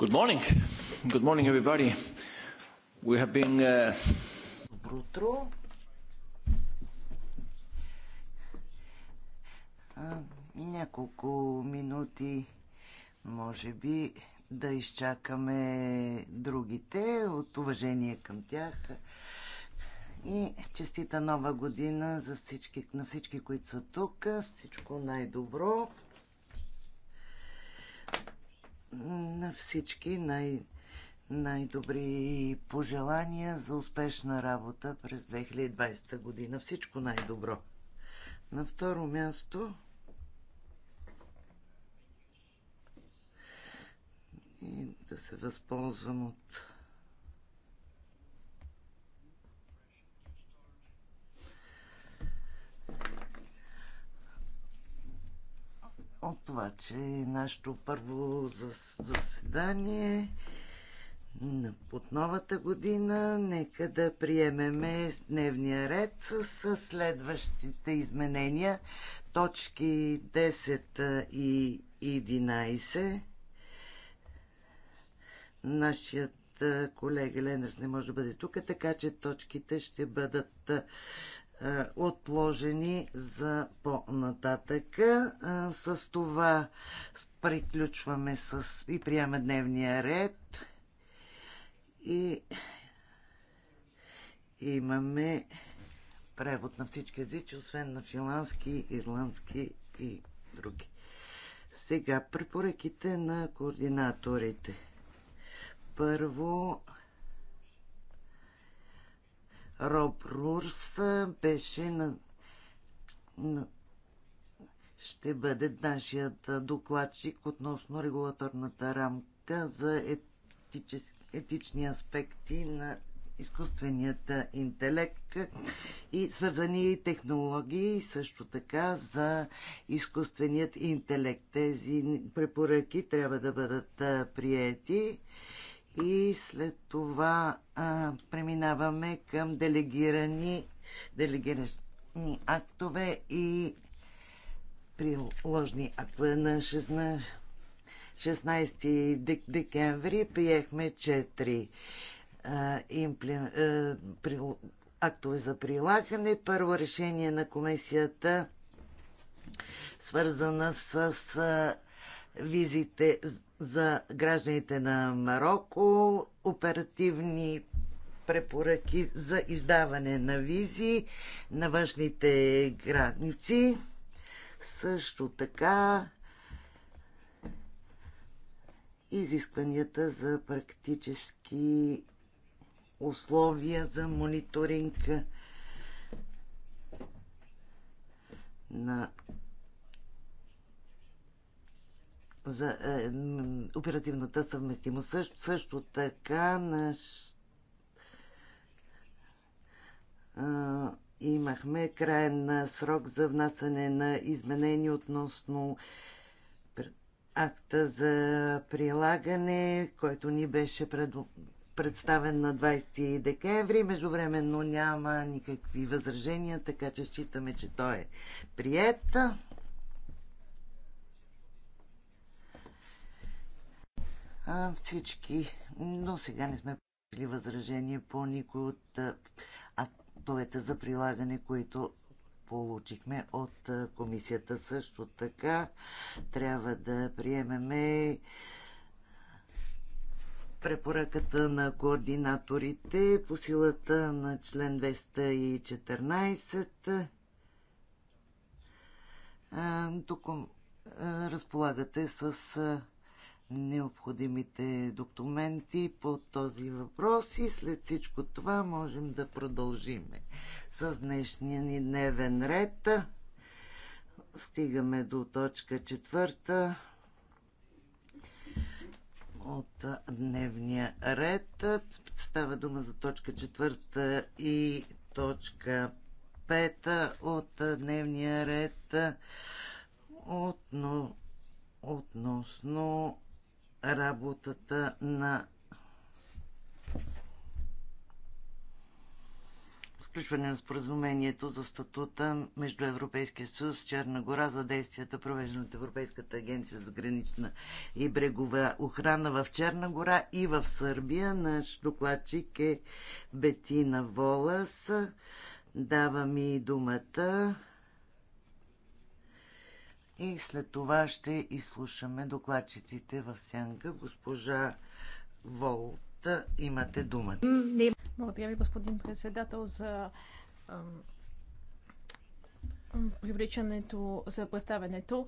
Good morning. Good morning, everybody. We have been... Good uh, Добро утро. няколко минути, може би, да изчакаме другите от уважение към тях. И честита нова година за всички, на всички, които са тук. Всичко най-добро на всички най- най-добри пожелания за успешна работа през 2020 година. Всичко най-добро. На второ място и да се възползвам от от това, че е нашето първо заседание под новата година. Нека да приемеме дневния ред с следващите изменения. Точки 10 и 11. Нашият колега Ленърс не може да бъде тук, така че точките ще бъдат е, отложени за по-нататък. Е, с това приключваме с, и приема дневния ред. И имаме превод на всички езици, освен на финландски, ирландски и други. Сега препоръките на координаторите. Първо, Роб Рурс беше на, на ще бъде нашият докладчик относно регулаторната рамка за етически, етични аспекти на изкуственият интелект и свързани технологии, също така за изкуственият интелект. Тези препоръки трябва да бъдат приети и след това а, преминаваме към делегирани, делегирани актове и приложни актове на 16, декември. Приехме 4 а, импли, а, при, актове за прилагане. Първо решение на комисията свързана с а, визите за гражданите на Марокко, оперативни препоръки за издаване на визи на външните граници. Също така изискванията за практически условия за мониторинг на за е, оперативната съвместимост. Също, също така наш, е, имахме крайен срок за внасане на изменения относно акта за прилагане, който ни беше пред, представен на 20 декември. Междувременно няма никакви възражения, така че считаме, че той е прият. а, всички, но сега не сме получили възражение по никой от актовете за прилагане, които получихме от комисията. Също така трябва да приемеме препоръката на координаторите по силата на член 214. Тук разполагате с необходимите документи по този въпрос и след всичко това можем да продължиме с днешния ни дневен ред. Стигаме до точка четвърта от дневния ред. Става дума за точка четвърта и точка пета от дневния ред. Отно, относно работата на сключване на споразумението за статута между Европейския съюз, Черна гора за действията, провеждани от Европейската агенция за гранична и брегова охрана в Черна гора и в Сърбия. Наш докладчик е Бетина Волас. Дава ми думата и след това ще изслушаме докладчиците в сянка. Госпожа Волт, имате думата. Благодаря ви, господин председател, за привличането за представенето,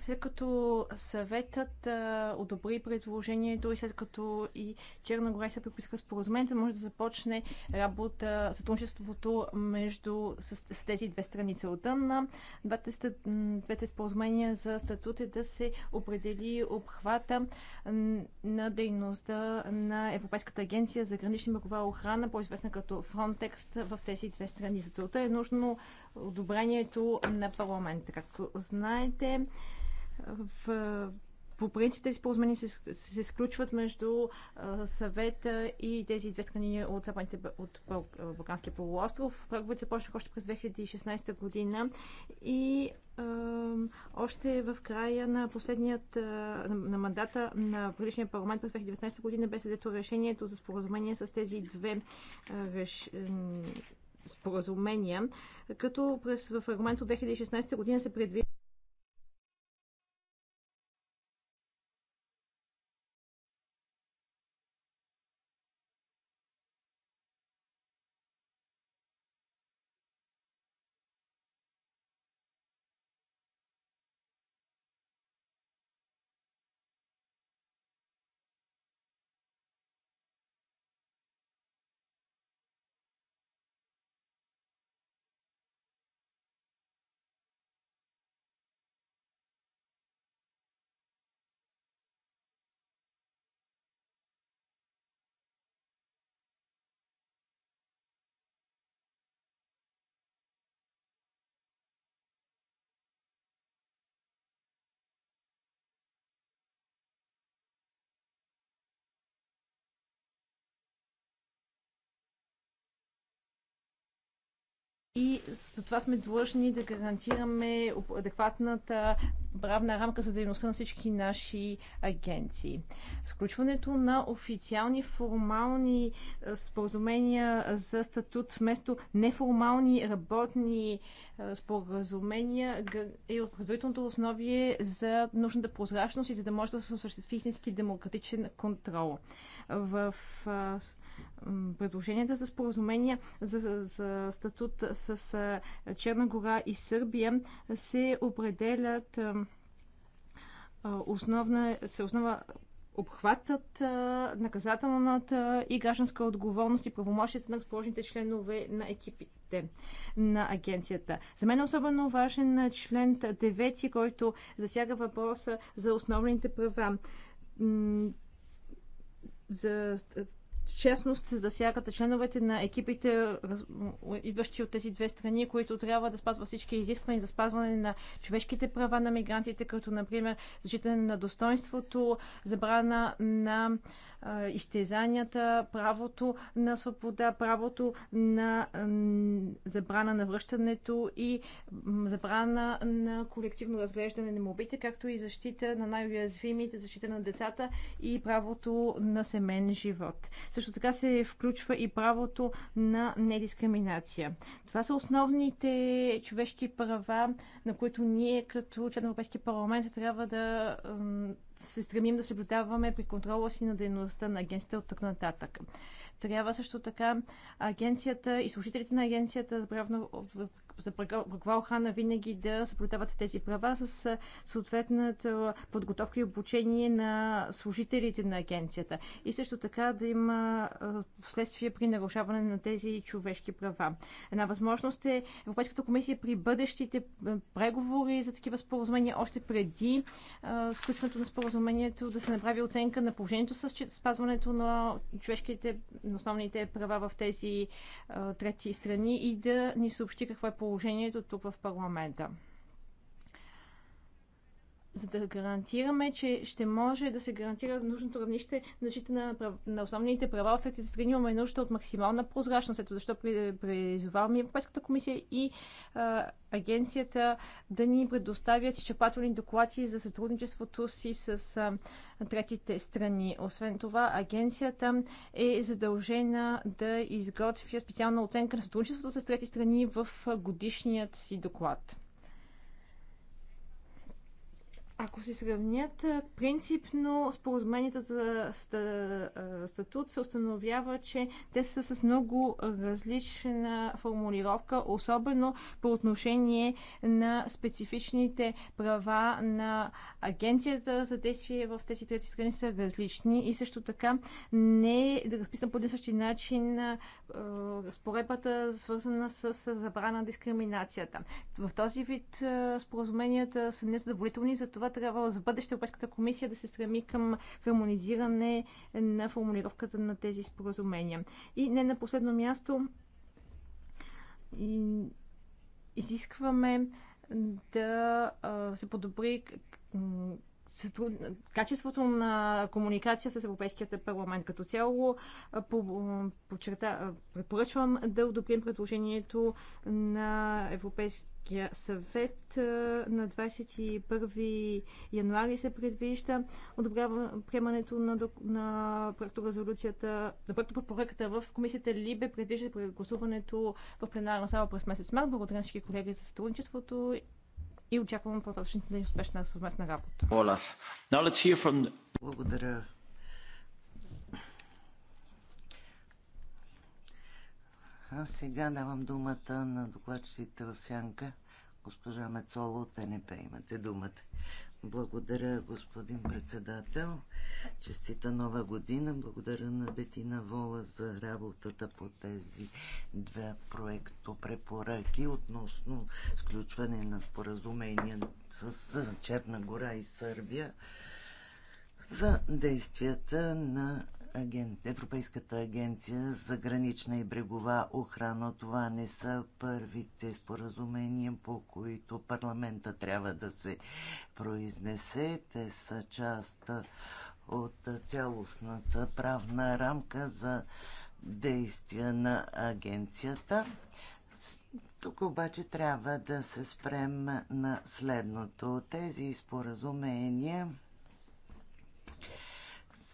след като съветът а, одобри предложението и след като и Черна гора се приписка споразумението, може да започне работа, сътрудничеството между с, с тези две страни. Целта на двете, двете споразумения за статут е да се определи обхвата на дейността на Европейската агенция за гранична брегова охрана, по-известна като Frontex в тези две страни. За целта е нужно одобрението място на парламента. Както знаете, в по принцип тези споразумения се, се сключват между а, съвета и тези две страни от западните от Балканския полуостров. Преговорите започнаха още през 2016 година и а, още в края на последният а, на мандата на предишния парламент през 2019 година бе следето решението за споразумение с тези две а, реш, споразумения, като през в от 2016 година се предвижда и затова сме длъжни да гарантираме адекватната правна рамка за дейността на всички наши агенции. Сключването на официални формални споразумения за статут вместо неформални работни споразумения е от предварителното основие за нужната прозрачност и за да може да се осъществи истински демократичен контрол. В предложенията за споразумения за, за статут с Черна гора и Сърбия се определят основна, се основа обхватът наказателната и гражданска отговорност и правомощията на разположените членове на екипите на агенцията. За мен е особено важен член 9, който засяга въпроса за основните права за Честност се засягат членовете на екипите, идващи от тези две страни, които трябва да спазват всички изисквания за спазване на човешките права на мигрантите, като, например, зачитане на достоинството, забрана на изтезанията, правото на свобода, правото на забрана на връщането и забрана на колективно разглеждане на мобите, както и защита на най-уязвимите, защита на децата и правото на семейен живот. Също така се включва и правото на недискриминация. Това са основните човешки права, на които ние като член на Европейския парламент трябва да се стремим да съблюдаваме при контрола си на дейността на агенцията от тък нататък. Трябва също така агенцията и служителите на агенцията за правно за бракова охрана винаги да съблюдават тези права с съответната подготовка и обучение на служителите на агенцията. И също така да има последствия при нарушаване на тези човешки права. Една възможност е Европейската комисия при бъдещите преговори за такива споразумения, още преди сключването на споразумението, да се направи оценка на положението с спазването на човешките, на основните права в тези трети страни и да ни съобщи какво е положението положението тук в парламента за да гарантираме, че ще може да се гарантира нужното равнище на защита на, прав... на основните права в третите страни, имаме нужда от максимална прозрачност. Ето защо призоваваме Европейската комисия и а, агенцията да ни предоставят изчерпателни доклади за сътрудничеството си с а, третите страни. Освен това, агенцията е задължена да изготвя специална оценка на сътрудничеството с трети страни в годишният си доклад. Ако се сравнят, принципно споразуменията за статут се установява, че те са с много различна формулировка, особено по отношение на специфичните права на агенцията за действие в тези трети страни са различни и също така не е да разписам по един същи начин споребата, свързана с забрана на дискриминацията. В този вид споразуменията са незадоволителни за това, това трябва за бъдеще Европейската комисия да се стреми към хармонизиране на формулировката на тези споразумения. И не на последно място изискваме да се подобри качеството на комуникация с Европейският парламент. Като цяло препоръчвам да одобрим предложението на Европейския съвет на 21 януари се предвижда одобрява приемането на, на проекторезолюцията, на проектопоръката в комисията Либе предвижда прегласуването в пленарна сала през месец март. Благодаря всички колеги за сътрудничеството и очаквам по да ни успешна съвместна работа. Благодаря. А сега давам думата на докладчиците в Сянка. Госпожа Мецола от НП, имате думата. Благодаря, господин председател. Честита нова година. Благодаря на Бетина Вола за работата по тези две проекто препоръки относно сключване на споразумения с, с Черна гора и Сърбия за действията на Европейската агенция за гранична и брегова охрана. Това не са първите споразумения, по които парламента трябва да се произнесе. Те са част от цялостната правна рамка за действия на агенцията. Тук обаче трябва да се спрем на следното. Тези споразумения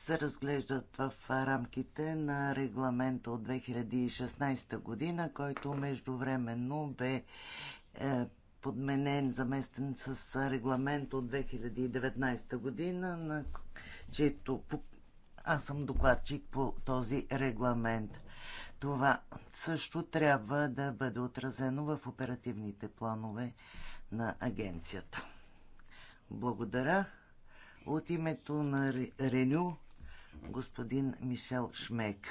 се разглеждат в рамките на регламента от 2016 година, който междувременно бе е, подменен, заместен с регламент от 2019 година, на чието аз съм докладчик по този регламент. Това също трябва да бъде отразено в оперативните планове на агенцията. Благодаря. От името на Реню господин Мишел Шмек.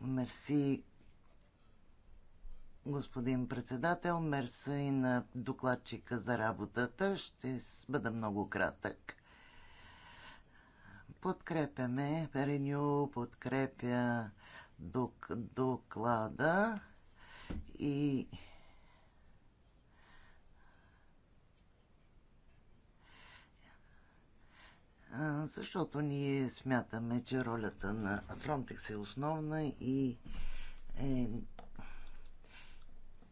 Мерси, господин председател. Мерси на докладчика за работата. Ще бъда много кратък. Подкрепяме Реню, подкрепя док, доклада и защото ние смятаме, че ролята на Фронтекс е основна и е,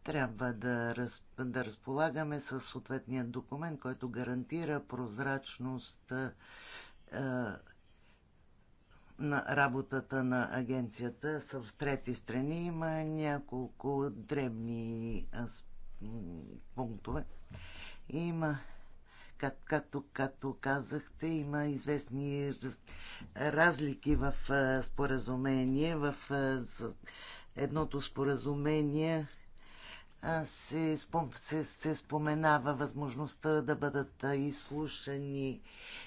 трябва да, раз, да разполагаме с съответния документ, който гарантира прозрачност е, на работата на агенцията са в трети страни. Има няколко дребни пунктове. Има как, както, както казахте, има известни раз, разлики в а, споразумение. В а, с, едното споразумение а, се, спом, се, се споменава възможността да бъдат а, изслушани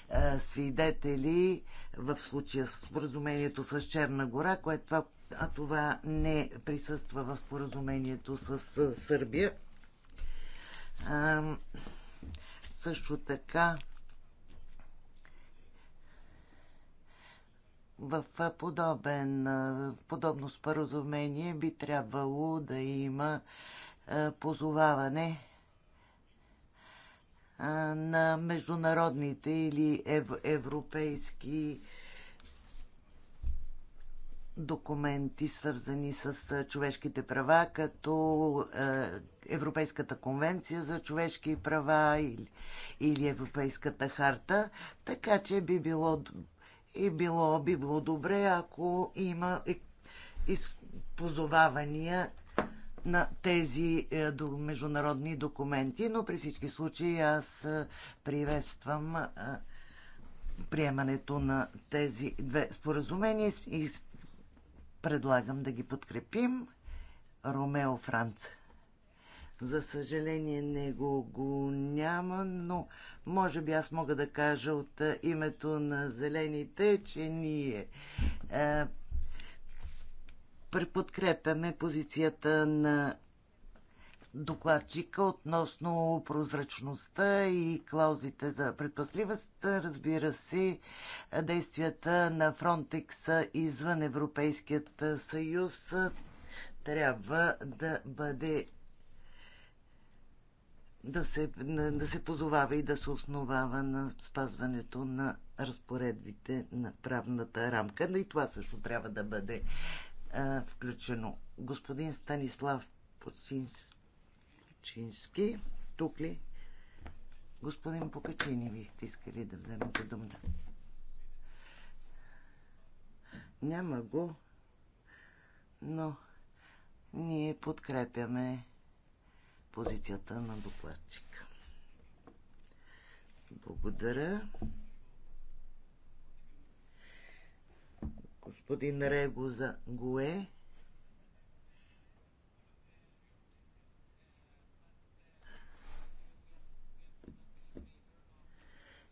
а, свидетели в случая с споразумението с Черна гора, което това, а това не присъства в споразумението с Сърбия. А, също така в подобен, подобно споразумение би трябвало да има позоваване на международните или европейски документи, свързани с човешките права, като Европейската конвенция за човешки права или, Европейската харта, така че би било, и било, би било добре, ако има позовавания на тези е, международни документи, но при всички случаи аз е, приветствам е, приемането на тези две споразумения и предлагам да ги подкрепим. Ромео Франц. За съжаление него го няма, но може би аз мога да кажа от името на зелените, че ние е, преподкрепяме позицията на докладчика относно прозрачността и клаузите за предпасливост. Разбира се, действията на Фронтекс извън Европейският съюз трябва да бъде да се, да се позовава и да се основава на спазването на разпоредбите на правната рамка. Но и това също трябва да бъде а, включено. Господин Станислав Поцинс, Пучински. Тук ли? Господин Покачини, бихте искали да вземете думата. Няма го, но ние подкрепяме позицията на докладчика. Благодаря. Господин Рего за Гуе.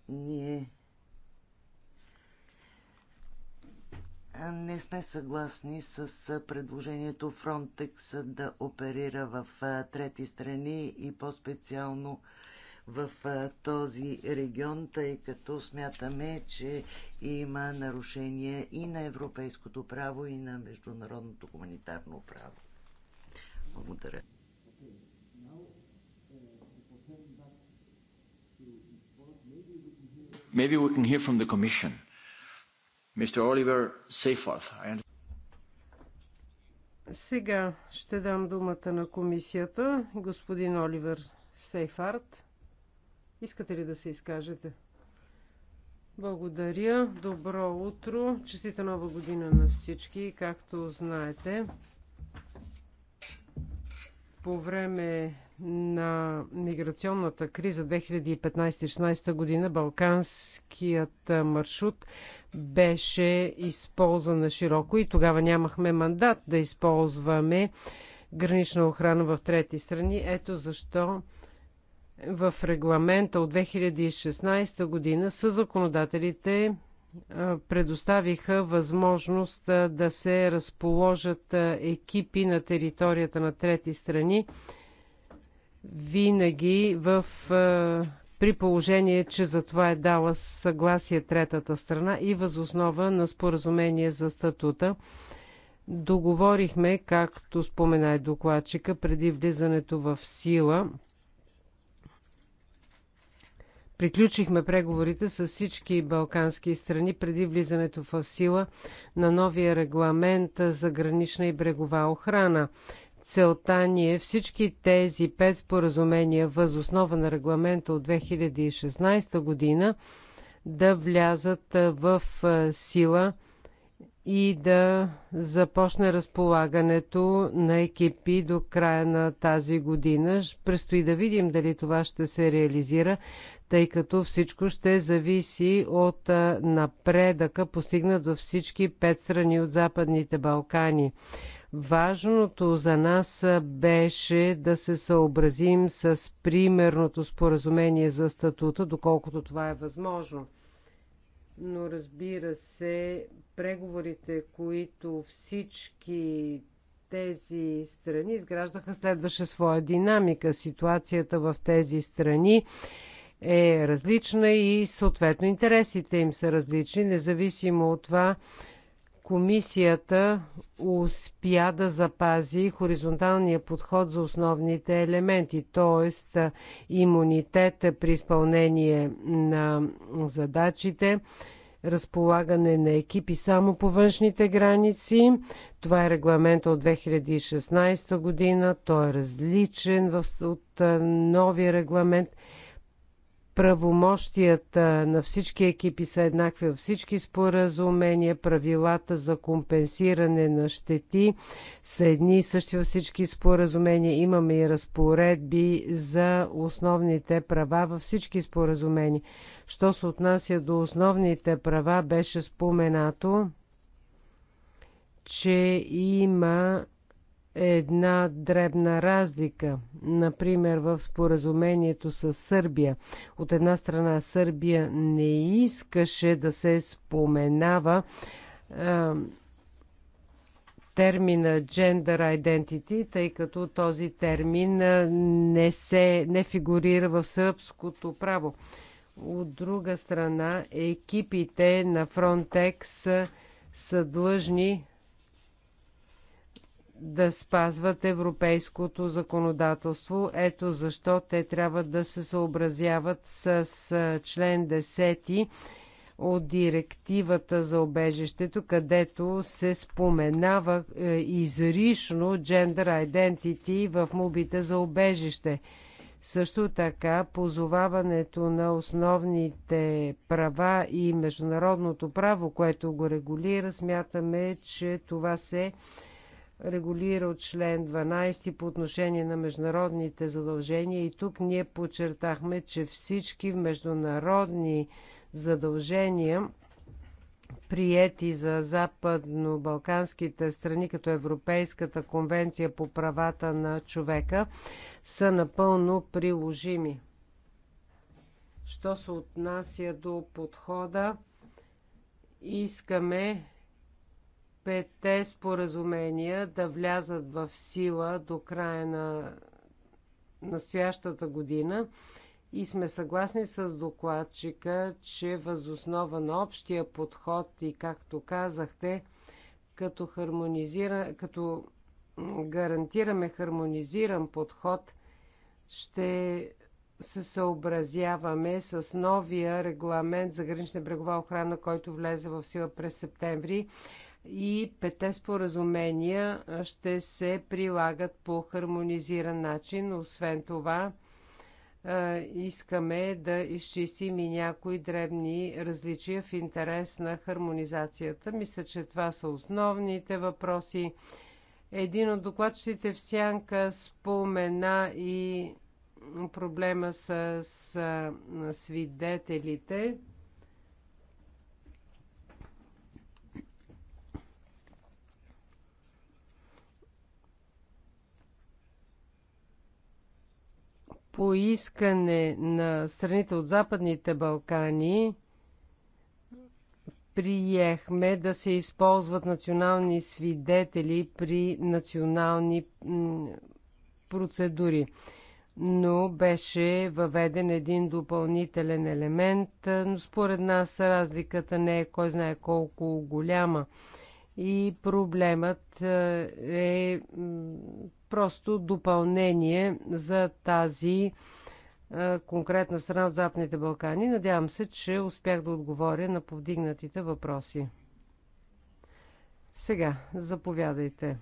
ние не сме съгласни с предложението Frontex да оперира в трети страни и по-специално в този регион, тъй като смятаме, че има нарушение и на европейското право, и на международното хуманитарно право. Благодаря. Maybe we can hear from the Commission. Mr. Oliver Seyfarth, Сега ще дам думата на комисията. Господин Оливер Сейфарт, искате ли да се изкажете? Благодаря. Добро утро. Честита нова година на всички. Както знаете, по време на миграционната криза 2015-16 година балканският маршрут беше използван на широко и тогава нямахме мандат да използваме гранична охрана в трети страни. Ето защо в регламента от 2016 година са законодателите предоставиха възможност да се разположат екипи на територията на трети страни, винаги в, при положение, че за това е дала съгласие третата страна и възоснова на споразумение за статута. Договорихме, както спомена и докладчика, преди влизането в сила – Приключихме преговорите с всички балкански страни преди влизането в сила на новия регламент за гранична и брегова охрана. Целта ни е всички тези пет споразумения въз основа на регламента от 2016 година да влязат в сила и да започне разполагането на екипи до края на тази година. Предстои да видим дали това ще се реализира, тъй като всичко ще зависи от напредъка, постигнат във всички пет страни от Западните Балкани. Важното за нас беше да се съобразим с примерното споразумение за статута, доколкото това е възможно. Но разбира се, преговорите, които всички тези страни изграждаха, следваше своя динамика. Ситуацията в тези страни е различна и съответно интересите им са различни. Независимо от това, комисията успя да запази хоризонталния подход за основните елементи, т.е. имунитет при изпълнение на задачите, разполагане на екипи само по външните граници. Това е регламента от 2016 година. Той е различен от новия регламент – Правомощията на всички екипи са еднакви във всички споразумения. Правилата за компенсиране на щети са едни и същи във всички споразумения. Имаме и разпоредби за основните права във всички споразумения. Що се отнася до основните права, беше споменато, че има една дребна разлика. Например, в споразумението с Сърбия. От една страна Сърбия не искаше да се споменава е, термина gender identity, тъй като този термин не, се, не фигурира в сръбското право. От друга страна, екипите на Frontex са длъжни да спазват европейското законодателство. Ето защо те трябва да се съобразяват с член 10 от директивата за обежището, където се споменава е, изрично gender identity в мобите за обежище. Също така, позоваването на основните права и международното право, което го регулира, смятаме, че това се регулира от член 12 по отношение на международните задължения и тук ние подчертахме, че всички международни задължения приети за западно-балканските страни, като Европейската конвенция по правата на човека, са напълно приложими. Що се отнася до подхода, искаме петте споразумения да влязат в сила до края на настоящата година и сме съгласни с докладчика, че възоснова на общия подход и както казахте, като, хармонизира, като гарантираме хармонизиран подход, ще се съобразяваме с новия регламент за гранична брегова охрана, който влезе в сила през септември и пете споразумения ще се прилагат по хармонизиран начин. Освен това, искаме да изчистим и някои дребни различия в интерес на хармонизацията. Мисля, че това са основните въпроси. Един от докладчиците в Сянка спомена и проблема с свидетелите. по искане на страните от Западните Балкани приехме да се използват национални свидетели при национални процедури. Но беше въведен един допълнителен елемент, но според нас разликата не е кой знае колко голяма. И проблемът е просто допълнение за тази конкретна страна от Западните Балкани. Надявам се, че успях да отговоря на повдигнатите въпроси. Сега, заповядайте.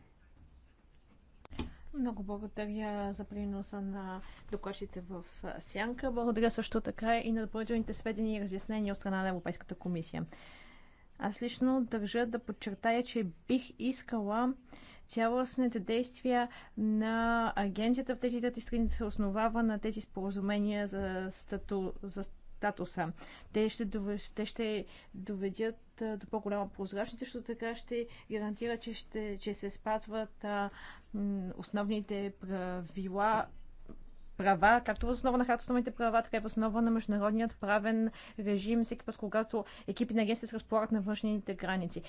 Много благодаря за приноса на докладчите в Сянка. Благодаря също така и на допълнителните сведения и разяснения от страна на Европейската комисия. Аз лично държа да подчертая, че бих искала цялостните действия на агенцията в тези трети страни се основава на тези споразумения за, стату, за статуса. Те ще, доведят, те ще доведят до по-голяма прозрачност, защото така ще гарантира, че, ще, че се спазват основните правила права, както в основа на харта основните права, така и в основа на международният правен режим, всеки път, когато екипи на агенция се разполагат на външните граници.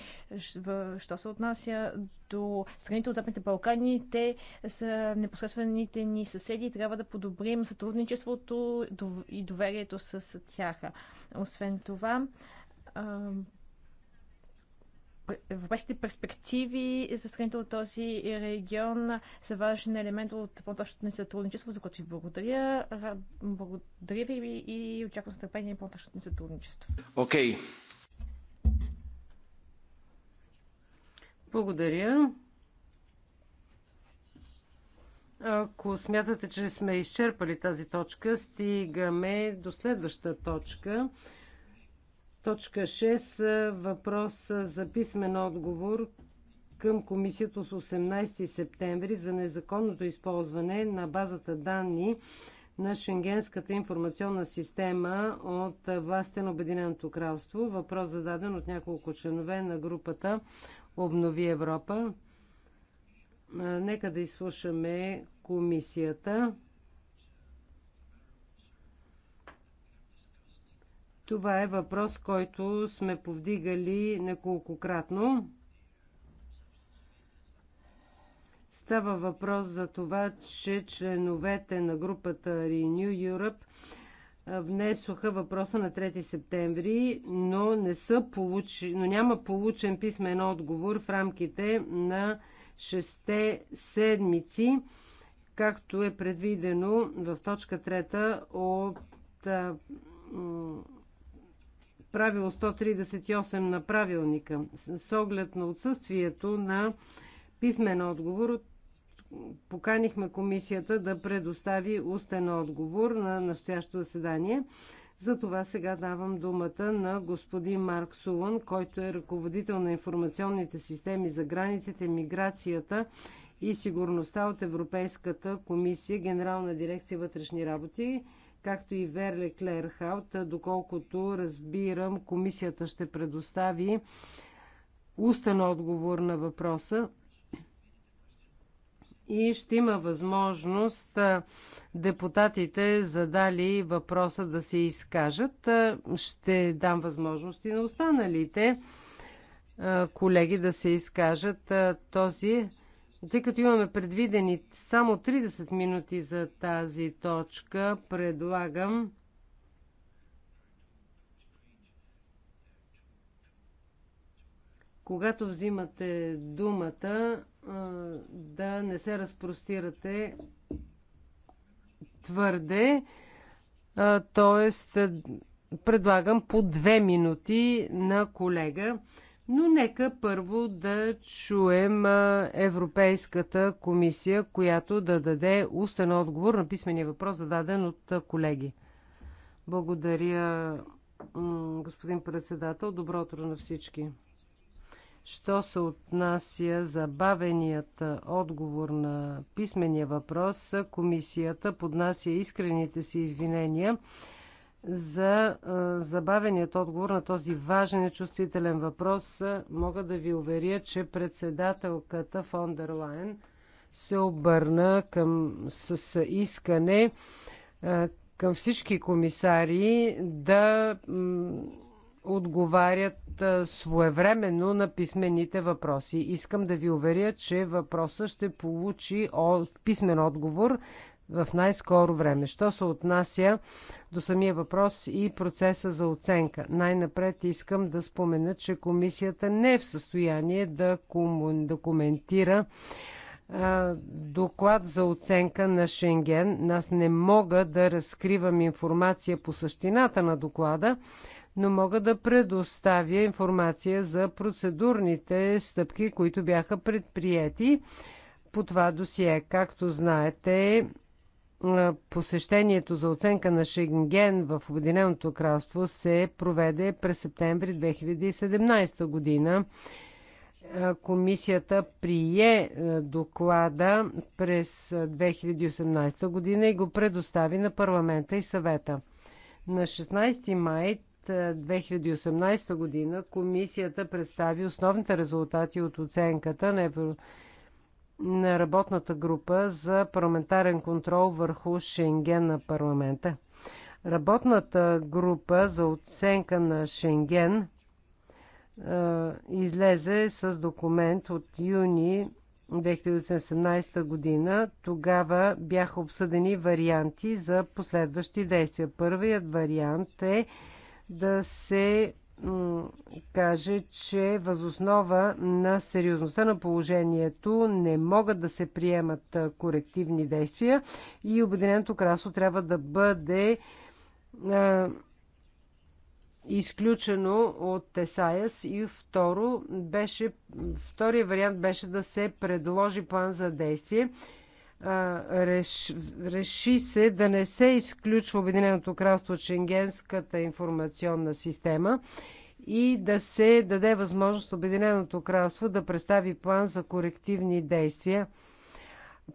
Що се отнася до страните от Западните Балкани, те са непосредствените ни съседи и трябва да подобрим сътрудничеството и доверието с тях. Освен това, европейските перспективи за страните от този регион са важен елемент от по-точното ни сътрудничество, за което ви благодаря. Благодаря ви и очаквам с търпение по-точното ни сътрудничество. Окей. Okay. Благодаря. Ако смятате, че сме изчерпали тази точка, стигаме до следваща точка. Точка 6. Въпрос за писмен отговор към комисията с 18 септември за незаконното използване на базата данни на Шенгенската информационна система от властите на Обединеното кралство. Въпрос зададен от няколко членове на групата Обнови Европа. Нека да изслушаме комисията. Това е въпрос, който сме повдигали неколкократно. Става въпрос за това, че членовете на групата Renew Europe внесоха въпроса на 3 септември, но, не са получи, но няма получен писмен отговор в рамките на 6 седмици, както е предвидено в точка 3 от правило 138 на правилника. С оглед на отсъствието на писмен отговор, поканихме комисията да предостави устен отговор на настоящото заседание. Затова сега давам думата на господин Марк Сулън, който е ръководител на информационните системи за границите, миграцията и сигурността от Европейската комисия, Генерална дирекция вътрешни работи както и Верле Клерхаут. Доколкото разбирам, комисията ще предостави устен отговор на въпроса и ще има възможност депутатите задали въпроса да се изкажат. Ще дам възможности на останалите колеги да се изкажат. Този но тъй като имаме предвидени само 30 минути за тази точка, предлагам когато взимате думата, да не се разпростирате твърде. т.е. предлагам по две минути на колега. Но нека първо да чуем Европейската комисия, която да даде устен отговор на писмения въпрос, зададен от колеги. Благодаря, господин председател. Добро утро на всички. Що се отнася за бавеният отговор на писмения въпрос, комисията поднася искрените си извинения за забавеният отговор на този важен и чувствителен въпрос. Мога да ви уверя, че председателката фон дер се обърна към, с искане към всички комисари да отговарят своевременно на писмените въпроси. Искам да ви уверя, че въпросът ще получи писмен отговор в най-скоро време. Що се отнася до самия въпрос и процеса за оценка? Най-напред искам да спомена, че комисията не е в състояние да, кому... да коментира доклад за оценка на Шенген. Аз не мога да разкривам информация по същината на доклада, но мога да предоставя информация за процедурните стъпки, които бяха предприяти по това досие. Както знаете, посещението за оценка на Шенген в Обединеното кралство се проведе през септември 2017 година. Комисията прие доклада през 2018 година и го предостави на парламента и съвета. На 16 май 2018 година комисията представи основните резултати от оценката на Европейския на работната група за парламентарен контрол върху Шенген на парламента. Работната група за оценка на Шенген излезе с документ от юни 2018 година. Тогава бяха обсъдени варианти за последващи действия. Първият вариант е да се каже, че възоснова на сериозността на положението не могат да се приемат корективни действия и Обединеното красо трябва да бъде а, изключено от ЕСАЯС и второ беше, втория вариант беше да се предложи план за действие реш, реши се да не се изключва Обединеното кралство от Шенгенската информационна система и да се даде възможност Обединеното кралство да представи план за корективни действия.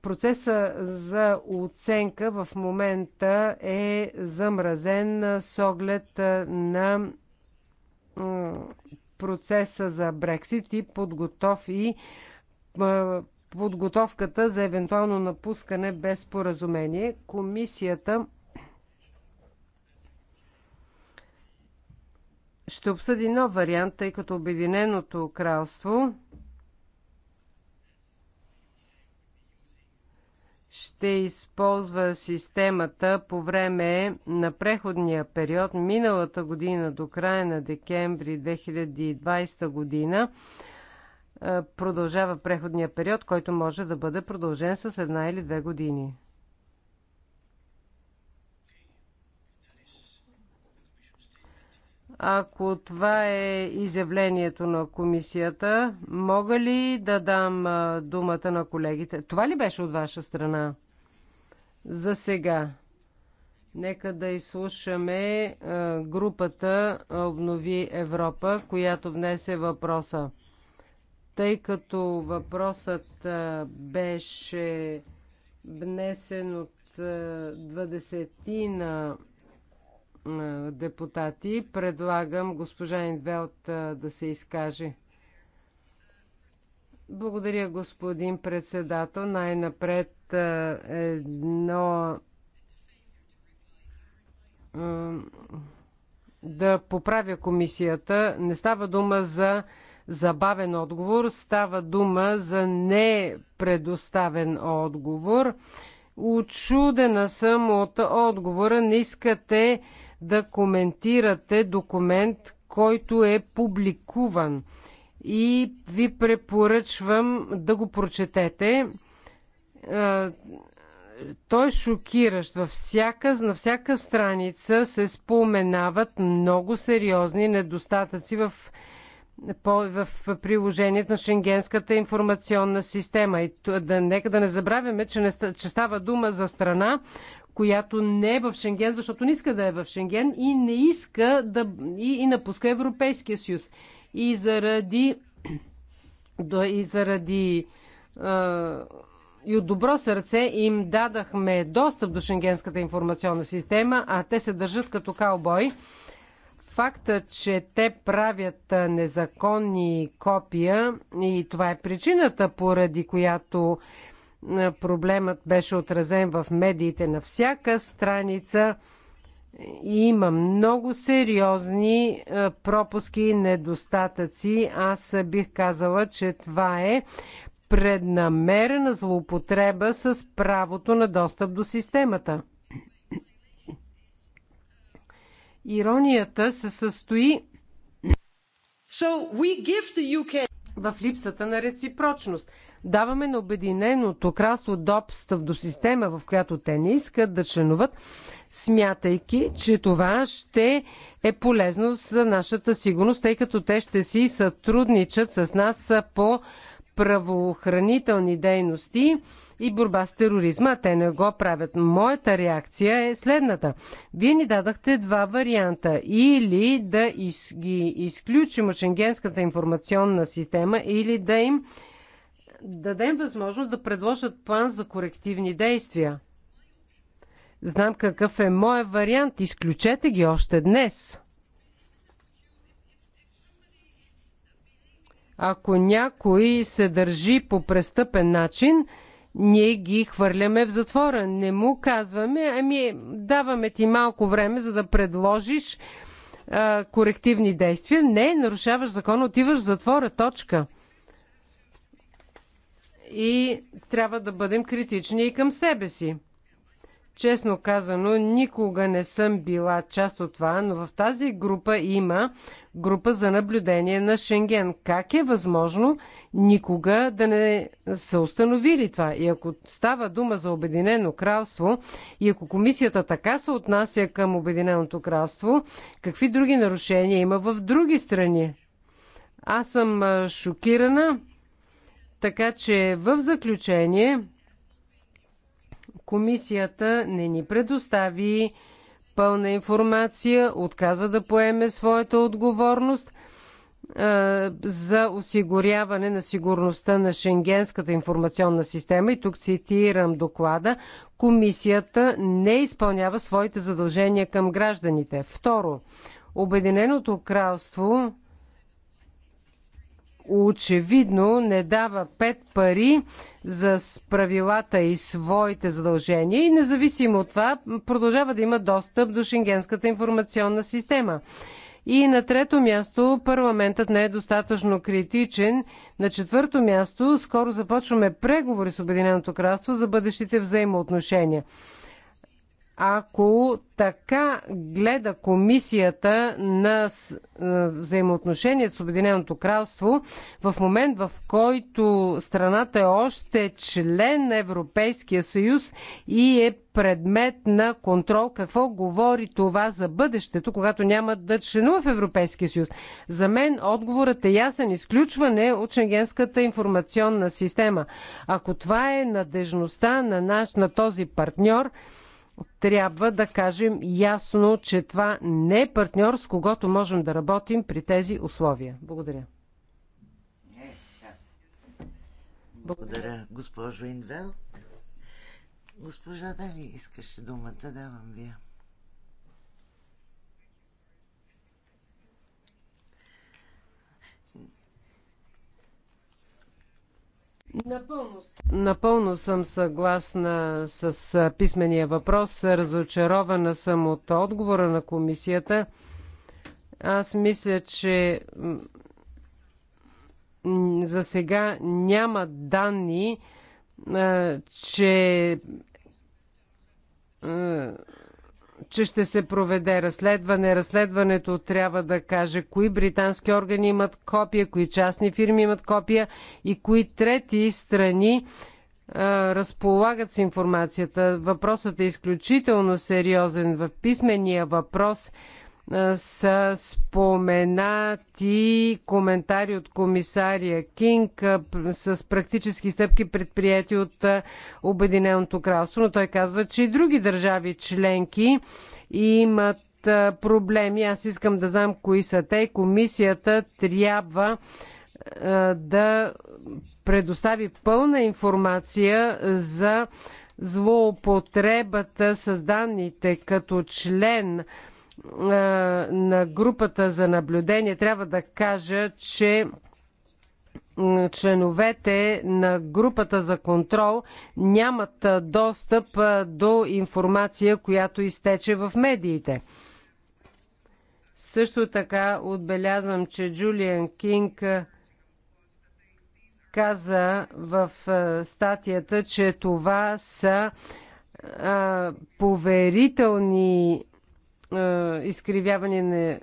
Процеса за оценка в момента е замразен с оглед на процеса за Брексит и подготов и подготовката за евентуално напускане без споразумение. Комисията ще обсъди нов вариант, тъй като Обединеното кралство ще използва системата по време на преходния период миналата година до края на декември 2020 година е, продължава преходния период, който може да бъде продължен с една или две години. Ако това е изявлението на комисията, мога ли да дам е, думата на колегите? Това ли беше от ваша страна? За сега. Нека да изслушаме е, групата Обнови Европа, която внесе въпроса. Тъй като въпросът беше внесен от 20 на депутати, предлагам госпожа Индвелт да се изкаже. Благодаря, господин председател. Най-напред едно да поправя комисията. Не става дума за забавен отговор. Става дума за непредоставен отговор. Очудена съм от отговора. Не искате да коментирате документ, който е публикуван. И ви препоръчвам да го прочетете. Той е шокиращ. Във всяка, на всяка страница се споменават много сериозни недостатъци в в приложението на Шенгенската информационна система. И да, нека да не забравяме, че, не, че става дума за страна, която не е в Шенген, защото не иска да е в Шенген и не иска да и, и напуска Европейския съюз. И заради да, и заради а, и от добро сърце им дадахме достъп до Шенгенската информационна система, а те се държат като каубой факта, че те правят незаконни копия и това е причината, поради която проблемът беше отразен в медиите на всяка страница. И има много сериозни пропуски и недостатъци. Аз бих казала, че това е преднамерена злоупотреба с правото на достъп до системата. Иронията се състои so we give the UK... в липсата на реципрочност. Даваме на Обединеното кралство допстъп до система, в която те не искат да членуват, смятайки, че това ще е полезно за нашата сигурност, тъй като те ще си сътрудничат с нас по правоохранителни дейности и борба с тероризма. Те не го правят. Моята реакция е следната. Вие ни дадахте два варианта. Или да из, ги изключим от Шенгенската информационна система, или да им дадем възможност да предложат план за корективни действия. Знам какъв е моят вариант. Изключете ги още днес. Ако някой се държи по престъпен начин, ние ги хвърляме в затвора. Не му казваме, ами даваме ти малко време, за да предложиш а, корективни действия. Не, нарушаваш закон, отиваш в затвора, точка. И трябва да бъдем критични и към себе си. Честно казано, никога не съм била част от това, но в тази група има група за наблюдение на Шенген. Как е възможно никога да не са установили това? И ако става дума за Обединено кралство и ако комисията така се отнася към Обединеното кралство, какви други нарушения има в други страни? Аз съм шокирана, така че в заключение комисията не ни предостави пълна информация, отказва да поеме своята отговорност за осигуряване на сигурността на Шенгенската информационна система. И тук цитирам доклада. Комисията не изпълнява своите задължения към гражданите. Второ, Обединеното кралство очевидно не дава пет пари за правилата и своите задължения и независимо от това продължава да има достъп до Шенгенската информационна система. И на трето място парламентът не е достатъчно критичен. На четвърто място скоро започваме преговори с Обединеното кралство за бъдещите взаимоотношения ако така гледа комисията на е, взаимоотношението с Обединеното кралство в момент, в който страната е още член на Европейския съюз и е предмет на контрол. Какво говори това за бъдещето, когато няма да членува в Европейския съюз? За мен отговорът е ясен. Изключване от Шенгенската информационна система. Ако това е надежността на, наш, на този партньор, трябва да кажем ясно, че това не е партньор, с когото можем да работим при тези условия. Благодаря. Благодаря, госпожо Инвел. Госпожа Дали искаше думата, давам вие. Напълно, напълно съм съгласна с писмения въпрос. Разочарована съм от отговора на комисията. Аз мисля, че за сега няма данни, че че ще се проведе разследване. Разследването трябва да каже кои британски органи имат копия, кои частни фирми имат копия и кои трети страни разполагат с информацията. Въпросът е изключително сериозен. В писмения въпрос са споменати коментари от комисария Кинг с практически стъпки предприяти от Обединеното кралство, но той казва, че и други държави членки имат проблеми. Аз искам да знам кои са те. Комисията трябва да предостави пълна информация за злоупотребата с данните като член на групата за наблюдение трябва да кажа, че членовете на групата за контрол нямат достъп до информация, която изтече в медиите. Също така отбелязвам, че Джулиан Кинг каза в статията, че това са поверителни е, изкривяване на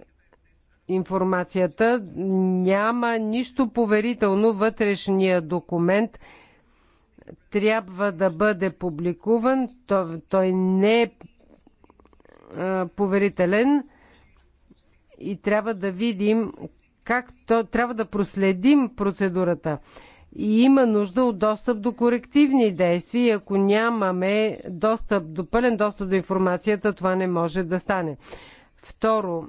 информацията. Няма нищо поверително. Вътрешния документ трябва да бъде публикуван. Той не е, е поверителен и трябва да видим как то, трябва да проследим процедурата и има нужда от достъп до корективни действия и ако нямаме достъп до пълен достъп до информацията, това не може да стане. Второ,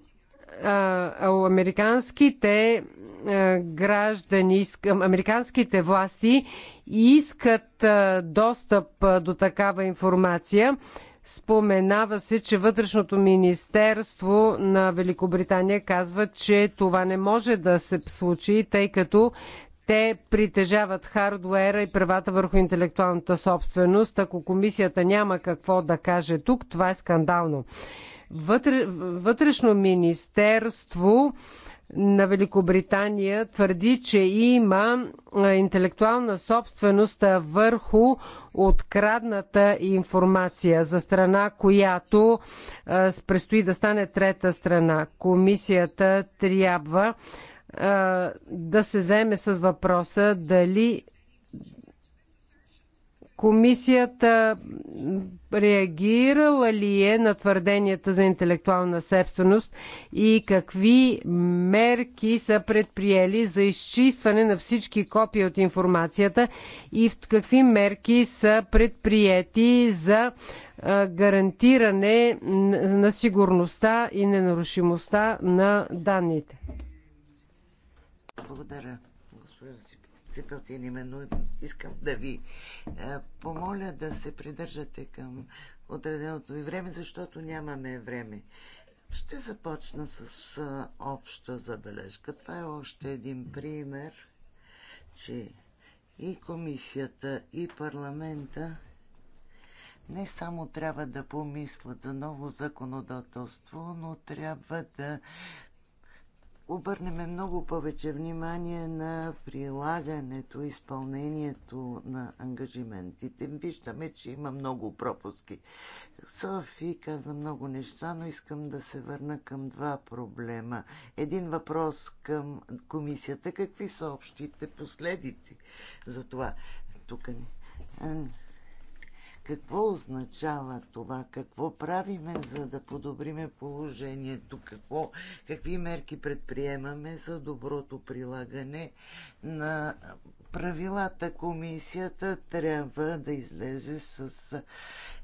американските граждани, американските власти искат достъп до такава информация. Споменава се, че Вътрешното министерство на Великобритания казва, че това не може да се случи, тъй като те притежават хардуера и правата върху интелектуалната собственост. Ако комисията няма какво да каже тук, това е скандално. Вътре, вътрешно министерство на Великобритания твърди, че има интелектуална собственост върху открадната информация за страна, която предстои да стане трета страна. Комисията трябва да се заеме с въпроса дали комисията реагирала ли е на твърденията за интелектуална собственост и какви мерки са предприели за изчистване на всички копия от информацията и в какви мерки са предприяти за гарантиране на сигурността и ненарушимостта на данните. Благодаря, господин Ципелтин. Именно искам да ви е, помоля да се придържате към отреденото ви време, защото нямаме време. Ще започна с е, обща забележка. Това е още един пример, че и комисията, и парламента не само трябва да помислят за ново законодателство, но трябва да обърнем много повече внимание на прилагането, изпълнението на ангажиментите. Виждаме, че има много пропуски. Софи каза много неща, но искам да се върна към два проблема. Един въпрос към комисията. Какви са общите последици за това? Тук не. Какво означава това? Какво правиме, за да подобриме положението? Какво, какви мерки предприемаме за доброто прилагане на правилата? Комисията трябва да излезе с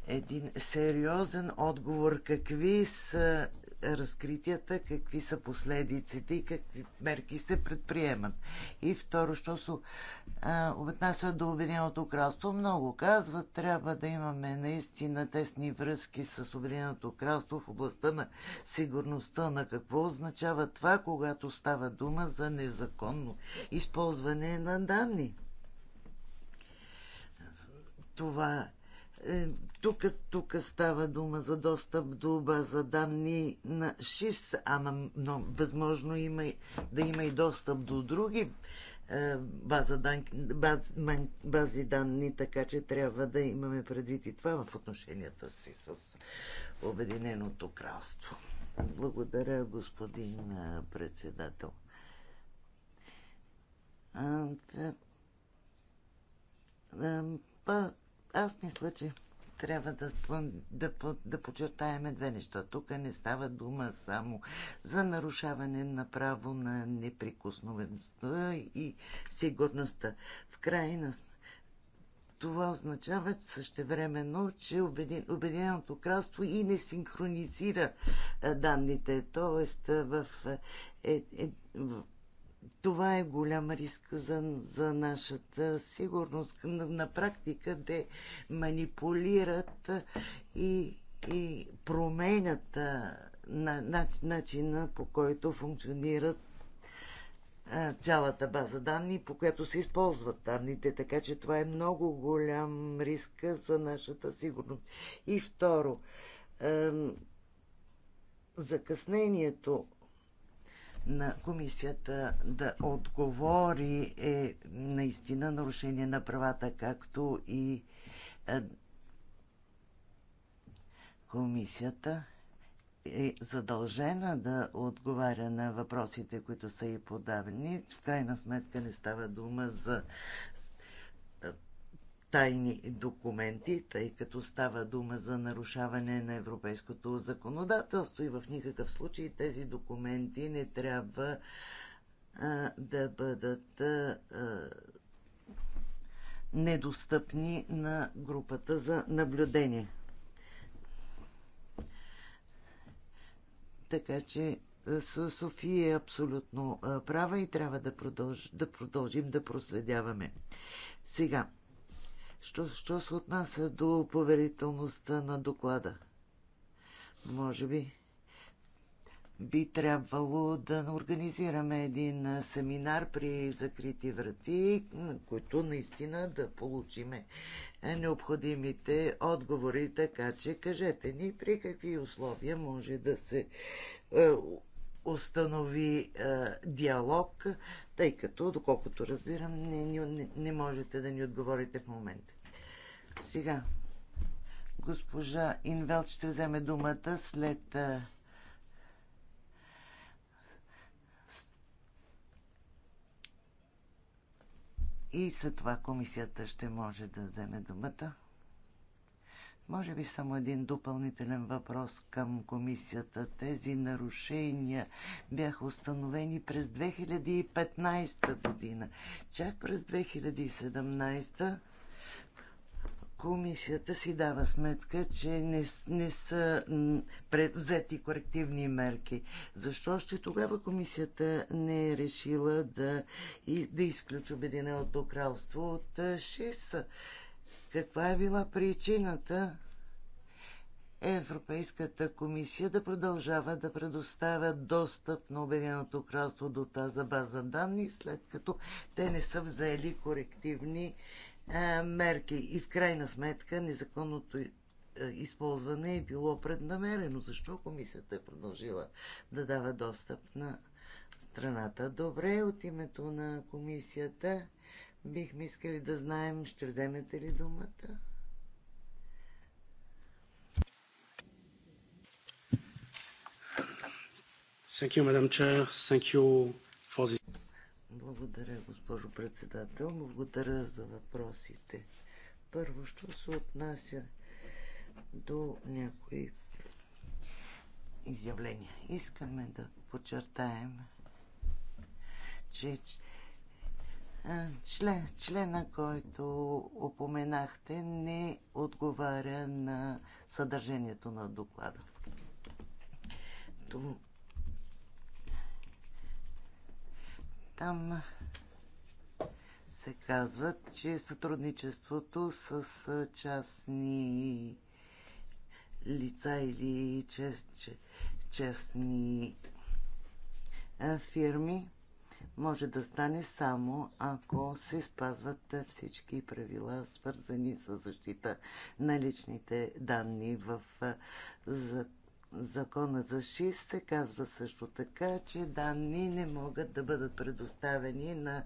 един сериозен отговор. Какви са разкритията, какви са последиците и какви мерки се предприемат. И второ, що се отнася до Обединеното кралство, много казват, трябва да имаме наистина тесни връзки с Обединеното кралство в областта на сигурността. На какво означава това, когато става дума за незаконно използване на данни? Това тук, е, тук става дума за достъп до база данни на ШИС, ама но, възможно има, да има и достъп до други е, база дан, баз, ман, бази данни, така че трябва да имаме предвид и това в отношенията си с Обединеното кралство. Благодаря, господин е, председател. А, да, а, па, аз мисля, че трябва да, да, да подчертаеме две неща. Тук не става дума само за нарушаване на право на неприкосновеността и сигурността. В крайна това означава същевременно, че Обединеното кралство и не синхронизира данните. Тоест в, е, е, в това е голям риск за, за нашата сигурност. На, на практика те манипулират и, и променят на, на, начина по който функционират цялата база данни, по която се използват данните. Така че това е много голям риск за нашата сигурност. И второ, закъснението на комисията да отговори е наистина нарушение на правата, както и е, комисията е задължена да отговаря на въпросите, които са и подавани. В крайна сметка не става дума за тайни документи, тъй като става дума за нарушаване на европейското законодателство и в никакъв случай тези документи не трябва а, да бъдат а, недостъпни на групата за наблюдение. Така че София е абсолютно права и трябва да, продълж, да продължим да проследяваме. Сега, Що, що се отнася до поверителността на доклада? Може би би трябвало да организираме един семинар при закрити врати, на който наистина да получиме е, необходимите отговори. Така че кажете ни при какви условия може да се е, установи а, е, диалог, тъй като, доколкото разбирам, не, не, не можете да ни отговорите в момента. Сега, госпожа Инвелт ще вземе думата след А, е, и след това комисията ще може да вземе думата. Може би само един допълнителен въпрос към комисията. Тези нарушения бяха установени през 2015 година. Чак през 2017 комисията си дава сметка, че не, не са взети корективни мерки. Защо ще тогава комисията не е решила да, и, да изключи Обединеното кралство от 6? Каква е била причината Европейската комисия да продължава да предоставя достъп на Обединеното кралство до тази база данни, след като те не са взели корективни е, мерки. И в крайна сметка незаконното е, използване е било преднамерено. Защо комисията е продължила да дава достъп на страната? Добре, от името на комисията Бихме искали да знаем, ще вземете ли думата? Thank you, Madam Chair. Thank you for the... Благодаря, госпожо председател. Благодаря за въпросите. Първо, що се отнася до някои изявления. Искаме да подчертаем, че член, члена, който упоменахте, не отговаря на съдържанието на доклада. Там се казва, че сътрудничеството с частни лица или честни фирми може да стане само ако се спазват всички правила, свързани с защита на личните данни в Закона за ШИС се казва също така, че данни не могат да бъдат предоставени на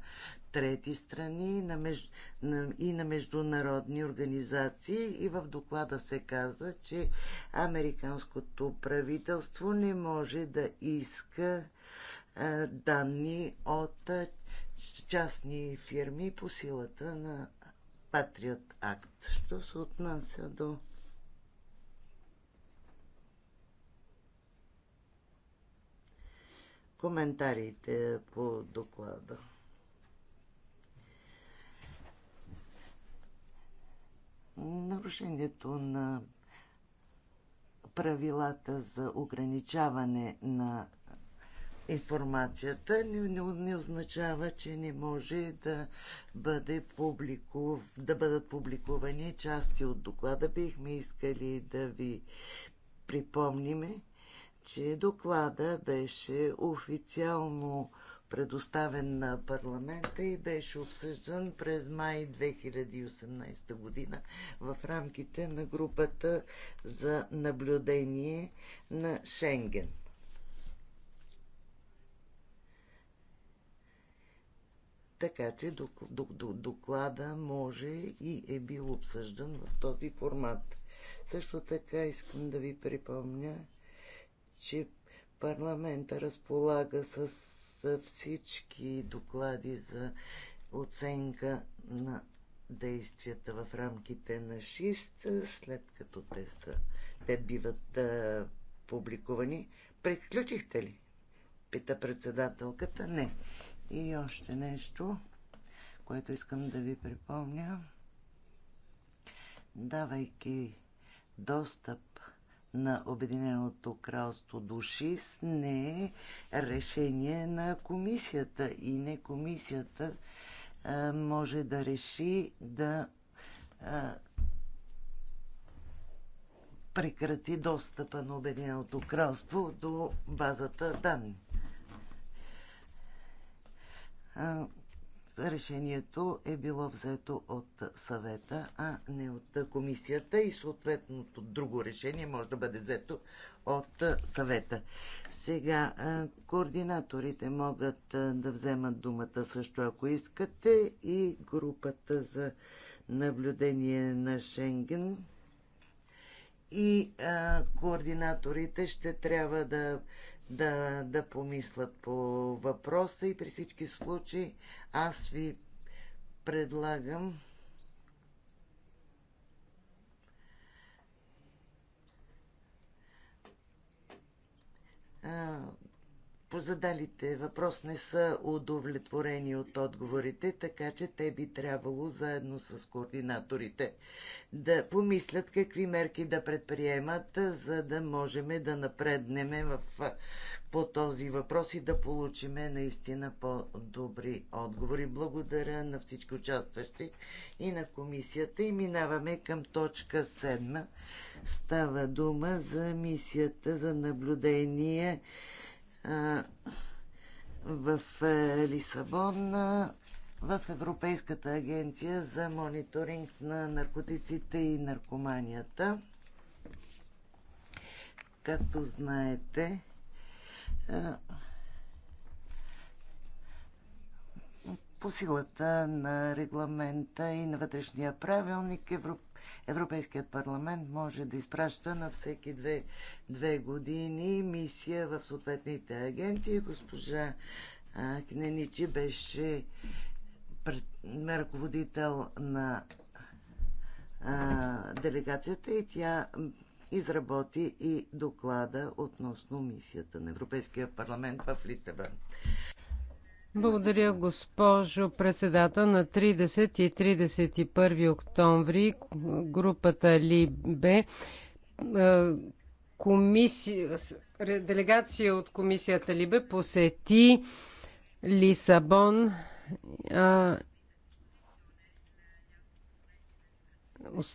трети страни на меж... на... и на международни организации. И в доклада се каза, че американското правителство не може да иска е, данни от е, частни фирми по силата на Патриот Акт. Що се отнася до коментарите по доклада. Нарушението на правилата за ограничаване на информацията не, не, не означава, че не може да, бъде публикув, да бъдат публикувани части от доклада. Бихме искали да ви припомниме, че доклада беше официално предоставен на парламента и беше обсъждан през май 2018 година в рамките на групата за наблюдение на Шенген. Така че доклада може и е бил обсъждан в този формат. Също така искам да ви припомня, че парламента разполага с всички доклади за оценка на действията в рамките на 6, след като те, са, те биват а, публикувани. Приключихте ли? Пита председателката. Не. И още нещо, което искам да ви припомня. Давайки достъп на Обединеното кралство души с не е решение на комисията и не комисията а, може да реши да а, прекрати достъпа на Обединеното кралство до базата данни решението е било взето от съвета, а не от комисията и съответното друго решение може да бъде взето от съвета. Сега координаторите могат да вземат думата също, ако искате, и групата за наблюдение на Шенген. И а, координаторите ще трябва да да, да помислят по въпроса и при всички случаи аз ви предлагам Позадалите въпрос не са удовлетворени от отговорите, така че те би трябвало заедно с координаторите да помислят какви мерки да предприемат, за да можем да напреднем в, по този въпрос и да получиме наистина по-добри отговори. Благодаря на всички участващи и на комисията и минаваме към точка 7. Става дума за мисията за наблюдение в Лисабон в Европейската агенция за мониторинг на наркотиците и наркоманията. Както знаете, по силата на регламента и на вътрешния правилник Европейската Европейският парламент може да изпраща на всеки две, две години мисия в съответните агенции. Госпожа Кненичи беше пред, ръководител на а, делегацията и тя изработи и доклада относно мисията на Европейския парламент в Лисабон. Благодаря, госпожо председател. На 30 и 31 октомври групата Либе е, комисия, делегация от комисията Либе посети Лисабон а,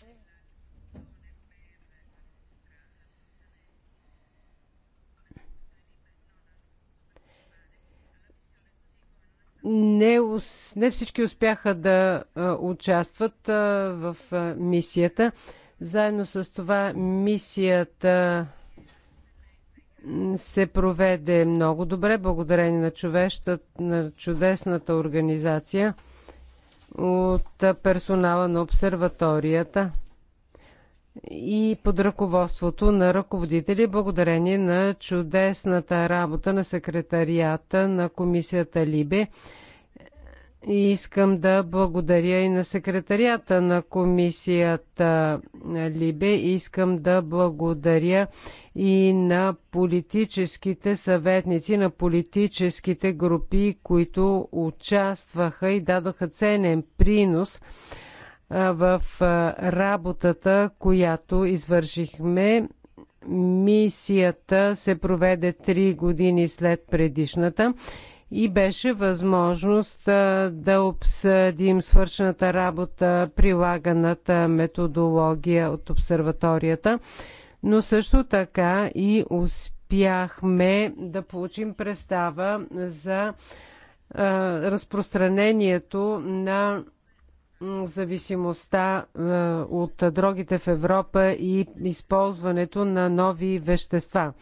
е, не, не всички успяха да участват в мисията. Заедно с това мисията се проведе много добре, благодарение на, човеща, на чудесната организация от персонала на обсерваторията и под ръководството на ръководители, благодарение на чудесната работа на секретарията на комисията Либе. И искам да благодаря и на секретарията на комисията Либе. Искам да благодаря и на политическите съветници, на политическите групи, които участваха и дадоха ценен принос в работата, която извършихме. Мисията се проведе 3 години след предишната и беше възможност да обсъдим свършената работа, прилаганата методология от обсерваторията, но също така и успяхме да получим представа за разпространението на зависимостта е, от дрогите в Европа и използването на нови вещества.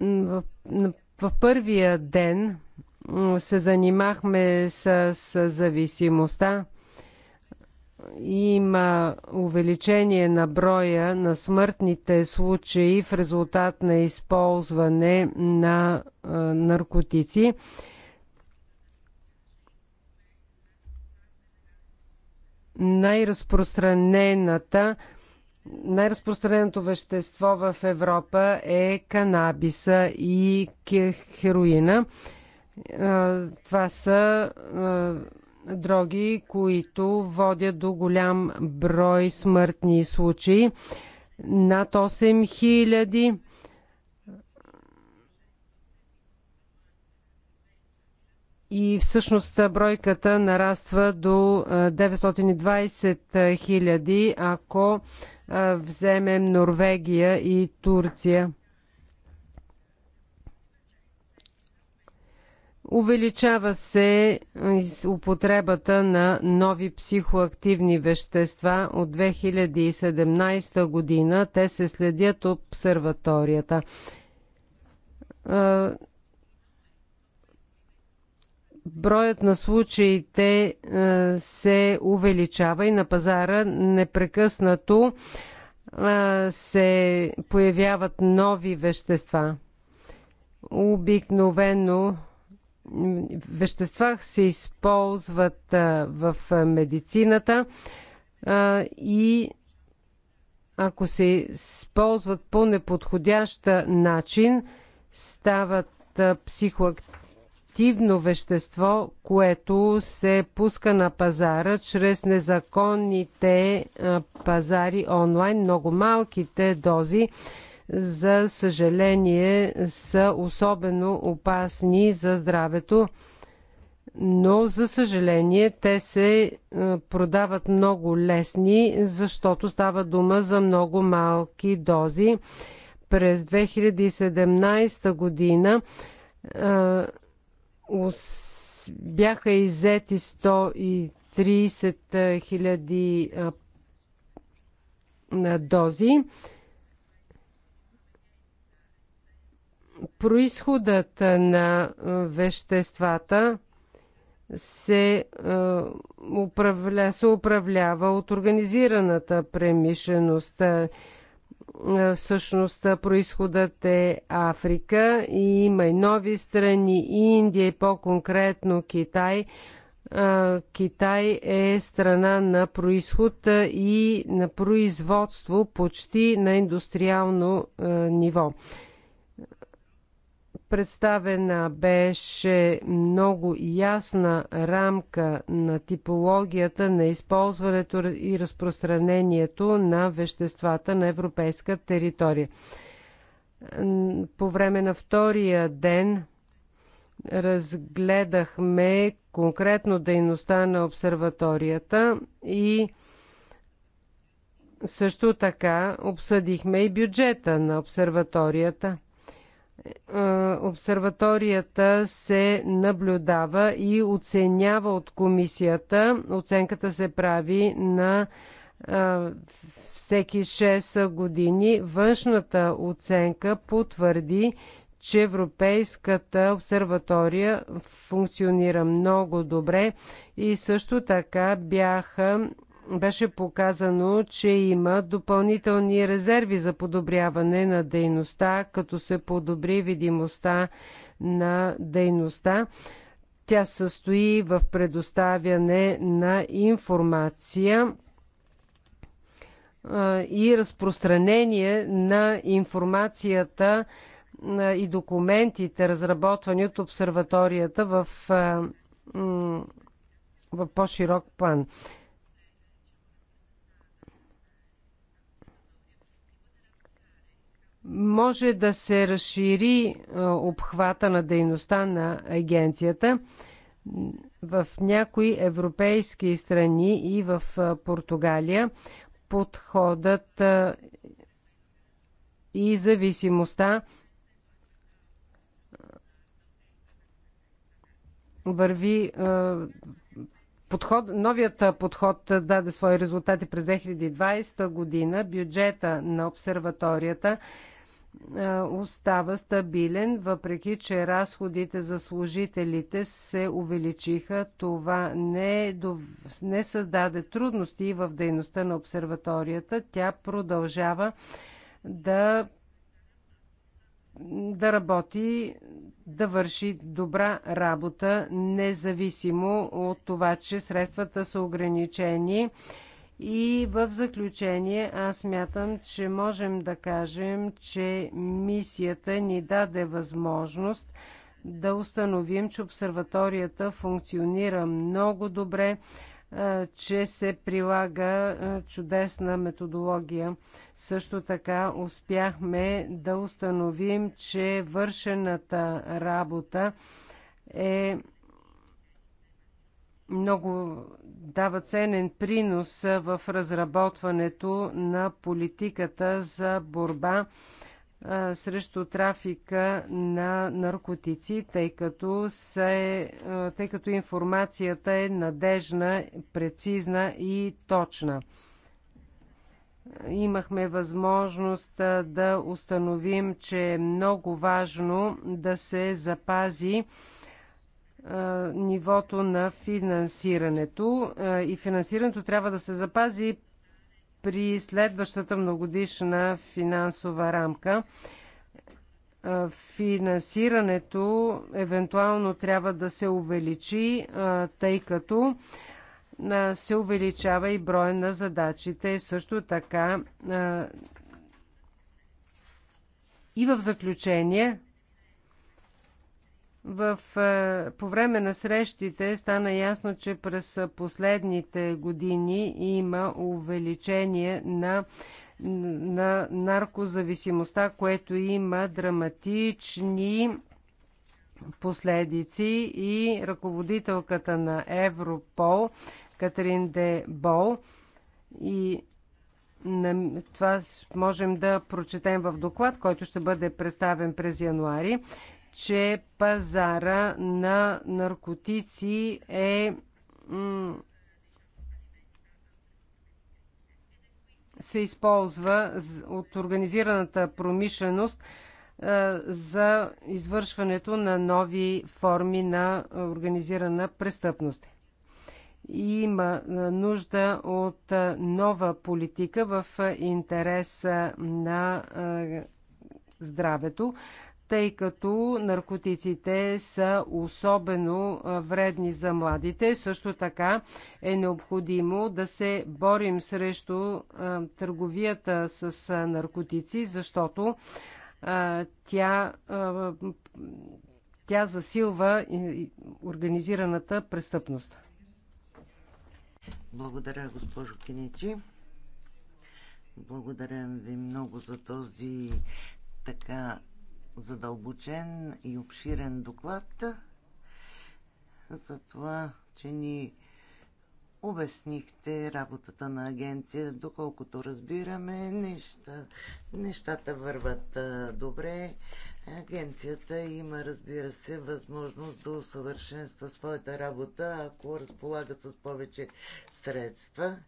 В, първия ден се занимахме с зависимостта. Има увеличение на броя на смъртните случаи в резултат на използване на е, наркотици. най-разпространената най-разпространеното вещество в Европа е канабиса и хероина. Това са дроги, които водят до голям брой смъртни случаи. Над 8000 и всъщност бройката нараства до 920 хиляди, ако вземем Норвегия и Турция. Увеличава се употребата на нови психоактивни вещества от 2017 година. Те се следят обсерваторията броят на случаите е, се увеличава и на пазара непрекъснато е, се появяват нови вещества. Обикновено вещества се използват е, в медицината и ако се използват по неподходящ начин, стават психоактивни активно вещество, което се пуска на пазара чрез незаконните пазари онлайн. Много малките дози, за съжаление, са особено опасни за здравето но за съжаление те се продават много лесни, защото става дума за много малки дози. През 2017 година бяха иззети 130 хиляди дози. Произходът на веществата се, управля, се управлява от организираната премишеност. Е, всъщност происходът е Африка и има и нови страни, и Индия и по-конкретно Китай. Е, Китай е страна на происход и на производство почти на индустриално ниво. Представена беше много ясна рамка на типологията на използването и разпространението на веществата на европейска територия. По време на втория ден разгледахме конкретно дейността на обсерваторията и също така обсъдихме и бюджета на обсерваторията. Е, обсерваторията се наблюдава и оценява от комисията. Оценката се прави на всеки 6 години. Външната оценка потвърди, че Европейската обсерватория функционира много добре и също така бяха беше показано, че има допълнителни резерви за подобряване на дейността, като се подобри видимостта на дейността. Тя състои в предоставяне на информация и разпространение на информацията и документите, разработвани от обсерваторията в, в по-широк план. може да се разшири обхвата на дейността на агенцията. В някои европейски страни и в Португалия подходът и зависимостта върви подход, новият подход даде свои резултати през 2020 година. Бюджета на обсерваторията е, остава стабилен, въпреки че разходите за служителите се увеличиха. Това не, не създаде трудности в дейността на обсерваторията. Тя продължава да, да работи, да върши добра работа, независимо от това, че средствата са ограничени и в заключение, аз мятам, че можем да кажем, че мисията ни даде възможност да установим, че обсерваторията функционира много добре, че се прилага чудесна методология. Също така успяхме да установим, че вършената работа е много дава ценен принос в разработването на политиката за борба срещу трафика на наркотици, тъй като, се, тъй като информацията е надежна, прецизна и точна. Имахме възможност да установим, че е много важно да се запази нивото на финансирането и финансирането трябва да се запази при следващата многодишна финансова рамка. Финансирането евентуално трябва да се увеличи, тъй като се увеличава и броя на задачите. Също така и в заключение в, е, по време на срещите стана ясно, че през последните години има увеличение на на наркозависимостта, което има драматични последици и ръководителката на Европол Катрин Де Бол и на, това можем да прочетем в доклад, който ще бъде представен през януари че пазара на наркотици е се използва от организираната промишленост е, за извършването на нови форми на организирана престъпност. Има е, нужда от е, нова политика в интерес на здравето тъй като наркотиците са особено вредни за младите. Също така е необходимо да се борим срещу търговията с наркотици, защото тя, тя засилва организираната престъпност. Благодаря, госпожо Киничи. Благодаря ви много за този така задълбочен и обширен доклад за това, че ни обяснихте работата на агенция. Доколкото разбираме, неща, нещата върват добре. Агенцията има, разбира се, възможност да усъвършенства своята работа, ако разполага с повече средства.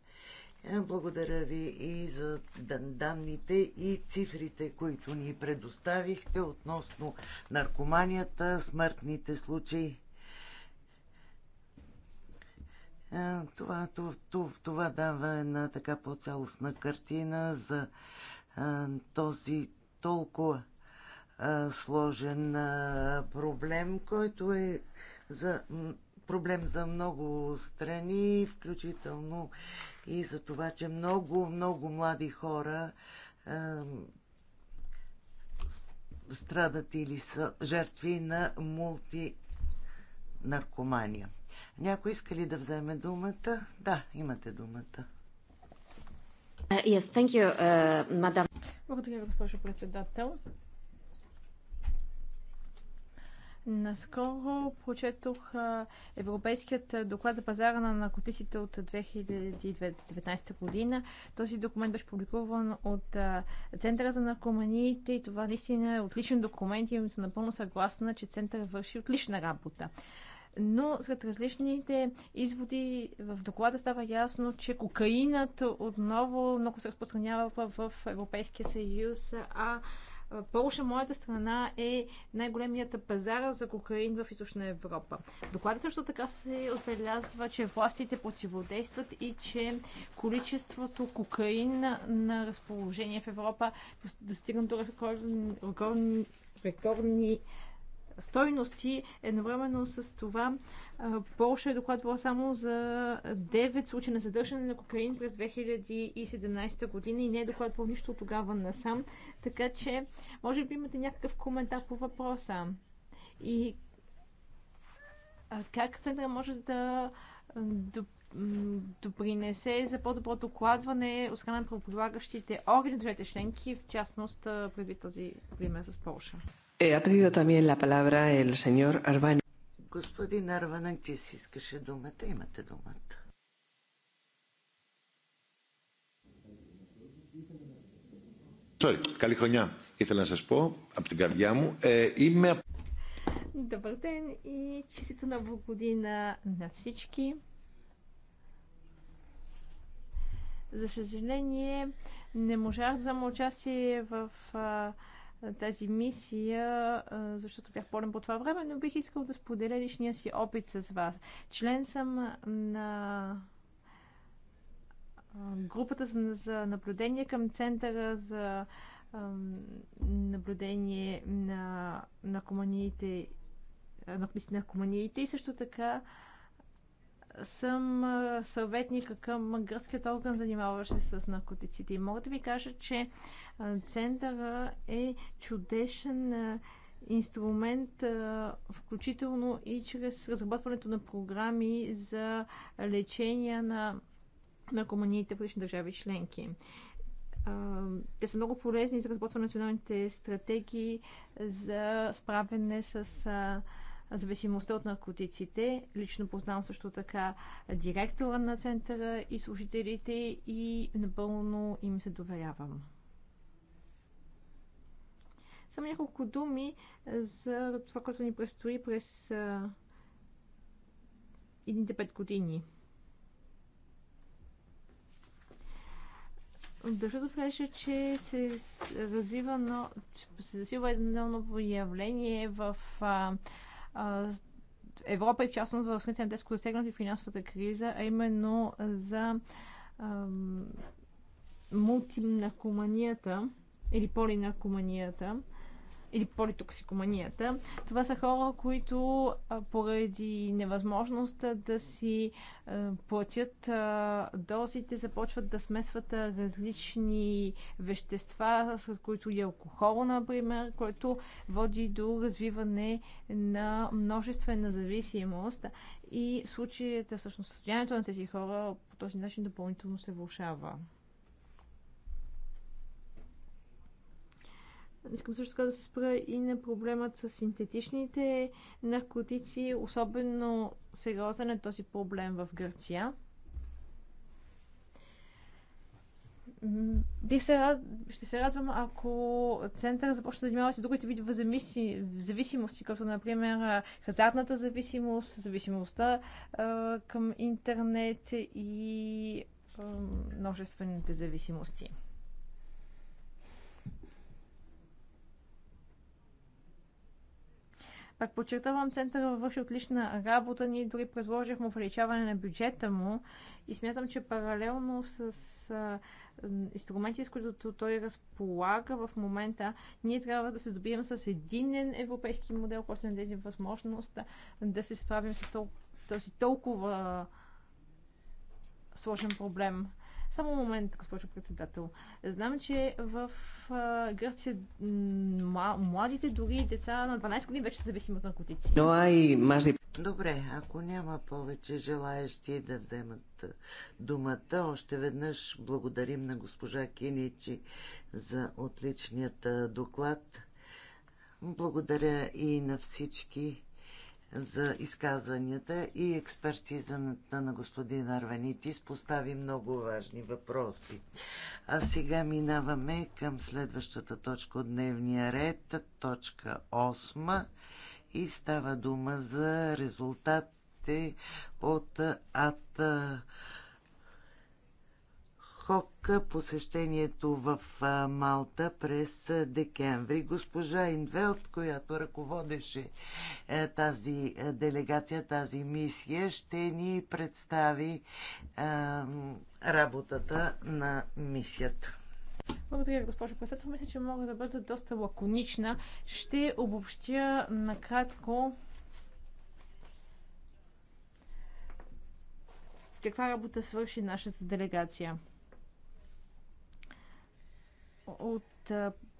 Благодаря ви и за данните и цифрите, които ни предоставихте относно наркоманията, смъртните случаи. Това, това, това дава една така по-цялостна картина за този толкова сложен проблем, който е за проблем за много страни, включително и за това, че много, много млади хора е, страдат или са жертви на мултинаркомания. Някой иска ли да вземе думата? Да, имате думата. Uh, uh, Благодаря ви, госпожо председател. Наскоро прочетох Европейският доклад за пазара на наркотиците от 2019 година. Този документ беше публикуван от Центъра за наркоманиите и това наистина е отличен документ и съм напълно съгласна, че Център върши отлична работа но сред различните изводи в доклада става ясно, че кокаинът отново много се разпространява в Европейския съюз, а Полша, моята страна, е най-големият пазар за кокаин в Източна Европа. Докладът доклада също така се отбелязва, че властите противодействат и че количеството кокаин на разположение в Европа достигна до рекордни рекордни стойности. Едновременно с това Полша е докладвала само за 9 случая на задържане на кокаин през 2017 година и не е докладвала нищо от тогава насам. Така че, може би имате някакъв коментар по въпроса. И как центъра може да допринесе за по-добро докладване от страна на правоподлагащите органи, държавите членки, в частност предвид този пример с Польша. Eh, ha pedido también la palabra el señor Арвани. Господин ти си искаше думата. Имате думата. Sorry, кали хроня. Ήθελα να σας πω από την καρδιά μου. Ε, είμαι... Добър ден и честита на година на всички. За съжаление, не можах да взема участие в а, тази мисия, защото бях болен по това време, но бих искал да споделя личния си опит с вас. Член съм на групата за наблюдение към Центъра за наблюдение на, на команиите на, на команиите и също така съм съветника към гръцкият орган, занимаващ се с наркотиците. И мога да ви кажа, че центъра е чудесен инструмент, включително и чрез разработването на програми за лечение на наркоманиите в различни държави членки. Те са много полезни за разработване на националните стратегии за справяне с зависимостта от наркотиците. Лично познавам също така директора на центъра и служителите и напълно им се доверявам. Само няколко думи за това, което ни предстои през едните пет години. Държа да че се развива, но се засилва едно ново явление в а, Европа и в частност в страните на засегнати финансовата криза, а именно за мултинаркоманията или полинаркоманията или политоксикоманията. Това са хора, които поради невъзможността да си платят дозите, започват да смесват различни вещества, с които и алкохол, например, което води до развиване на множествена зависимост и случаите, всъщност състоянието на тези хора по този начин допълнително се влушава. Искам също така да се спра и на проблемът с синтетичните наркотици. Особено сериозен е този проблем в Гърция. Бих се рад... Ще се радвам, ако център започне да занимава с другите видове замиси... зависимости, като например хазартната зависимост, зависимостта към интернет и множествените зависимости. Пак подчертавам, центъра върши отлична работа. Ние дори предложихме увеличаване на бюджета му и смятам, че паралелно с а, инструменти, с които той разполага в момента, ние трябва да се добием с единен европейски модел, който не даде възможност да, да се справим с този толкова сложен проблем. Само момент, госпожо председател. Знам, че в Гърция младите, дори деца на 12 години вече са зависими от наркотици. Но ай, мажи. Добре, ако няма повече желаящи да вземат думата, още веднъж благодарим на госпожа Киничи за отличният доклад. Благодаря и на всички за изказванията и експертизата на господин Арванитис постави много важни въпроси. А сега минаваме към следващата точка от дневния ред, точка 8 и става дума за резултатите от АТА хок посещението в Малта през декември. Госпожа Инвелт, която ръководеше е, тази е, делегация, тази мисия, ще ни представи работата на мисията. Благодаря госпожа госпожо председател. Мисля, че мога да бъда доста лаконична. Ще обобщя накратко каква работа свърши нашата делегация от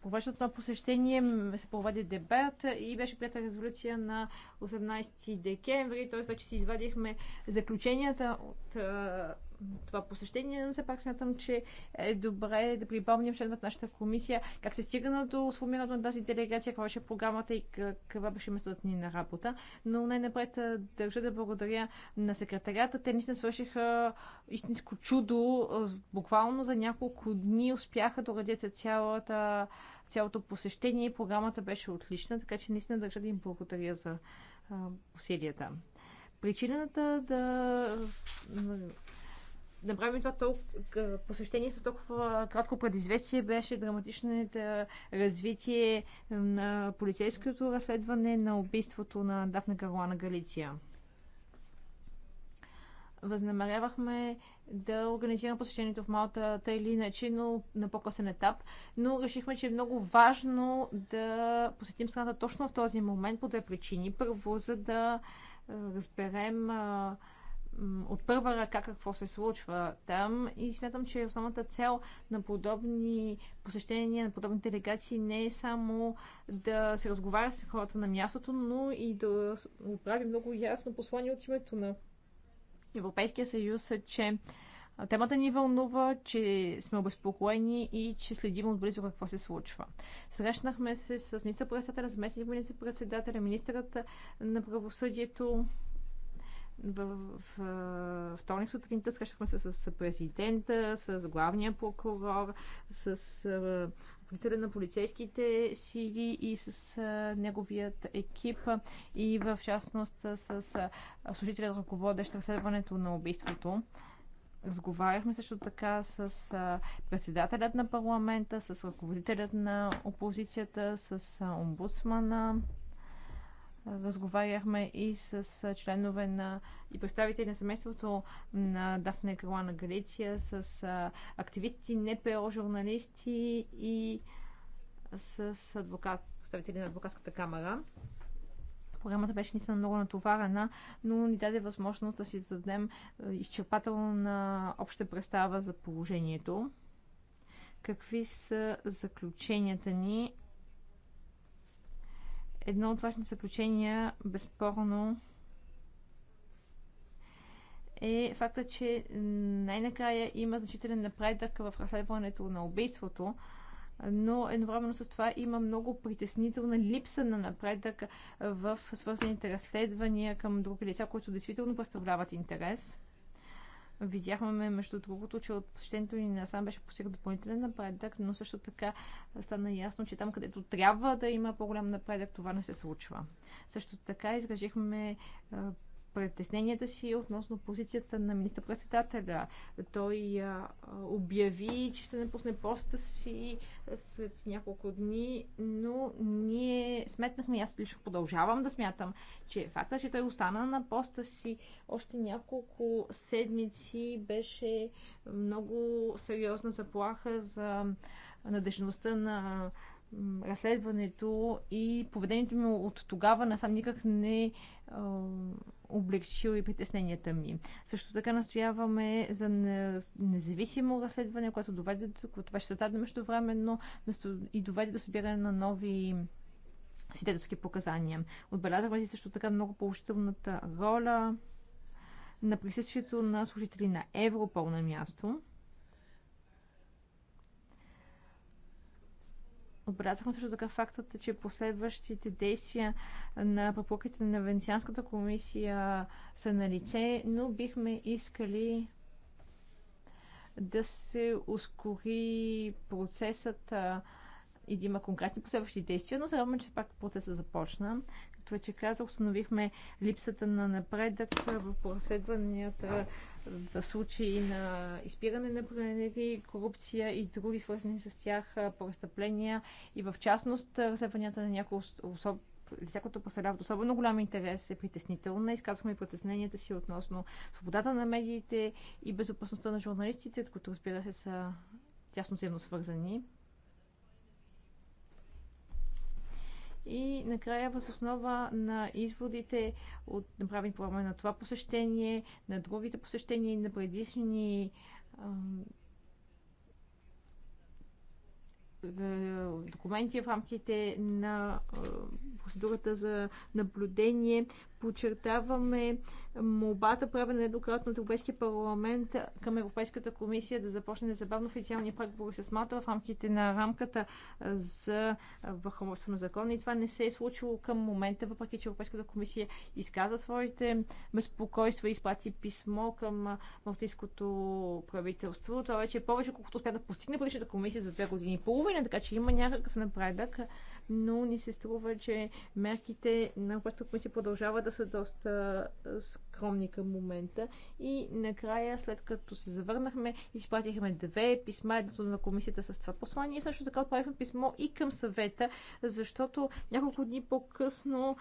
повечето на посещение се проведе дебат и беше прията резолюция на 18 декември, т.е. вече си извадихме заключенията от това посещение, но все пак смятам, че е добре да припомним в на нашата комисия как се стигна до сформирането на тази делегация, каква беше програмата и каква беше методът ни на работа. Но най-напред държа да благодаря на секретарята. Те наистина свършиха истинско чудо. Буквално за няколко дни успяха да уредят цялата цялото посещение. и Програмата беше отлична, така че наистина държа да им благодаря за а, усилията. Причината да да направим това толкова, посещение с толкова кратко предизвестие беше драматичните развитие на полицейското разследване на убийството на Дафна Каруана Галиция. Възнамерявахме да организираме посещението в Малта, тъй или иначе, но на по-късен етап. Но решихме, че е много важно да посетим страната точно в този момент по две причини. Първо, за да разберем а, от първа ръка какво се случва там и смятам, че основната цел на подобни посещения, на подобни делегации не е само да се разговаря с хората на мястото, но и да отправи много ясно послание от името на Европейския съюз, че Темата ни вълнува, че сме обезпокоени и че следим отблизо какво се случва. Срещнахме се с министър-председателя, заместник министър-председателя, министърът на правосъдието, в вторник сутринта срещахме се с президента, с главния прокурор, с ръководителя на полицейските сили и с неговият екип и в частност с служителя, ръководещ разследването на убийството. Разговаряхме също така с председателят на парламента, с ръководителят на опозицията, с омбудсмана разговаряхме и с членове на и представители на семейството на Дафна Круана Галиция, с активисти, НПО, журналисти и с адвокат, представители на адвокатската камера. Програмата беше наистина много натоварена, но ни даде възможност да си зададем на обща представа за положението. Какви са заключенията ни Едно от важните заключения, безспорно, е факта, че най-накрая има значителен напредък в разследването на убийството, но едновременно с това има много притеснителна липса на напредък в свързаните разследвания към други лица, които действително представляват интерес. Видяхме, между другото, че от посещението ни насам беше посега допълнителен напредък, но също така стана ясно, че там, където трябва да има по-голям напредък, това не се случва. Също така изразихме притесненията си относно позицията на министър-председателя. Той а, обяви, че ще напусне поста си след няколко дни, но ние сметнахме, аз лично продължавам да смятам, че факта, че той остана на поста си още няколко седмици беше много сериозна заплаха за надежността на разследването и поведението ми от тогава насам никак не а, облегчил и притесненията ми. Също така настояваме за независимо разследване, което, доведе, което беше създадено между време, но и доведе до събиране на нови свидетелски показания. Отбелязахме си също така много положителната роля на присъствието на служители на Европол на място – Отбелязахме също така фактът, е, че последващите действия на препоръките на Венецианската комисия са на лице, но бихме искали да се ускори процесът и да има конкретни последващи действия, но се радваме, че пак процесът започна. Както вече казах, установихме липсата на напредък в разследванията в случаи на изпиране на пари, корупция и други свързани с тях престъпления и в частност разследванията на някои особи лица, представляват особено голям интерес, е притеснителна. Изказахме притесненията си относно свободата на медиите и безопасността на журналистите, които разбира се са тясно взаимно свързани. И накрая, въз основа на изводите от направени по време на това посещение, на другите посещения и на предишни е, документи в рамките на е, процедурата за наблюдение. Подчертаваме молбата, правена еднократно от Европейския парламент към Европейската комисия да започне незабавно официални преговори с Малта в рамките на рамката за върховенство на закона. И това не се е случило към момента, въпреки че Европейската комисия изказа своите безпокойства и изпрати писмо към малтийското правителство. Това вече е повече, колкото успя да постигне Бъдещата комисия за две години и половина, така че има някакъв напредък но ни се струва, че мерките на Европейската комисия продължават да са доста скромни към момента. И накрая, след като се завърнахме, изпратихме две писма, едното на комисията с това послание. Също така отправихме писмо и към съвета, защото няколко дни по-късно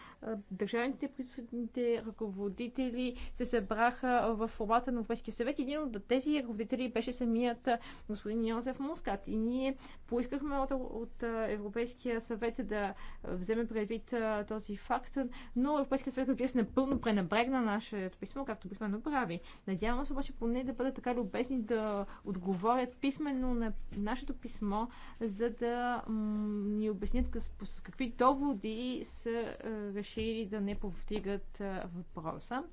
държавните присъдните ръководители се събраха в формата на Европейския съвет. Един от тези ръководители беше самият господин Йозеф Мускат. И ние поискахме от, от Европейския съвет да вземе предвид този факт, но Европейския съвет, разбира се, напълно пренебрегна наше своето писмо, както обикновено прави. Надявам се обаче поне да бъдат така любезни да отговорят писменно на нашето писмо, за да ни обяснят с какви доводи са е, решили да не повдигат е, въпроса.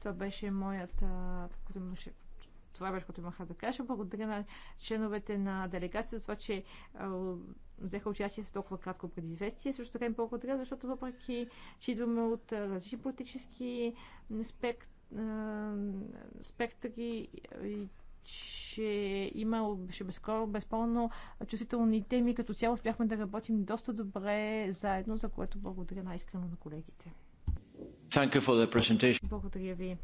Това беше моят, е, това беше, което имаха да кажа. Благодаря на членовете на делегацията за това, че взеха участие с толкова кратко предизвестие. Също така им благодаря, защото въпреки, че идваме от различни политически спект, спектри и че има безпълно безскоро, безпълно чувствителни теми. Като цяло успяхме да работим доста добре заедно, за което благодаря най-искрено на колегите. Благодаря ви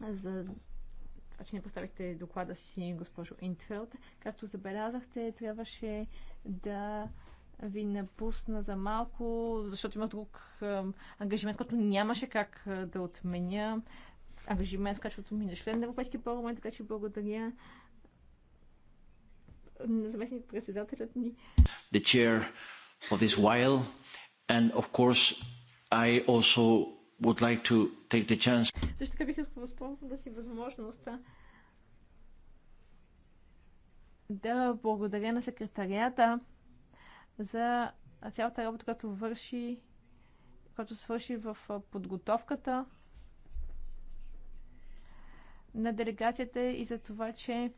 за това, че не поставихте доклада си, госпожо Интфелд. Както забелязахте, трябваше да ви напусна за малко, защото има друг ангажимент, който нямаше как да отменя. Ангажимент в качеството ми на член на Европейския парламент, така че благодаря на заместник председателят ни. The chair for this while and of course I also would like to take the chance. Също така бих искал да възползвам да си възможността да благодаря на секретарията за цялата работа, която върши, която свърши в подготовката на делегацията и за това, че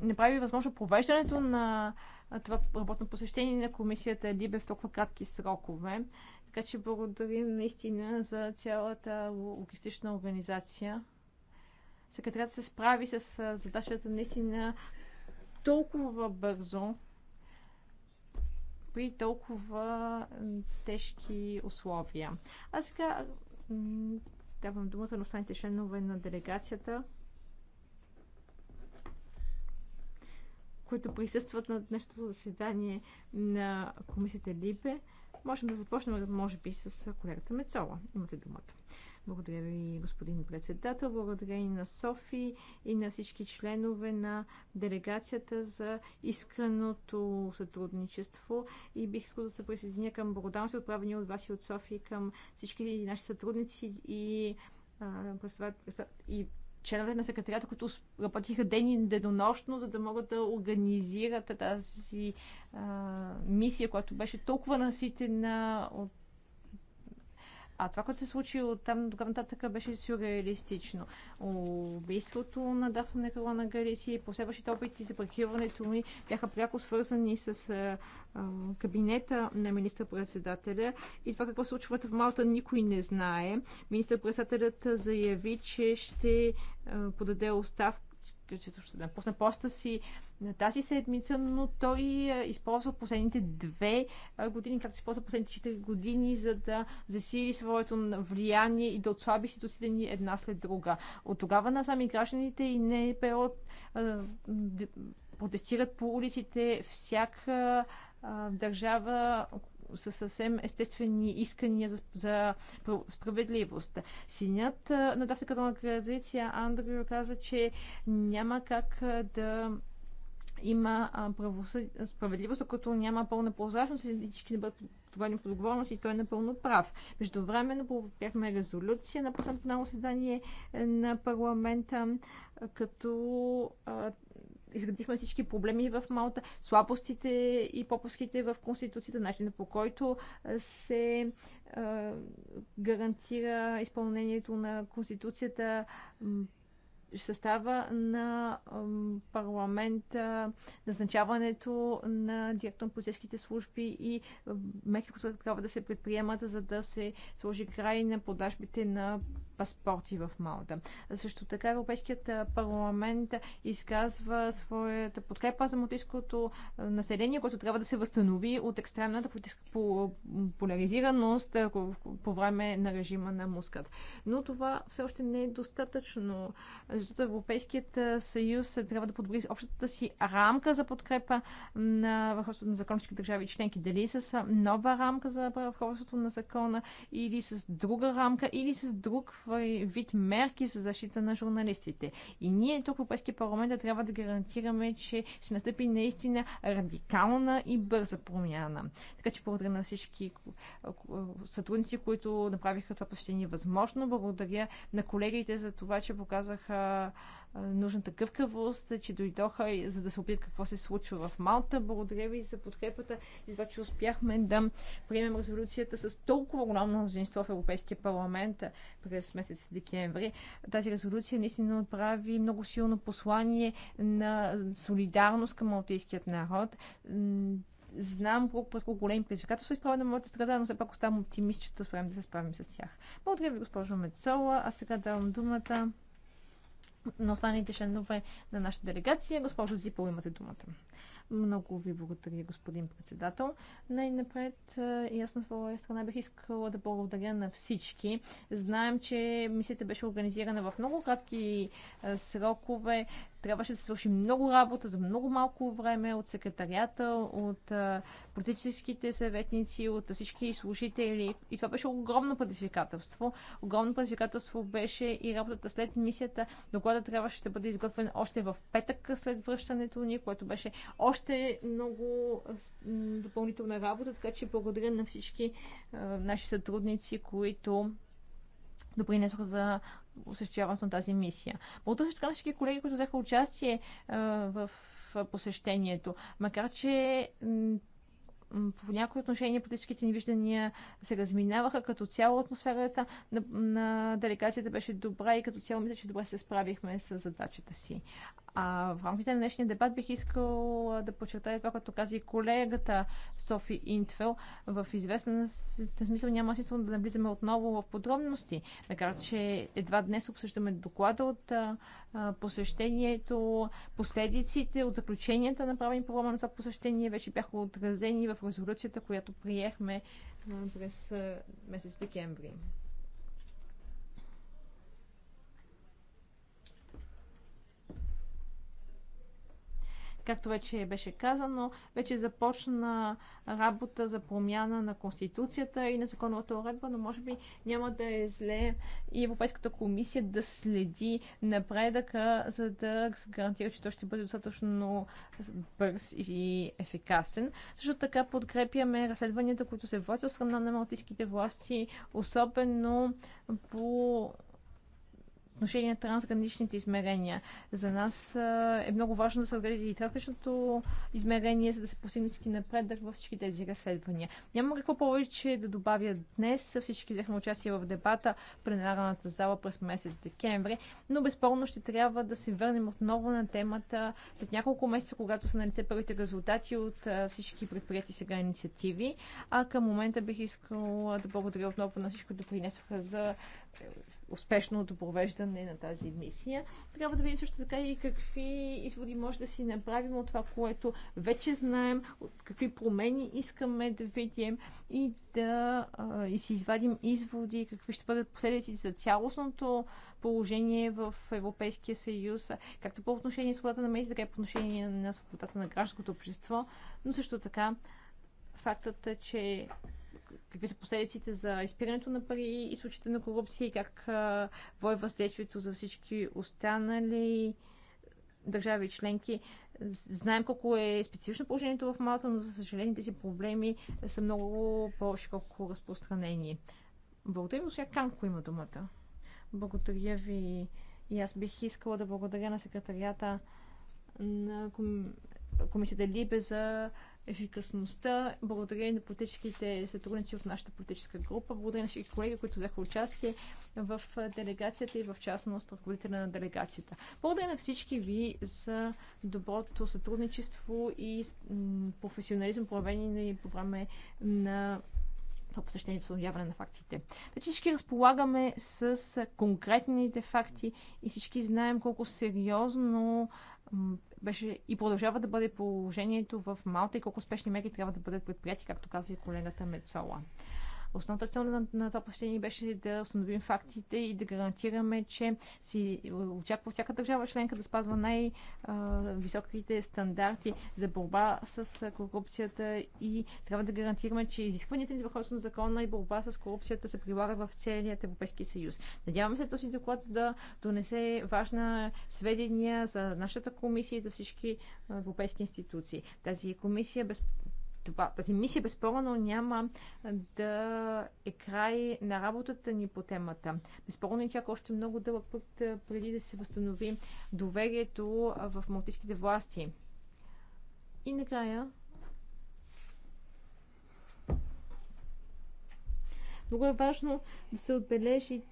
не прави възможно провеждането на това работно посещение на комисията Либе в толкова кратки срокове. Така че благодарим наистина за цялата логистична организация. Секретарят се справи с задачата наистина толкова бързо, при толкова тежки условия. А сега давам думата на останалите членове на делегацията, които присъстват на днешното заседание на комисията Либе. Можем да започнем, може би, с колегата Мецола. Имате думата. Благодаря ви, господин председател. Благодаря и на Софи и на всички членове на делегацията за искреното сътрудничество. И бих искал да се присъединя към благодарности, отправени от вас и от Софи, към всички наши сътрудници и, а, и членове на секретарията, които работиха ден и денонощно, за да могат да организират тази а, мисия, която беше толкова наситена от а това, което се случи от там до нататък, беше сюрреалистично. Убийството на Дафна на Галиси и последващите опити за паркирането ми бяха пряко свързани с кабинета на министър-председателя и това какво случва в Малта никой не знае. Министър-председателят заяви, че ще подаде оставка ще напусне поста си на тази седмица, но той е, използва последните две години, както използва последните 4 години, за да засили своето влияние и да отслаби си ни една след друга. От тогава на сами гражданите и НПО протестират по улиците всяка държава, са съвсем естествени искания за, за справедливост. Синят на Дафриката на Гразиция Андрю каза, че няма как да има правосъд... справедливост, като няма пълна прозрачност и всички не бъдат товарни под отговорност и той е напълно прав. Междувременно бяхме резолюция на последното заседание е, на парламента, като изградихме всички проблеми в Малта, слабостите и попуските в Конституцията, начина по който се гарантира изпълнението на Конституцията, състава на парламента, назначаването на директор на полицейските служби и мерки, които трябва да се предприемат, за да се сложи край на продажбите на паспорти в Малта. Също така Европейският парламент изказва своята подкрепа за малтийското население, което трябва да се възстанови от екстремната политическа поляризираност по време на режима на Мускат. Но това все още не е достатъчно, защото Европейският съюз трябва да подобри общата си рамка за подкрепа на върховството на законните държави и членки. Дали с нова рамка за върховството на закона или с друга рамка или с друг свой вид мерки за защита на журналистите. И ние тук в Европейския парламент трябва да гарантираме, че ще настъпи наистина радикална и бърза промяна. Така че благодаря на всички сътрудници, които направиха това посещение възможно. Благодаря на колегите за това, че показаха нужната гъвкавост, че дойдоха за да се опитат какво се случва в Малта. Благодаря ви за подкрепата и за това, че успяхме да приемем резолюцията с толкова огромно мнозинство в Европейския парламент през месец декември. Тази резолюция наистина отправи много силно послание на солидарност към малтийският народ знам колко път колко големи предизвикателства изправя на моята страда, но все пак оставам оптимист, че успеем да се справим с тях. Благодаря ви, госпожо Мецола. А сега давам думата на останалите членове на нашата делегация. Госпожо Зипо, имате думата. Много ви благодаря, господин председател. Най-напред, и аз на своя страна бих искала да благодаря на всички. Знаем, че мисията беше организирана в много кратки срокове трябваше да се свърши много работа за много малко време от секретарията, от политическите съветници, от всички служители. И това беше огромно предизвикателство. Огромно предизвикателство беше и работата след мисията. Докладът трябваше да бъде изготвен още в петък след връщането ни, което беше още много допълнителна работа. Така че благодаря на всички наши сътрудници, които допринесоха за осъществяването на тази мисия. Благодаря така на всички колеги, които взеха участие в посещението. Макар, че по някои отношения политическите ни виждания се разминаваха. Като цяло атмосферата на, на делегацията беше добра и като цяло мисля, че добре се справихме с задачата си. А в рамките на днешния дебат бих искал да подчертая това, като каза и колегата Софи Интвел, В известен смисъл няма смисъл да навлизаме отново в подробности, макар че едва днес обсъждаме доклада от посещението, последиците от заключенията, направени по време на това посещение, вече бяха отразени в резолюцията, която приехме през месец декември. Както вече беше казано, вече започна работа за промяна на Конституцията и на законовата уредба, но може би няма да е зле и Европейската комисия да следи напредъка, за да се гарантира, че той ще бъде достатъчно бърз и ефикасен. Също така подкрепяме разследванията, които се водят от страна на малтийските власти, особено по отношение на трансграничните измерения. За нас е много важно да се разгледа и трансграничното измерение, за да се постигне всички напредък във всички тези разследвания. Няма какво повече да добавя днес. Всички взехме участие в дебата в пленарната зала през месец декември, но безспорно ще трябва да се върнем отново на темата след няколко месеца, когато са налице първите резултати от всички предприяти сега инициативи. А към момента бих искала да благодаря отново на всичко, които принесоха за успешното провеждане на тази мисия. Трябва да видим също така и какви изводи може да си направим от това, което вече знаем, от какви промени искаме да видим и да а, и си извадим изводи, какви ще бъдат последици за цялостното положение в Европейския съюз, както по отношение на свободата на медиите, така и по отношение на свободата на гражданското общество, но също така фактът, е, че какви са последиците за изпирането на пари и случаите на корупция и как вой въздействието за всички останали държави членки. Знаем колко е специфично положението в Малта, но за съжаление тези проблеми са много по-широко разпространени. Благодаря ви, сега Канко има думата. Благодаря ви и аз бих искала да благодаря на секретарията на ком... комисията Либе за ефикасността. Благодаря на политическите сътрудници от нашата политическа група. Благодаря на всички колеги, които взеха участие в делегацията и в частност ръководителя на делегацията. Благодаря на всички ви за доброто сътрудничество и професионализъм, проявени по време на това посещение за установяване на фактите. Вече всички разполагаме с конкретните факти и всички знаем колко сериозно беше и продължава да бъде положението в Малта и колко спешни мерки трябва да бъдат предприяти, както каза и колегата Мецола. Основната цел на, на това посещение беше да установим фактите и да гарантираме, че си очаква всяка държава членка да спазва най-високите стандарти за борба с корупцията и трябва да гарантираме, че изискванията за върховенство на закона и борба с корупцията се прилагат в целият Европейски съюз. Надяваме се този доклад да донесе важна сведения за нашата комисия и за всички европейски институции. Тази комисия без това, тази мисия безспорно няма да е край на работата ни по темата. Безспорно ни чака още много дълъг път преди да се възстанови доверието в малтийските власти. И накрая Много е важно да се отбележи,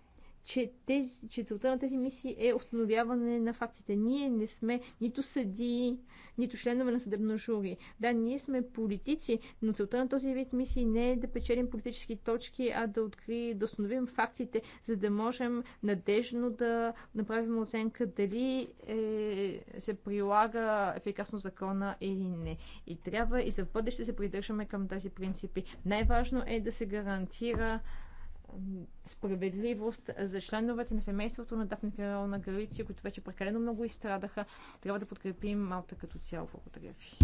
че, тези, че целта на тези мисии е установяване на фактите. Ние не сме нито съдии, нито членове на съдебно жури. Да, ние сме политици, но целта на този вид мисии не е да печелим политически точки, а да открием, да установим фактите, за да можем надежно да направим оценка дали е, се прилага ефикасно закона или не. И трябва и за бъдеще се придържаме към тези принципи. Най-важно е да се гарантира справедливост за членовете на семейството на Дафна на Галиция, които вече прекалено много изстрадаха. Трябва да подкрепим Малта като цяло. Благодаря ви.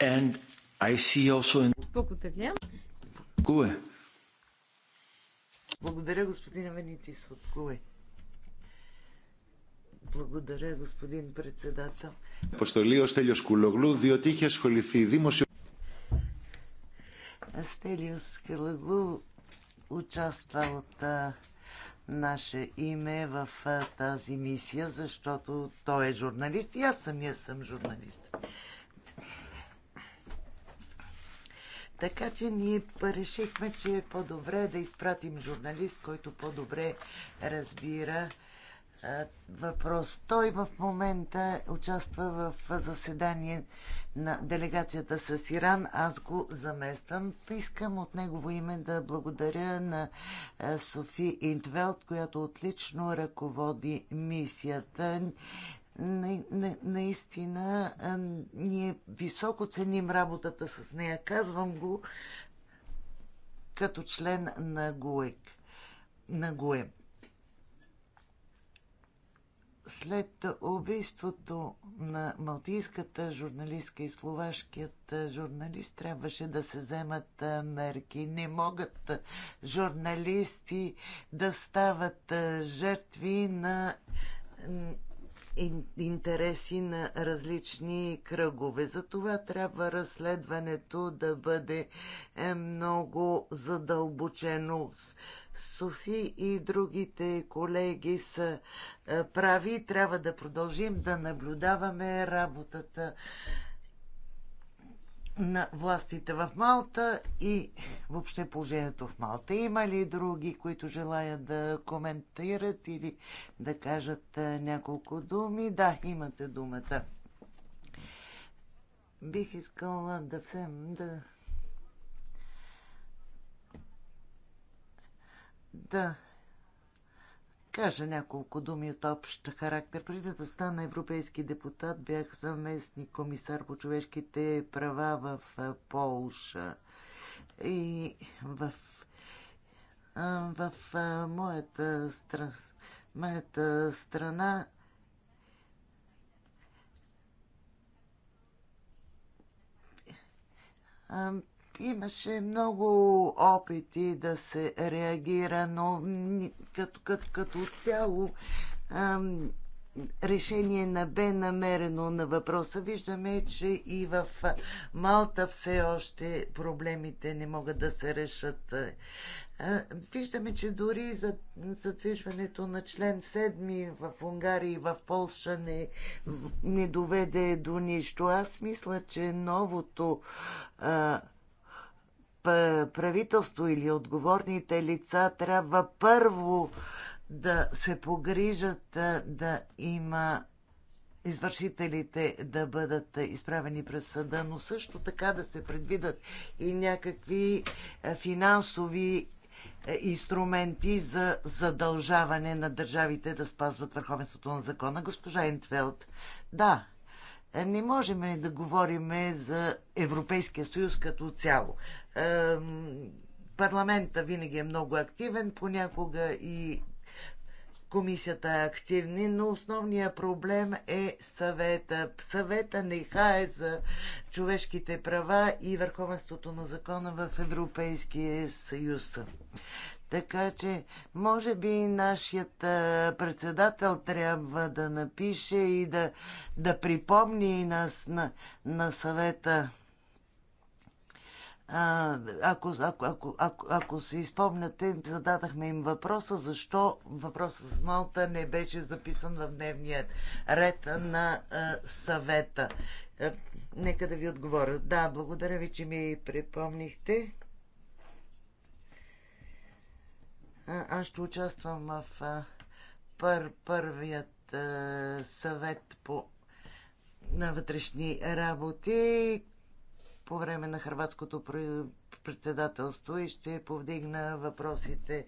And I see also in... Благодаря. Куе. Благодаря, господин Аменитис от Куе. Благодаря, господин председател. Αποστολή Стелиос Кулоглу, διότι είχε ασχοληθεί δημοσιο... Αστέλιος Кулоглу, участва от а, наше име в а, тази мисия, защото той е журналист и аз самия съм журналист. Така че ние решихме, че е по-добре да изпратим журналист, който по-добре разбира въпрос. Той в момента участва в заседание на делегацията с Иран. Аз го замествам. Искам от негово име да благодаря на Софи Интвелт, която отлично ръководи мисията. На, на, наистина, ние високо ценим работата с нея. Казвам го като член на ГУЕК. На ГУЕМ след убийството на малтийската журналистка и словашкият журналист трябваше да се вземат мерки. Не могат журналисти да стават жертви на интереси на различни кръгове. Затова трябва разследването да бъде е, много задълбочено. Софи и другите колеги са е, прави. Трябва да продължим да наблюдаваме работата на властите в Малта и въобще положението в Малта. Има ли други, които желаят да коментират или да кажат е, няколко думи? Да, имате думата. Бих искала да всем да да кажа няколко думи от общ характер. Преди да стана европейски депутат, бях съвместник комисар по човешките права в Полша. И в, в, в моята, стра, моята страна Имаше много опити да се реагира, но като, като, като цяло ам, решение на бе намерено на въпроса. Виждаме, че и в Малта все още проблемите не могат да се решат. Виждаме, че дори за задвижването на член 7 в Унгария и в Полша не, не доведе до нищо. Аз мисля, че новото а, правителство или отговорните лица трябва първо да се погрижат да има извършителите да бъдат изправени през съда, но също така да се предвидат и някакви финансови инструменти за задължаване на държавите да спазват върховенството на закона. Госпожа Ентфелд, да, не можем да говорим за Европейския съюз като цяло. Парламента винаги е много активен, понякога и комисията е активни, но основният проблем е съвета. Съвета не хае за човешките права и върховенството на закона в Европейския съюз. Така че, може би, нашият председател трябва да напише и да, да припомни нас на, на съвета. А, ако, ако, ако, ако, ако се изпомняте, зададахме им въпроса, защо въпросът с Малта не беше записан в дневния ред на а, съвета. А, е, нека да ви отговоря. Да, благодаря ви, че ми припомнихте. аз ще участвам в пър, първият съвет по, на вътрешни работи по време на хрватското председателство и ще повдигна въпросите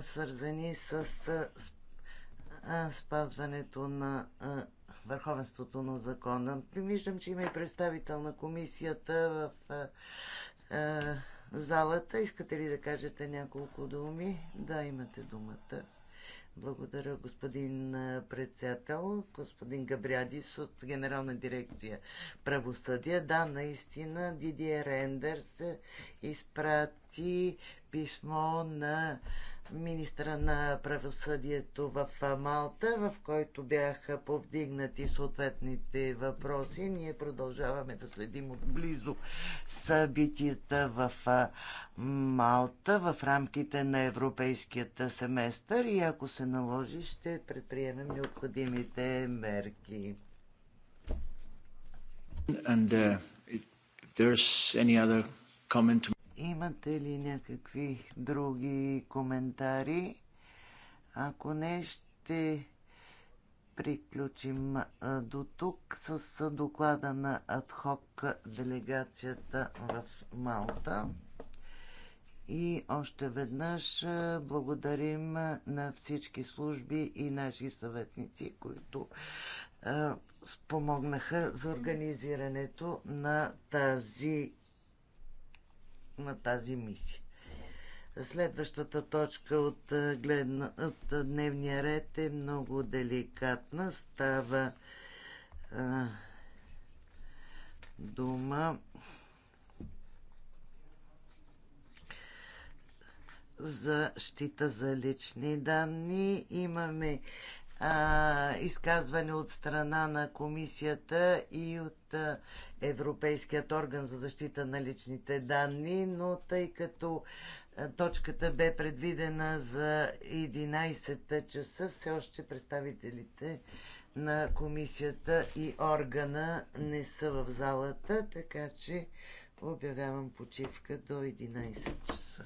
свързани с спазването на върховенството на закона. Виждам, че има и представител на комисията в залата. Искате ли да кажете няколко думи? Да, имате думата. Благодаря, господин председател, господин Габрядис от Генерална дирекция правосъдие. Да, наистина Дидие Рендер се изпрати писмо на министра на правосъдието в Малта, в който бяха повдигнати съответните въпроси. Ние продължаваме да следим отблизо събитията в Малта в рамките на европейският семестър и ако се наложи, ще предприемем необходимите мерки. And, uh, if there's any other comment to Имате ли някакви други коментари? Ако не, ще приключим до тук с доклада на адхок делегацията в Малта. И още веднъж благодарим на всички служби и наши съветници, които спомогнаха за организирането на тази на тази мисия. Следващата точка от, гледна, от дневния ред е много деликатна. Става а, дума за щита за лични данни. Имаме а, изказване от страна на комисията и от Европейският орган за защита на личните данни, но тъй като е, точката бе предвидена за 11 часа, все още представителите на комисията и органа не са в залата, така че обявявам почивка до 11 часа.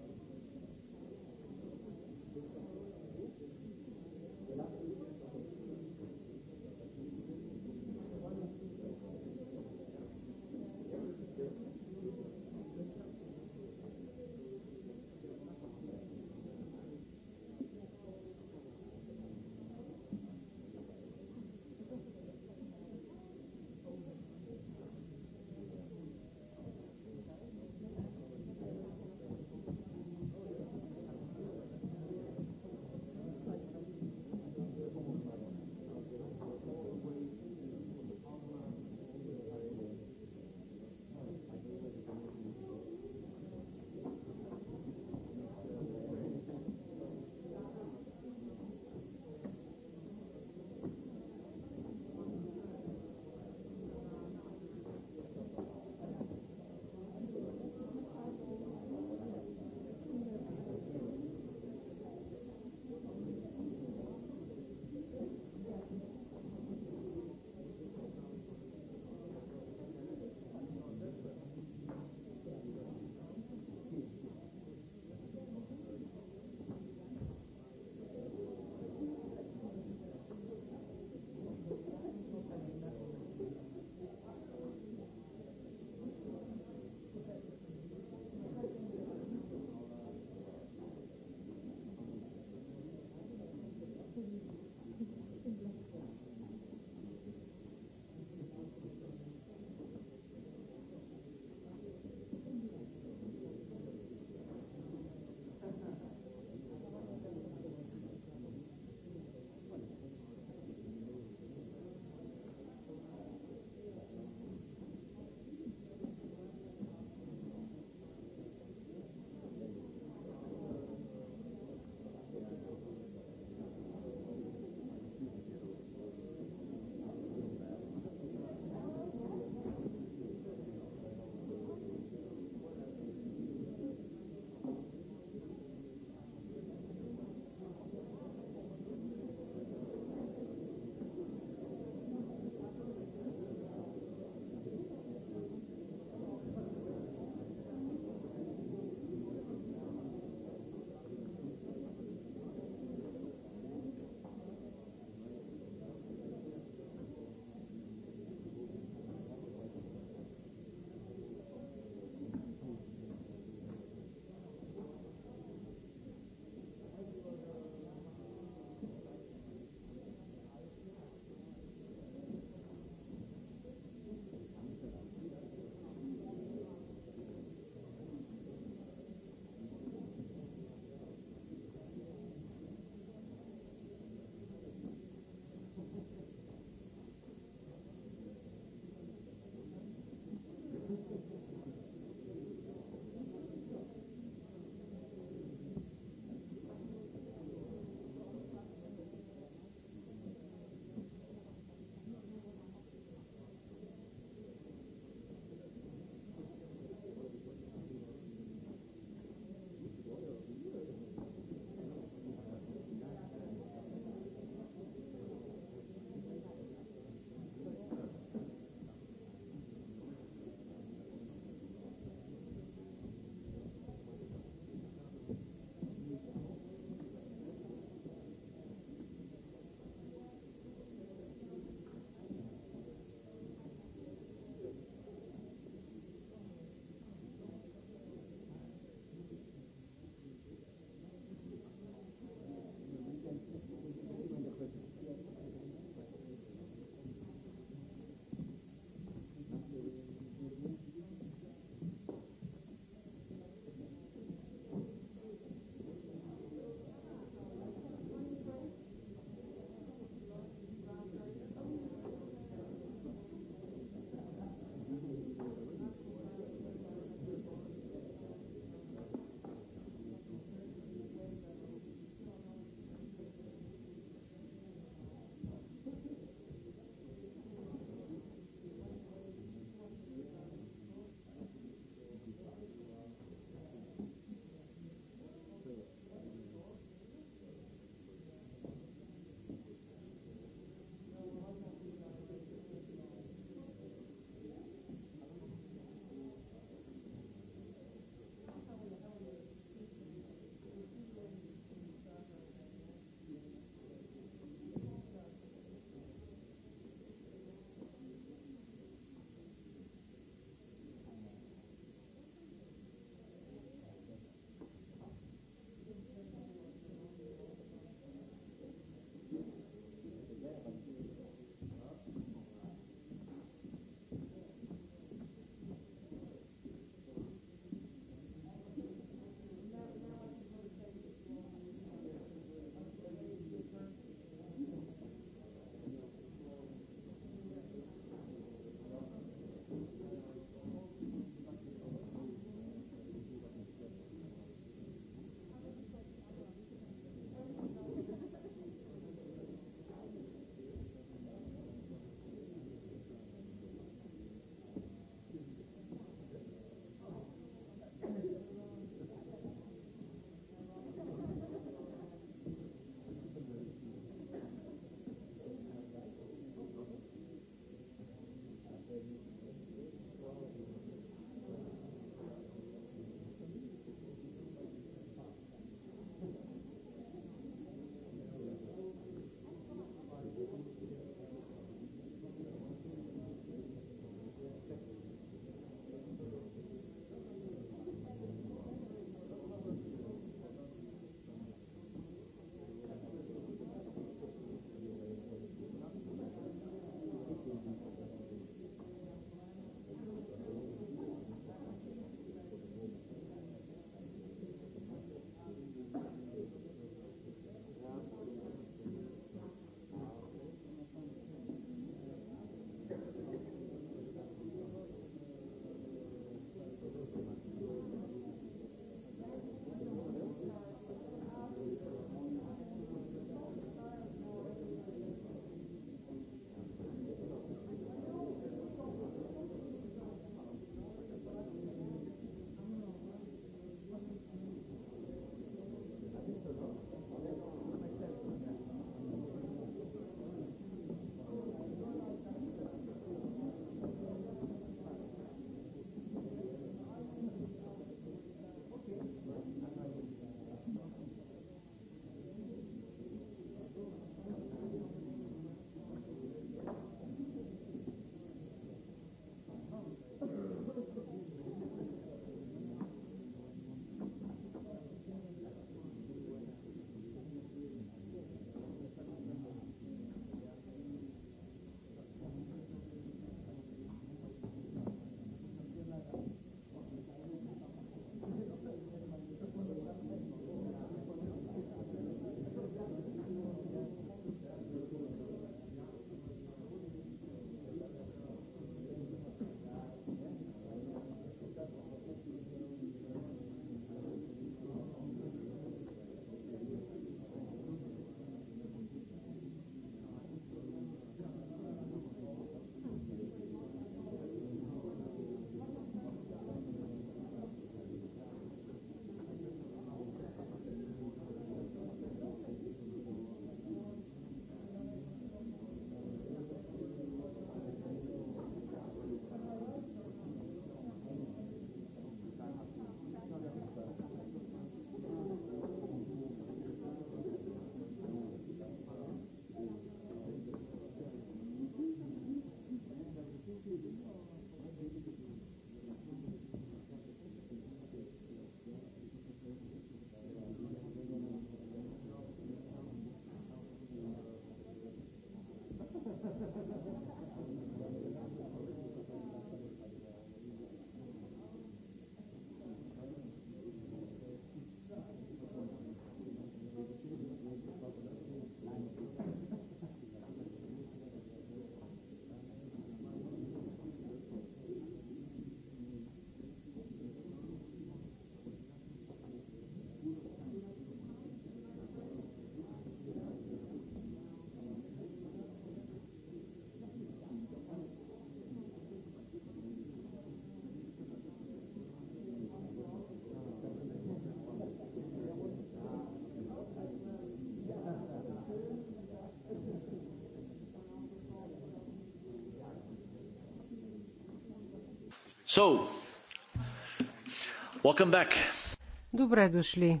Добре дошли.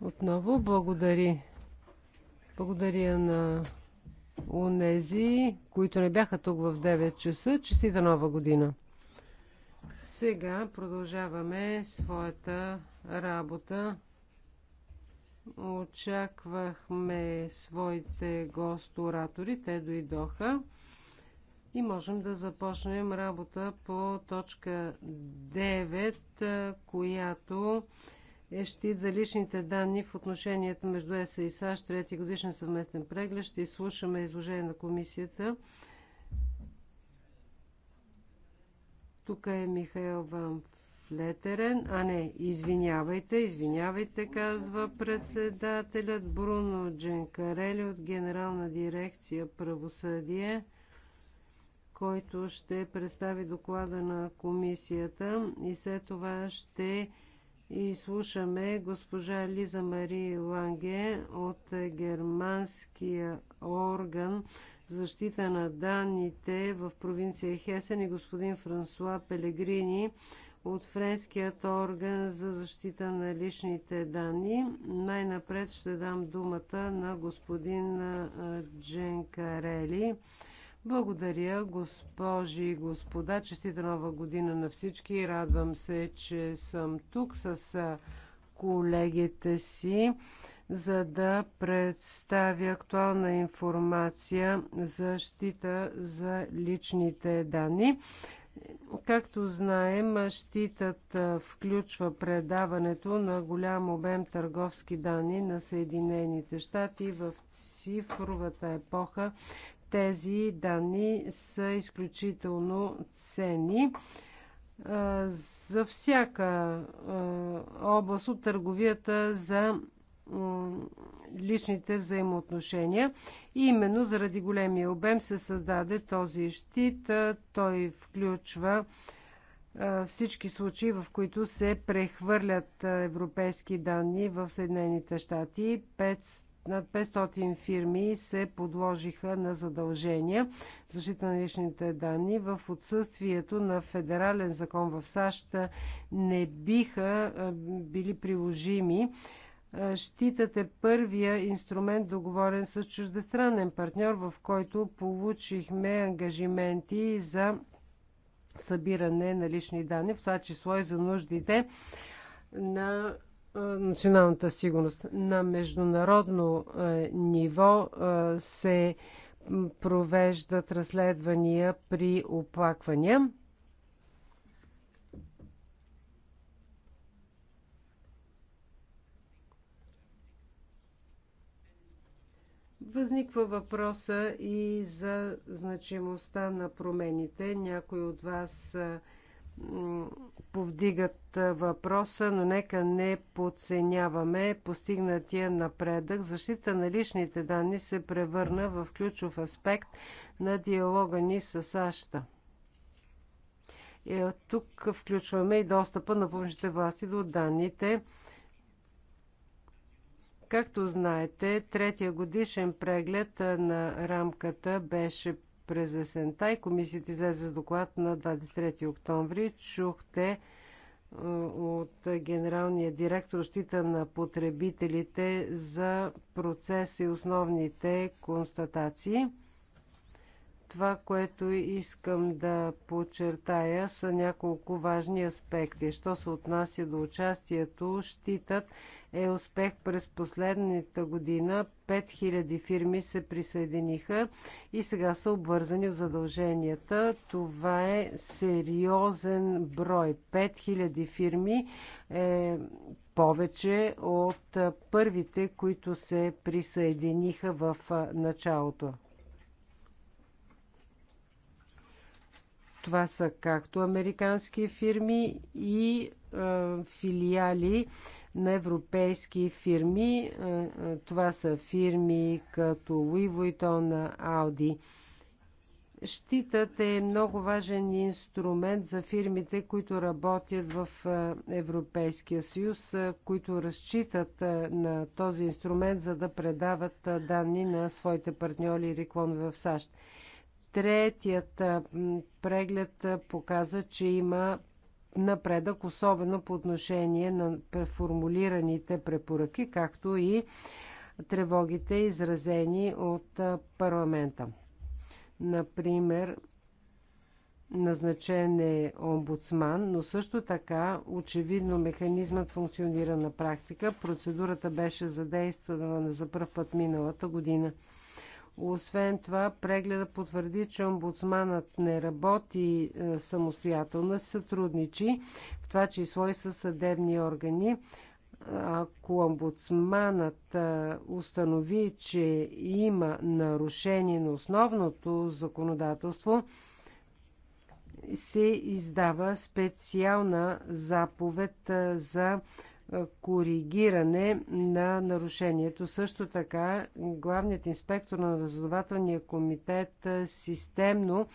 Отново благодари. Благодаря на унези, които не бяха тук в 9 часа. Честита нова година! Сега продължаваме своята работа. Очаквахме своите гост-оратори. Те дойдоха и можем да започнем работа по точка 9, която е щит за личните данни в отношенията между ЕСА и САЩ, трети годишен съвместен преглед. Ще изслушаме изложение на комисията. Тук е Михаил Ван Флетерен. А не, извинявайте, извинявайте, казва председателят Бруно Дженкарели от Генерална дирекция правосъдие който ще представи доклада на комисията и след това ще изслушаме госпожа Лиза Мари Ланге от германския орган защита на данните в провинция Хесен и господин Франсуа Пелегрини от френският орган за защита на личните данни. Най-напред ще дам думата на господин Джен Карели благодаря, госпожи и господа. Честита нова година на всички. Радвам се, че съм тук с колегите си, за да представя актуална информация за щита за личните данни. Както знаем, щитът включва предаването на голям обем търговски данни на Съединените щати в цифровата епоха. Тези данни са изключително ценни за всяка област от търговията за личните взаимоотношения. И именно заради големия обем се създаде този щит. Той включва всички случаи, в които се прехвърлят европейски данни в Съединените щати над 500 фирми се подложиха на задължения защита на личните данни. В отсъствието на федерален закон в САЩ не биха били приложими Щитате първия инструмент, договорен с чуждестранен партньор, в който получихме ангажименти за събиране на лични данни, в това число и за нуждите на националната сигурност. На международно ниво се провеждат разследвания при оплаквания. Възниква въпроса и за значимостта на промените. Някои от вас повдигат въпроса, но нека не подценяваме постигнатия напредък. Защита на личните данни се превърна в ключов аспект на диалога ни с САЩ. И е, тук включваме и достъпа на публичните власти до данните. Както знаете, третия годишен преглед на рамката беше през есента и комисията излезе с доклад на 23 октомври. Чухте е, от генералния директор щита на потребителите за процес и основните констатации. Това, което искам да подчертая, са няколко важни аспекти. Що се отнася до участието, щитът е успех през последната година. 5000 фирми се присъединиха и сега са обвързани в задълженията. Това е сериозен брой. 5000 фирми е повече от първите, които се присъединиха в началото. Това са както американски фирми и е, филиали на европейски фирми. Е, е, това са фирми като Louis Vuitton, Audi. Щитът е много важен инструмент за фирмите, които работят в е, Европейския съюз, които разчитат на този инструмент, за да предават данни на своите партньори и реклами в САЩ. Третият преглед показа, че има напредък, особено по отношение на формулираните препоръки, както и тревогите, изразени от парламента. Например, назначен е омбудсман, но също така очевидно механизмът функционира на практика. Процедурата беше задействана за първ път миналата година – освен това, прегледа потвърди, че омбудсманът не работи е, самостоятелно, сътрудничи, в това число и с съдебни органи. Ако омбудсманът е, установи, че има нарушение на основното законодателство, се издава специална заповед е, за коригиране на нарушението. Също така, главният инспектор на разузнавателния комитет системно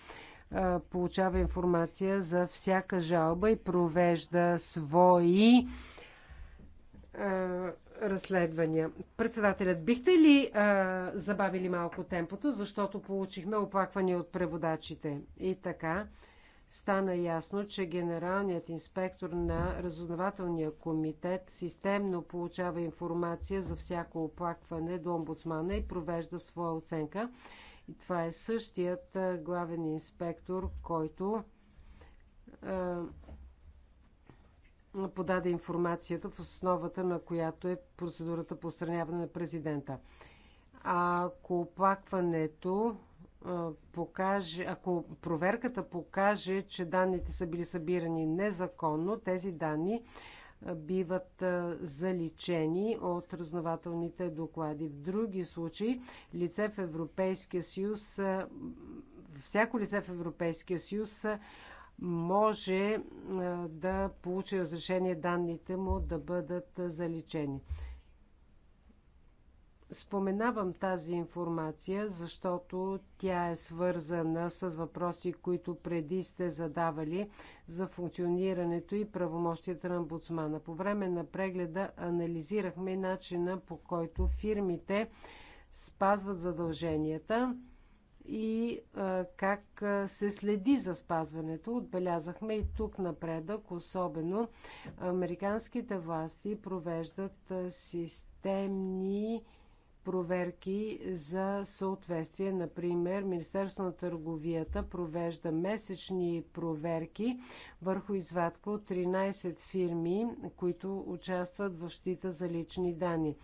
получава информация за всяка жалба и провежда свои разследвания. Председателят, бихте ли а, забавили малко темпото, защото получихме оплаквания от преводачите? И така, стана ясно, че генералният инспектор на разузнавателния комитет системно получава информация за всяко оплакване до омбудсмана и провежда своя оценка. И това е същият главен инспектор, който е, подаде информацията в основата на която е процедурата по отстраняване на президента. Ако оплакването покаже, ако проверката покаже, че данните са били събирани незаконно, тези данни биват заличени от разнователните доклади. В други случаи лице в Европейския съюз, всяко лице в Европейския съюз може да получи разрешение данните му да бъдат заличени. Споменавам тази информация, защото тя е свързана с въпроси, които преди сте задавали за функционирането и правомощията на омбудсмана. По време на прегледа анализирахме начина по който фирмите спазват задълженията и как се следи за спазването. Отбелязахме и тук напредък, особено американските власти провеждат системни проверки за съответствие. Например, Министерството на търговията провежда месечни проверки върху извадка от 13 фирми, които участват в щита за лични данни.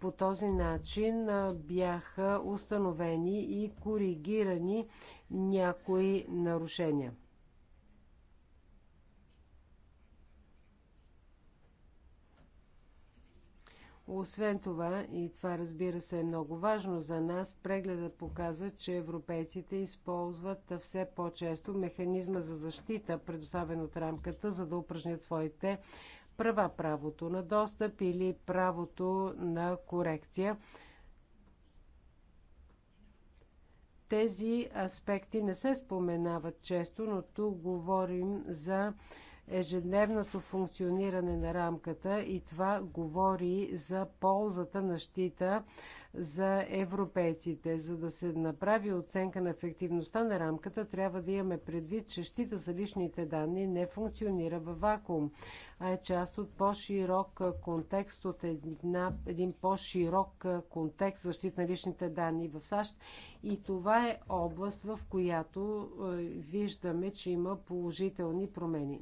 По този начин бяха установени и коригирани някои нарушения. Освен това, и това разбира се е много важно за нас, прегледът показа, че европейците използват все по-често механизма за защита, предоставен от рамката, за да упражнят своите права, правото на достъп или правото на корекция. Тези аспекти не се споменават често, но тук говорим за ежедневното функциониране на рамката и това говори за ползата на щита за европейците. За да се направи оценка на ефективността на рамката, трябва да имаме предвид, че щита за личните данни не функционира във вакуум, а е част от по-широк контекст, от една, един по-широк контекст защита на личните данни в САЩ. И това е област, в която е, виждаме, че има положителни промени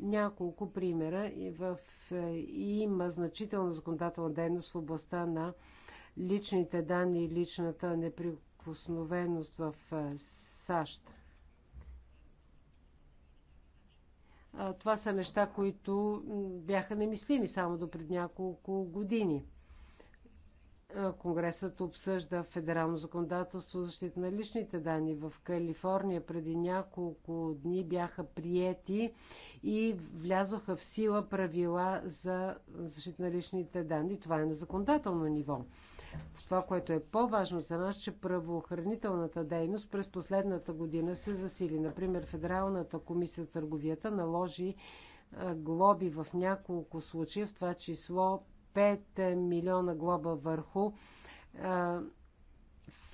няколко примера. В, е, има значителна законодателна дейност в областта на личните данни и личната неприкосновеност в е, САЩ. Това са неща, които бяха немислими само до пред няколко години. Е, Конгресът обсъжда федерално законодателство за защита на личните данни. В Калифорния преди няколко дни бяха приети и влязоха в сила правила за защита на личните данни. Това е на законодателно ниво. Това, което е по-важно за нас, че правоохранителната дейност през последната година се засили. Например, Федералната комисия за търговията наложи е, глоби в няколко случая, в това число 5 милиона глоба върху а,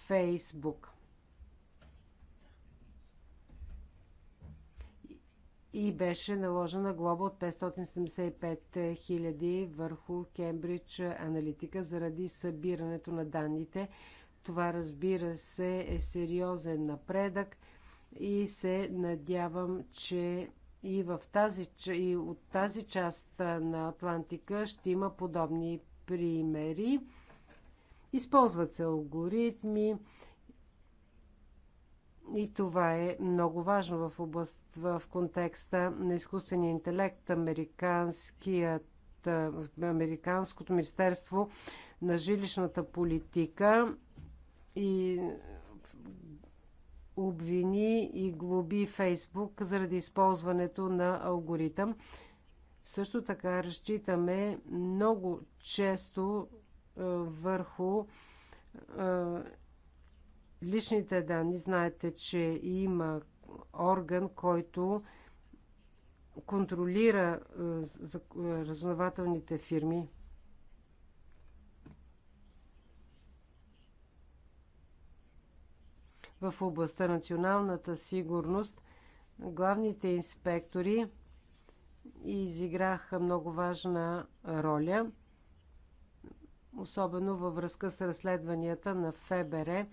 Фейсбук. И беше наложена глоба от 575 хиляди върху Кембридж Аналитика заради събирането на данните. Това разбира се е сериозен напредък и се надявам, че и, в тази, и от тази част на Атлантика ще има подобни примери. Използват се алгоритми и това е много важно в област, в контекста на изкуствения интелект. Американският, Американското министерство на жилищната политика и обвини и глоби Фейсбук заради използването на алгоритъм. Също така разчитаме много често върху личните данни. Знаете, че има орган, който контролира разнователните фирми. в областта националната сигурност, главните инспектори изиграха много важна роля, особено във връзка с разследванията на ФБР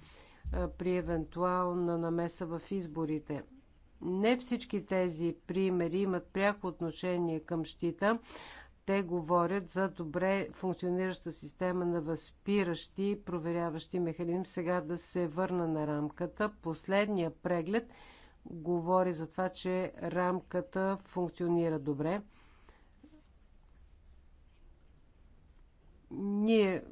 при евентуална намеса в изборите. Не всички тези примери имат пряко отношение към щита, те говорят за добре функционираща система на възпиращи и проверяващи механизми. Сега да се върна на рамката. Последния преглед говори за това, че рамката функционира добре. Ние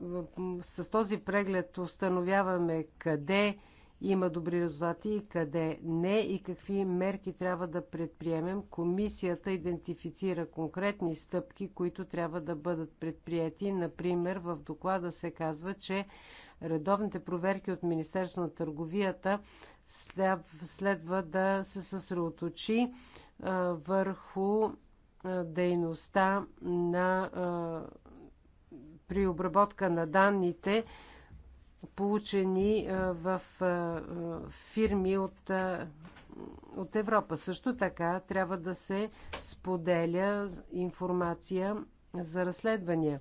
с този преглед установяваме къде има добри резултати и къде не и какви мерки трябва да предприемем. Комисията идентифицира конкретни стъпки, които трябва да бъдат предприяти. Например, в доклада се казва, че редовните проверки от Министерство на търговията следва да се съсредоточи върху дейността на при обработка на данните получени в фирми от, от Европа. Също така трябва да се споделя информация за разследвания.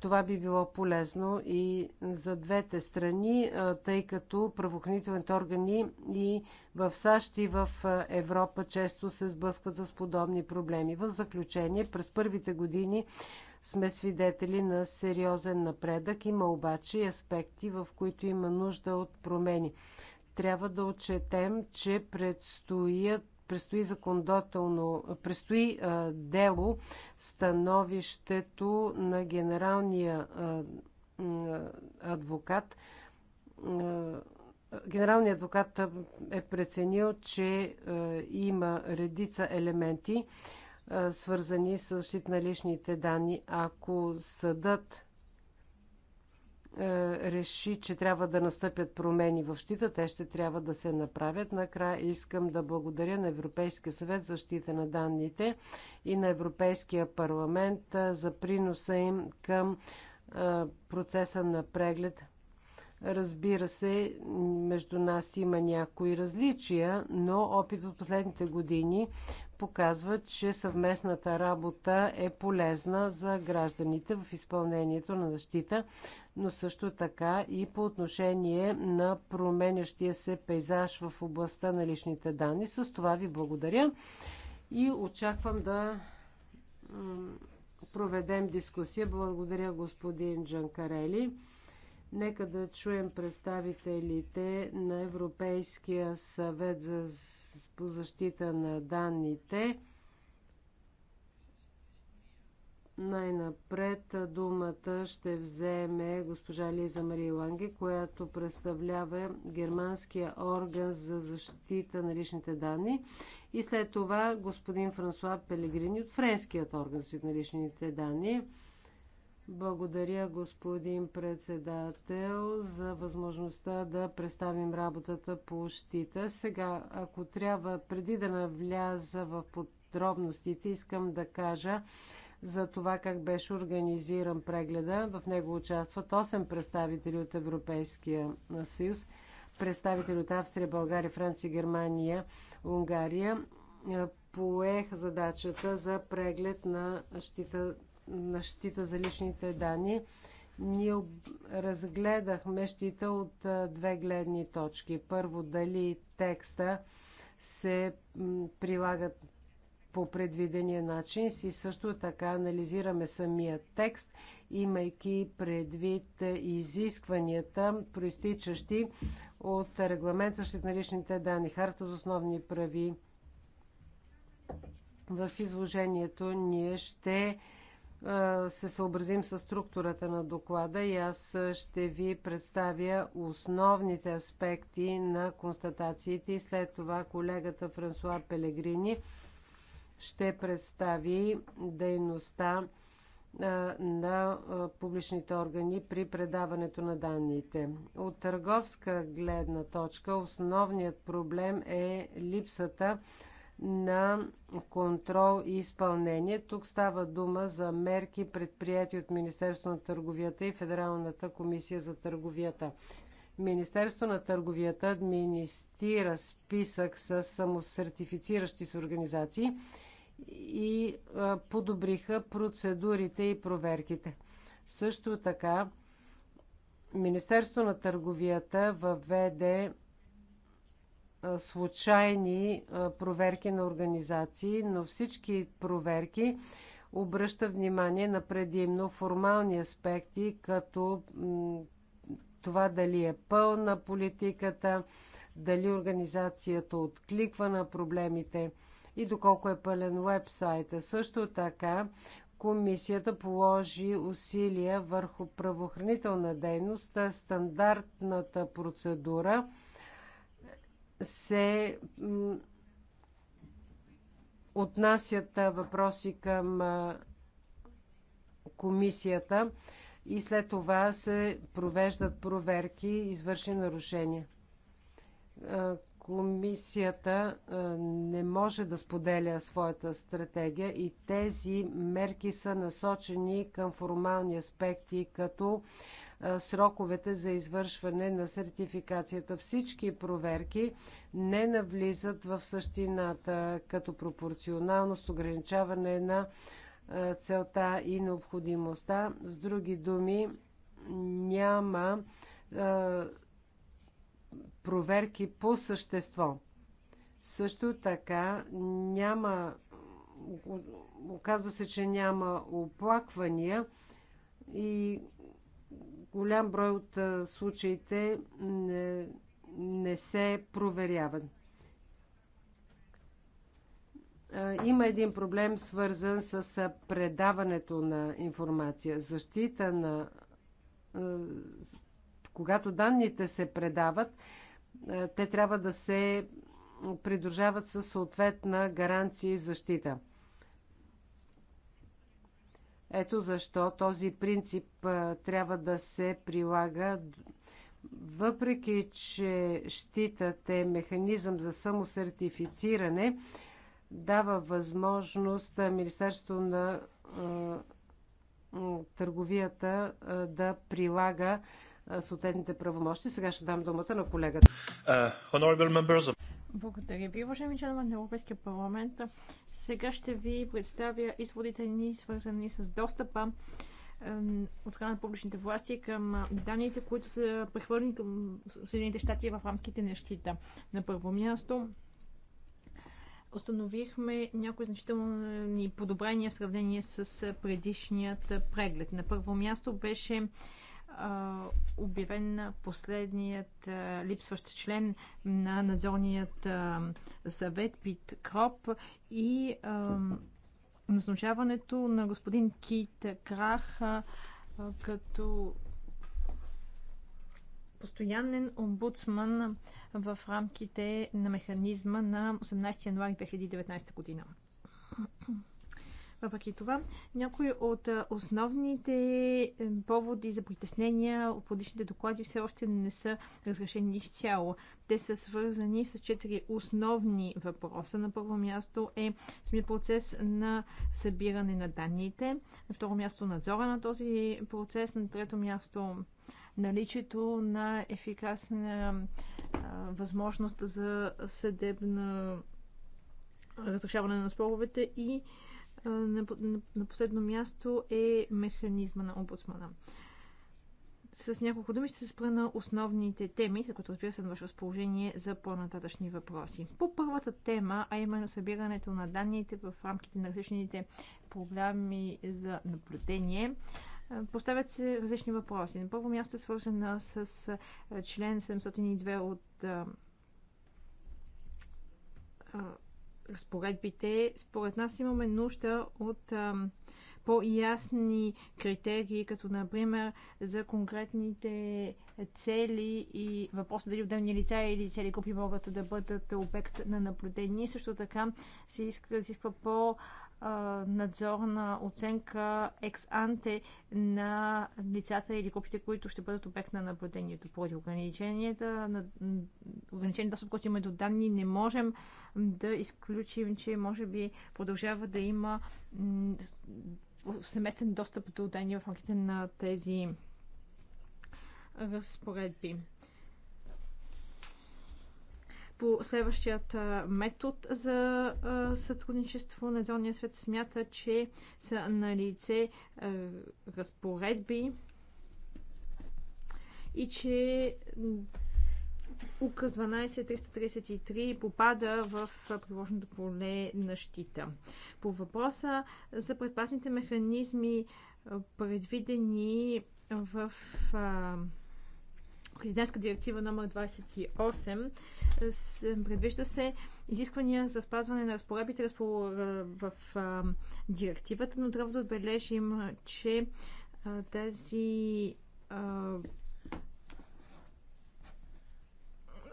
Това би било полезно и за двете страни, тъй като правоохранителните органи и в САЩ и в Европа често се сблъскват с подобни проблеми. В заключение, през първите години сме свидетели на сериозен напредък. Има обаче и аспекти, в които има нужда от промени. Трябва да отчетем, че предстоят предстои законодателно, предстои а, дело становището на генералния а, адвокат. А, генералният адвокат е преценил, че а, има редица елементи, свързани с защита на личните данни. Ако съдът реши, че трябва да настъпят промени в щита, те ще трябва да се направят. Накрая искам да благодаря на Европейския съвет за защита на данните и на Европейския парламент за приноса им към процеса на преглед. Разбира се, между нас има някои различия, но опит от последните години показват, че съвместната работа е полезна за гражданите в изпълнението на защита, но също така и по отношение на променящия се пейзаж в областта на личните данни. С това ви благодаря и очаквам да проведем дискусия. Благодаря господин Джанкарели. Нека да чуем представителите на Европейския съвет за по защита на данните. Най-напред думата ще вземе госпожа Лиза Мария Ланге, която представлява германския орган за защита на личните данни. И след това господин Франсуа Пелегрини от френският орган за защита на личните данни. Благодаря, господин председател, за възможността да представим работата по щита. Сега, ако трябва, преди да навляза в подробностите, искам да кажа за това как беше организиран прегледа. В него участват 8 представители от Европейския съюз, представители от Австрия, България, Франция, Германия, Унгария. Поех задачата за преглед на щита на щита за личните данни, ние разгледахме щита от две гледни точки. Първо, дали текста се прилагат по предвидения начин си също така анализираме самия текст, имайки предвид изискванията, проистичащи от регламент защита на личните данни, харта за основни прави. В изложението ние ще се съобразим с структурата на доклада и аз ще ви представя основните аспекти на констатациите и след това колегата Франсуа Пелегрини ще представи дейността на публичните органи при предаването на данните. От търговска гледна точка основният проблем е липсата на контрол и изпълнение. Тук става дума за мерки предприяти от Министерство на търговията и Федералната комисия за търговията. Министерство на търговията администрира списък с самосертифициращи се организации и подобриха процедурите и проверките. Също така, Министерство на търговията въведе случайни проверки на организации, но всички проверки обръща внимание на предимно формални аспекти, като това дали е пълна политиката, дали организацията откликва на проблемите и доколко е пълен вебсайта. Също така, комисията положи усилия върху правоохранителна дейност, стандартната процедура – се отнасят въпроси към комисията и след това се провеждат проверки и извърши нарушения. Комисията не може да споделя своята стратегия и тези мерки са насочени към формални аспекти, като сроковете за извършване на сертификацията. Всички проверки не навлизат в същината като пропорционалност, ограничаване на целта и необходимостта. С други думи, няма проверки по същество. Също така няма. Оказва се, че няма оплаквания и голям брой от случаите не, не се проверяват. Има един проблем, свързан с предаването на информация. Защита на. Когато данните се предават, те трябва да се придружават със съответна гаранция и защита. Ето защо този принцип трябва да се прилага. Въпреки, че щитът е механизъм за самосертифициране, дава възможност Министерството на търговията да прилага съответните правомощи. Сега ще дам думата на колегата. Uh, благодаря ви, уважаеми членове на Европейския парламент. Сега ще ви представя изводите ни, свързани с достъпа от страна на публичните власти към данните, които са прехвърлени към Съединените щати в рамките на щита. На първо място установихме някои значителни подобрения в сравнение с предишният преглед. На първо място беше обявен последният липсващ член на надзорният съвет Пит Кроп и назначаването на господин Кит Крах като постоянен омбудсман в рамките на механизма на 18 януари 2019 година. Въпреки това, някои от основните е, поводи за притеснения от подишните доклади все още не са разрешени изцяло. Те са свързани с четири основни въпроса. На първо място е самият процес на събиране на данните, на второ място надзора на този процес, на трето място наличието на ефикасна възможност за съдебна разрешаване на споровете и на, на последно място е механизма на омбудсмана. С няколко думи ще се спра на основните теми, тъй като разбира се на ваше разположение за по-нататъчни въпроси. По първата тема, а именно събирането на данните в рамките на различните програми за наблюдение, Поставят се различни въпроси. На първо място е свързана с член 702 от разпоредбите, според нас имаме нужда от по-ясни критерии, като например за конкретните цели и въпроса дали отделни лица или цели групи могат да бъдат обект на наблюдение. Също така се иска, изисква по- надзорна оценка екс-анте на лицата или групите, които ще бъдат обект на наблюдението. Поради ограниченията, на, ограничен достъп, който имаме до данни, не можем да изключим, че може би продължава да има съместен достъп до данни в рамките на тези разпоредби по следващият метод за сътрудничество. Надзорният свет смята, че са на лице разпоредби и че Указ 12333 попада в приложното поле на щита. По въпроса за предпасните механизми, предвидени в Президентска директива номер 28 е, е, предвижда се изисквания за спазване на разпоредбите е, в директивата, но трябва да отбележим, че тези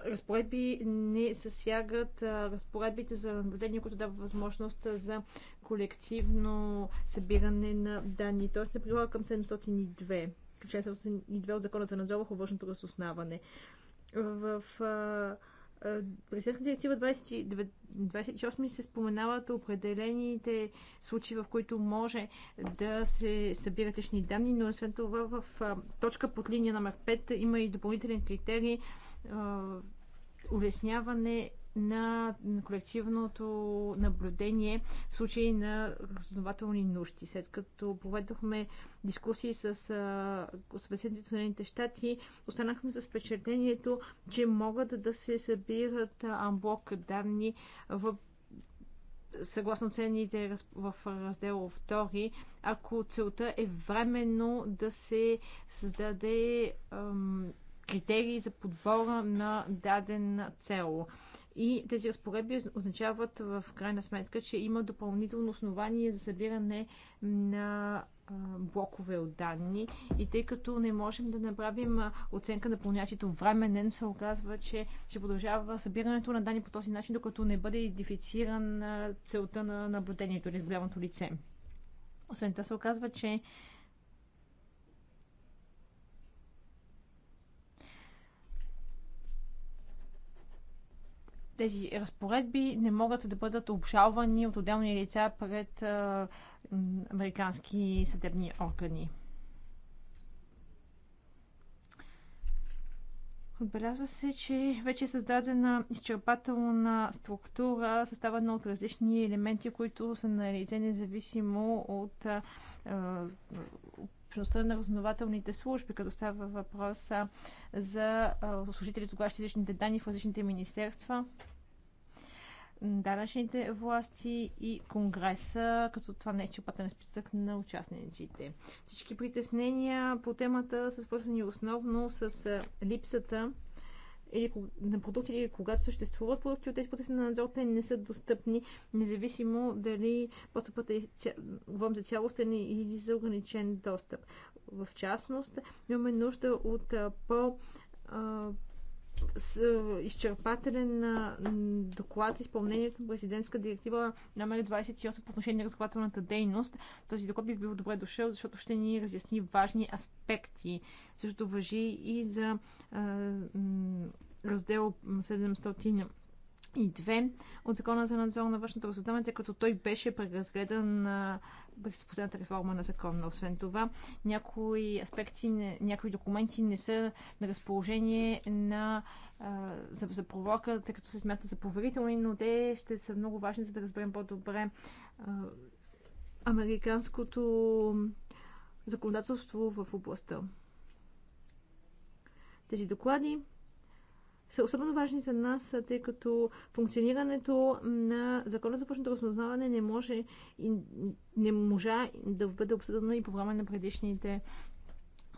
разпоредби не засягат разпоредбите за наблюдение, които дава възможност за колективно събиране на данни. Тоест се прилага към 702 член две от Закона за надзор върху външното разузнаване. В Президентска директива 28 се споменават определените случаи, в които може да се събират лични данни, но освен това в, в точка под линия номер 5 има и допълнителен критерий улесняване на колективното наблюдение в случай на разнователни нужди. След като проведохме дискусии с събеседници Съединените щати, останахме с впечатлението, че могат да се събират амблок данни в съгласно цените в раздел 2, ако целта е временно да се създаде ам, критерии за подбора на даден цел. И тези разпоредби означават в крайна сметка, че има допълнително основание за събиране на блокове от данни и тъй като не можем да направим оценка на понятието временен, се оказва, че ще продължава събирането на данни по този начин, докато не бъде идентифициран целта на наблюдението или голямото лице. Освен това се оказва, че Тези разпоредби не могат да бъдат обжалвани от отделни лица пред американски съдебни органи. Отбелязва се, че вече е създадена изчерпателна структура, съставена от различни елементи, които са налице независимо от общността на разнователните служби, като става въпрос за служители, ще личните данни в различните министерства, данъчните власти и Конгреса, като това не е чепатен списък на участниците. Всички притеснения по темата са свързани основно с липсата или на продукти, или когато съществуват продукти от тези процеси на надзор, те не са достъпни, независимо дали достъпът е ця... за цялостен или за ограничен достъп. В частност, имаме нужда от по- с изчерпателен доклад за изпълнението на президентска директива номер 28 по отношение на разхватваната дейност. Този доклад би бил добре дошъл, защото ще ни разясни важни аспекти. Същото въжи и за а, раздел 700 и от Закона за надзор на външната разследване, тъй като той беше преразгледан през последната реформа на закона. Освен това, някои аспекти, някои документи не са на разположение на, а, за, за проволка, тъй като се смятат за поверителни, но те ще са много важни, за да разберем по-добре американското законодателство в областта. Тези доклади са особено важни за нас, тъй като функционирането на Закона за външното разузнаване не може и не можа да бъде обсъдено и по време на предишните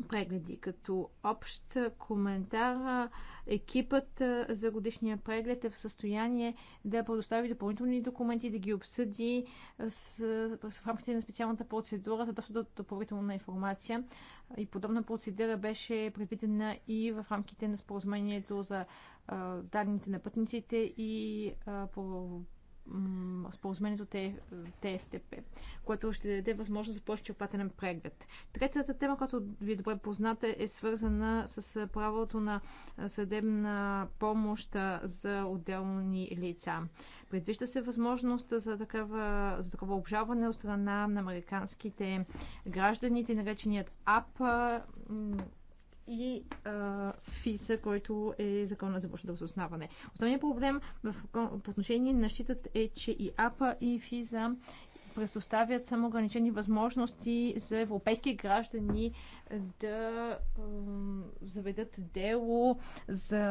прегледи. Като общ коментар, екипът за годишния преглед е в състояние да предостави допълнителни документи, да ги обсъди с, в рамките на специалната процедура за достъп до допълнителна информация. И подобна процедура беше предвидена и в рамките на споразумението за данните на пътниците и по споразумението ТФТП, което ще даде възможност за повече опатен преглед. Третата тема, която ви е добре позната, е свързана с правото на съдебна помощ за отделни лица. Предвижда се възможност за, такава, за такова обжалване от страна на американските гражданите, нареченият АП и а, ФИСа, който е закона за вършното основане. Основният проблем в, по отношение на щитът е, че и АПА и ФИСа предоставят само ограничени възможности за европейски граждани да заведат дело за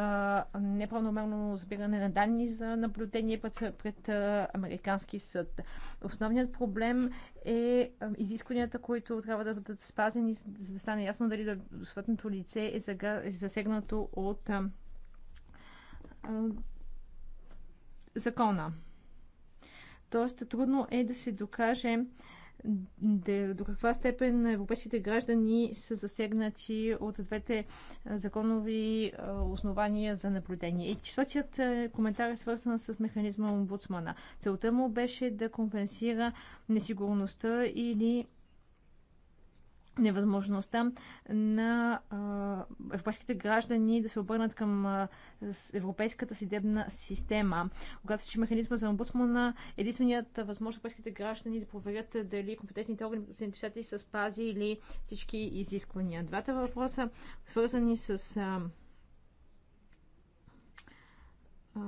неправномерно забиране на данни за наблюдение пред Американски съд. Основният проблем е изискванията, които трябва да бъдат спазени, за да стане ясно дали съответното лице е, е засегнато от закона. Тоест, трудно е да се докаже до каква степен европейските граждани са засегнати от двете законови основания за наблюдение. И четвъртият коментар е свързан с механизма омбудсмана. Целта му беше да компенсира несигурността или невъзможността на европейските граждани да се обърнат към европейската съдебна система. Когато се, че механизма за омбудсмана единственият възможност европейските граждани да проверят дали компетентните органи в Съединените щати са спазили всички изисквания. Двата въпроса, свързани с а, а,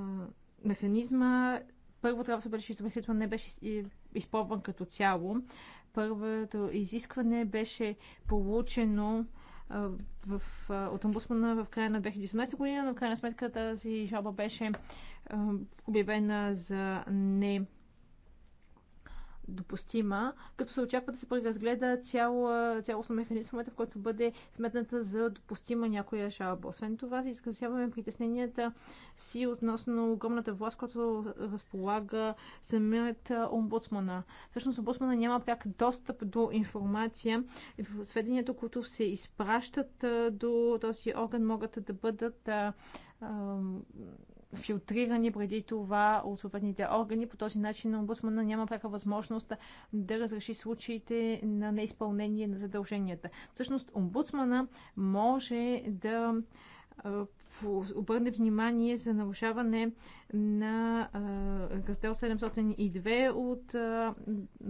механизма, първо трябва да се че механизма не беше използван като цяло. Първото изискване беше получено в, от омбусмана в края на 2018 година, но в крайна сметка тази жалба беше обявена за не допустима, като се очаква да се преразгледа цяло, цялостно механизъм, в който бъде сметната за допустима някоя жалба. Освен това, изразяваме притесненията си относно огромната власт, която разполага самият омбудсмана. Всъщност омбудсмана няма пряк достъп до информация. Сведенията, които се изпращат до този орган, могат да бъдат филтрирани преди това от съответните органи. По този начин омбудсмана няма пряка възможност да разреши случаите на неизпълнение на задълженията. Всъщност, омбудсмана може да обърне внимание за нарушаване на раздел 702 от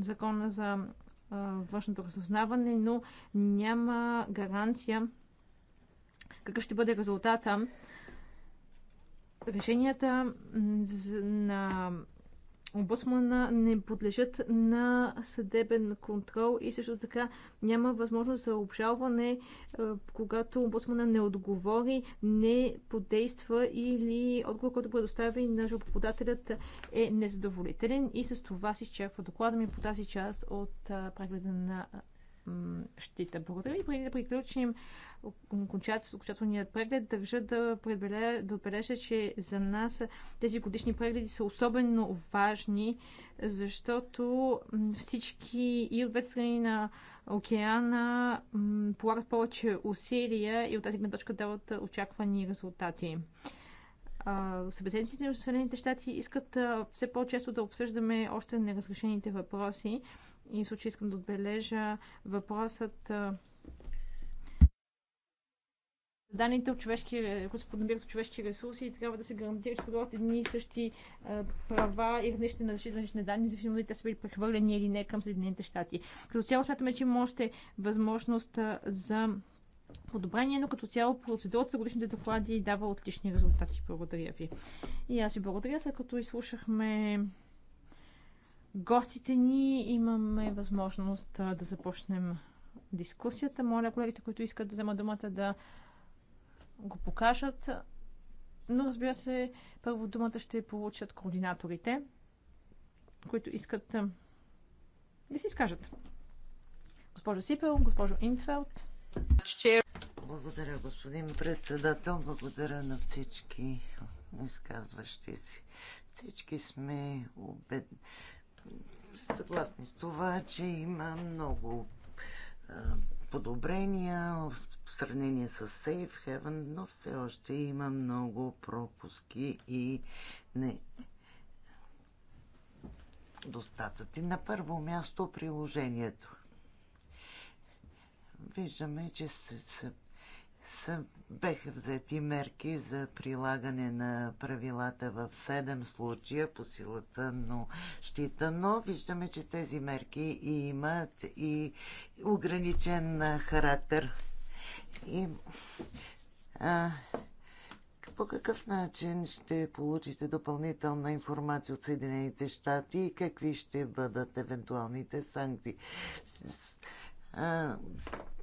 закона за външното разузнаване, но няма гаранция какъв ще бъде резултата решенията на Обосмана не подлежат на съдебен контрол и също така няма възможност за обжалване, е, когато Обосмана не отговори, не подейства или отговор, който предостави на жалбоподателят е незадоволителен. И с това си изчерпва доклада ми по тази част от прегледа на щита. Благодаря ви. Преди да приключим окончателният преглед, държа да, да отбележа, че за нас тези годишни прегледи са особено важни, защото всички и от двете страни на океана полагат повече усилия и от тази гледна точка дават очаквани резултати събеседниците на Съединените щати искат все по-често да обсъждаме още неразрешените въпроси и в случай искам да отбележа въпросът данните от човешки, които се поднабират от човешки ресурси трябва да се гарантира, че подават едни и същи права и различни на защита на данни, независимо дали те са били прехвърлени или не към Съединените щати. Като цяло смятаме, че има още възможност за подобрение, но като цяло процедурата за годишните доклади дава отлични резултати. Благодаря ви. И аз ви благодаря, след като изслушахме гостите ни. Имаме възможност да започнем дискусията. Моля колегите, които искат да вземат думата, да го покажат. Но разбира се, първо думата ще получат координаторите, които искат да си изкажат. Госпожо Сипел, госпожо Интфелд. Благодаря, господин председател. Благодаря на всички изказващи си. Всички сме убед съгласни с това, че има много подобрения в сравнение с Safe Heaven, но все още има много пропуски и не достатъци. На първо място приложението. Виждаме, че се, се са, беха взети мерки за прилагане на правилата в 7 случая по силата на щита, но виждаме, че тези мерки и имат и ограничен характер. И а, по какъв начин ще получите допълнителна информация от Съединените щати и какви ще бъдат евентуалните санкции?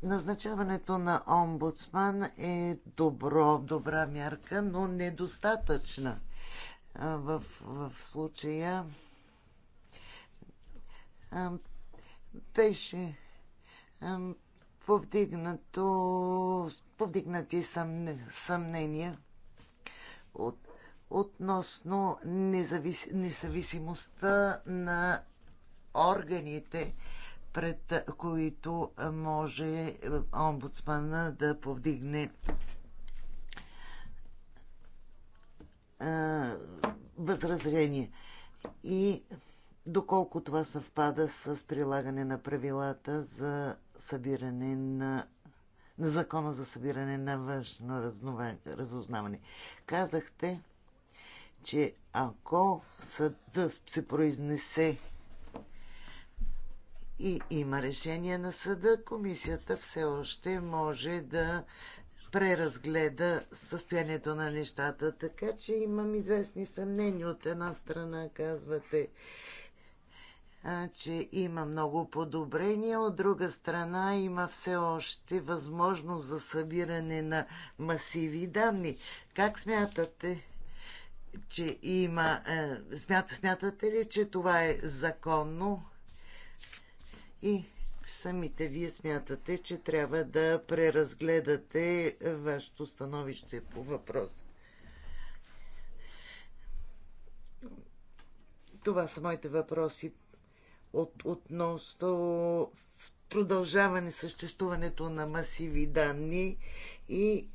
назначаването на омбудсман е добро, добра мярка, но недостатъчна. В, в случая беше повдигнато, повдигнати съмнения от, относно независ, независимостта на органите пред които може омбудсмана да повдигне възразрение. И доколко това съвпада с прилагане на правилата за събиране на на закона за събиране на външно разузнаване. Казахте, че ако съдът се произнесе и има решение на съда, комисията все още може да преразгледа състоянието на нещата. Така че имам известни съмнения. От една страна казвате, че има много подобрения, от друга страна има все още възможност за събиране на масиви данни. Как смятате? че има... Е, смят, смятате ли, че това е законно? И самите вие смятате, че трябва да преразгледате вашето становище по въпроса. Това са моите въпроси от, относно продължаване съществуването на масиви данни и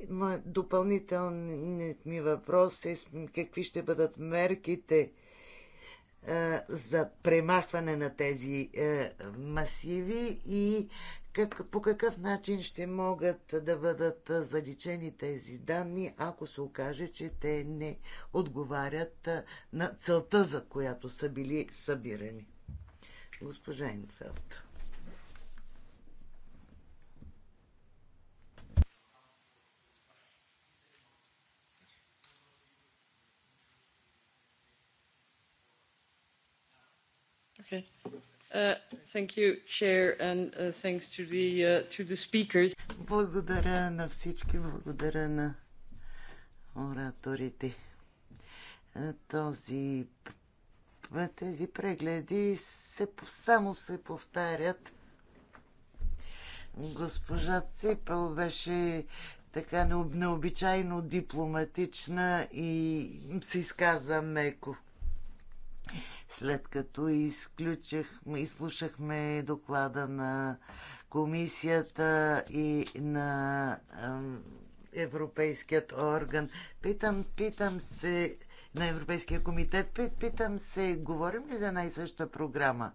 допълнителният ми въпрос е какви ще бъдат мерките е, за премахване на тези е, масиви и как, по какъв начин ще могат да бъдат заличени тези данни, ако се окаже, че те не отговарят е, на целта, за която са били събирани. Госпожа Инфелд. Uh, uh, uh, благодаря на всички, благодаря на ораторите. Е, този, е, тези прегледи се, само се повтарят. Госпожа Ципъл беше така необичайно дипломатична и се изказа меко след като и изслушахме доклада на комисията и на Европейският орган. Питам, питам се на Европейския комитет, питам се, говорим ли за една и съща програма?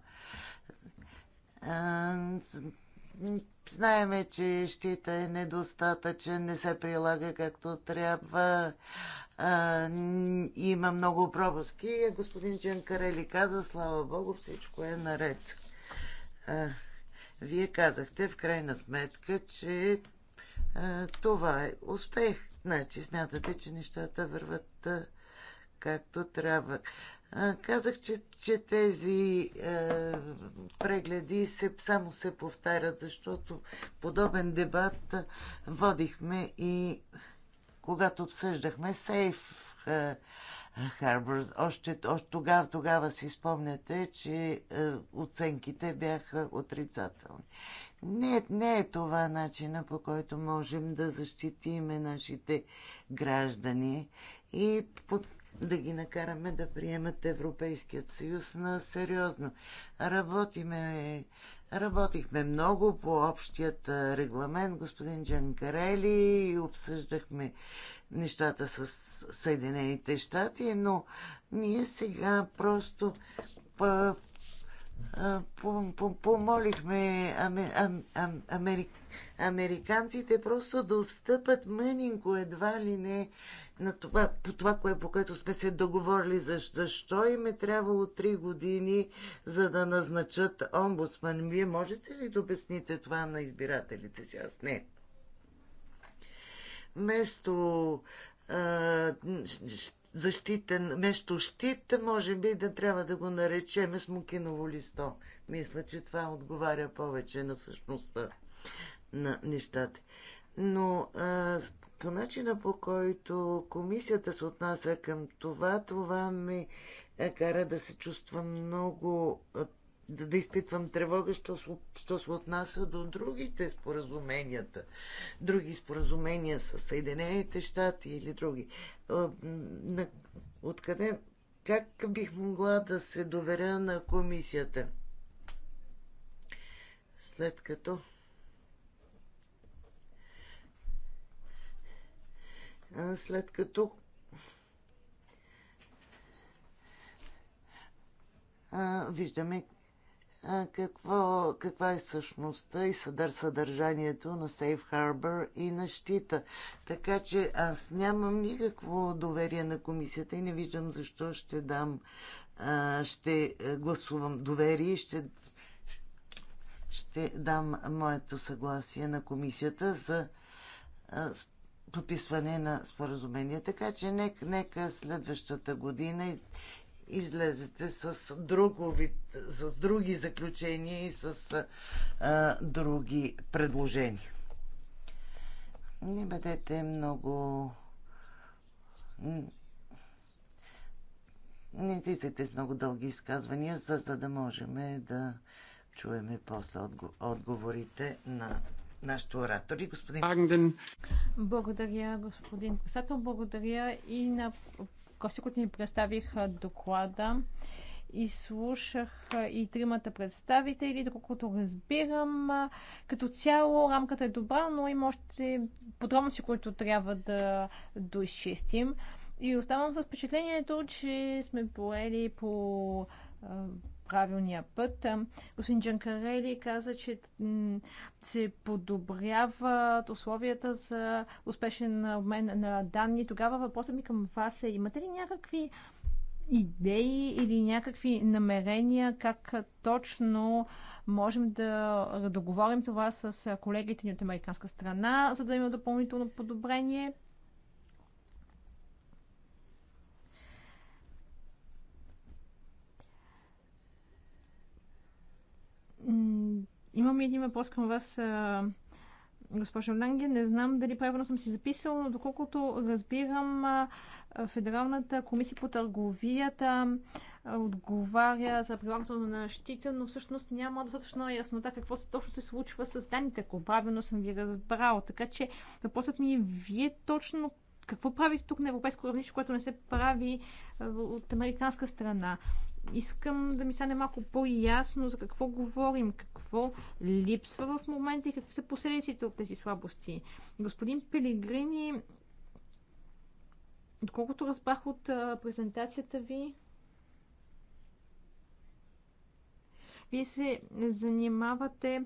Знаеме, че щита е недостатъчен, не се прилага както трябва а, има много пропуски. Господин Джанкарели каза, слава Богу, всичко е наред. А, вие казахте в крайна сметка, че а, това е успех. Значи смятате, че нещата върват а, както трябва. А, казах, че, че тези а, прегледи се, само се повтарят, защото подобен дебат водихме и когато обсъждахме Сейф Харборс, Още, още тогава, тогава си спомняте, че е, оценките бяха отрицателни. Не, не е това начина по който можем да защитиме нашите граждани и под, да ги накараме да приемат Европейският съюз на сериозно. Работиме Работихме много по общият регламент, господин Джанкарели, обсъждахме нещата с Съединените щати, но ние сега просто помолихме американците просто да отстъпат мъненко едва ли не, на това, по това, кое, по което сме се договорили. Защо, защо им е трябвало три години, за да назначат омбудсман? Вие можете ли да обясните това на избирателите си? Аз не. Вместо защитен щит, може би да трябва да го наречем смокиново листо. Мисля, че това отговаря повече на същността на нещата. Но а, по начина по който комисията се отнася към това, това ми кара да се чувства много да, да изпитвам тревога, що, що се отнася до другите споразуменията. Други споразумения с Съединените щати или други. Откъде, как бих могла да се доверя на комисията? След като след като а, виждаме какво, каква е същността и съдър съдържанието на Safe Harbor и на щита. Така че аз нямам никакво доверие на комисията и не виждам защо ще дам, ще гласувам доверие и ще, ще дам моето съгласие на комисията за подписване на споразумение. Така че нека, нека следващата година излезете с, друго вид, с други заключения и с а, други предложения. Не бъдете много. Не излизайте с много дълги изказвания, за, за да можем да чуеме после отговорите на нашите оратори. Господин... Благодаря, господин председател. Благодаря и на гости, които ни представиха доклада. И слушах и тримата представители, доколкото разбирам. Като цяло рамката е добра, но има още подробности, които трябва да доизчистим. И оставам с впечатлението, че сме поели по правилния път. Господин Джанкарели каза, че се подобряват условията за успешен обмен на данни. Тогава въпросът ми към вас е, имате ли някакви идеи или някакви намерения как точно можем да договорим това с колегите ни от американска страна, за да има допълнително подобрение? Имам един въпрос към вас, госпожа Ланге. Не знам дали правилно съм си записал, но доколкото разбирам, Федералната комисия по търговията отговаря за прилагането на щита, но всъщност няма достатъчно яснота какво се точно се случва с данните, ако правилно съм ви разбрал. Така че въпросът ми е, вие точно какво правите тук на европейско равнище, което не се прави от американска страна? искам да ми стане малко по-ясно за какво говорим, какво липсва в момента и какви са последиците от тези слабости. Господин Пелигрини, доколкото разбрах от презентацията ви, вие се занимавате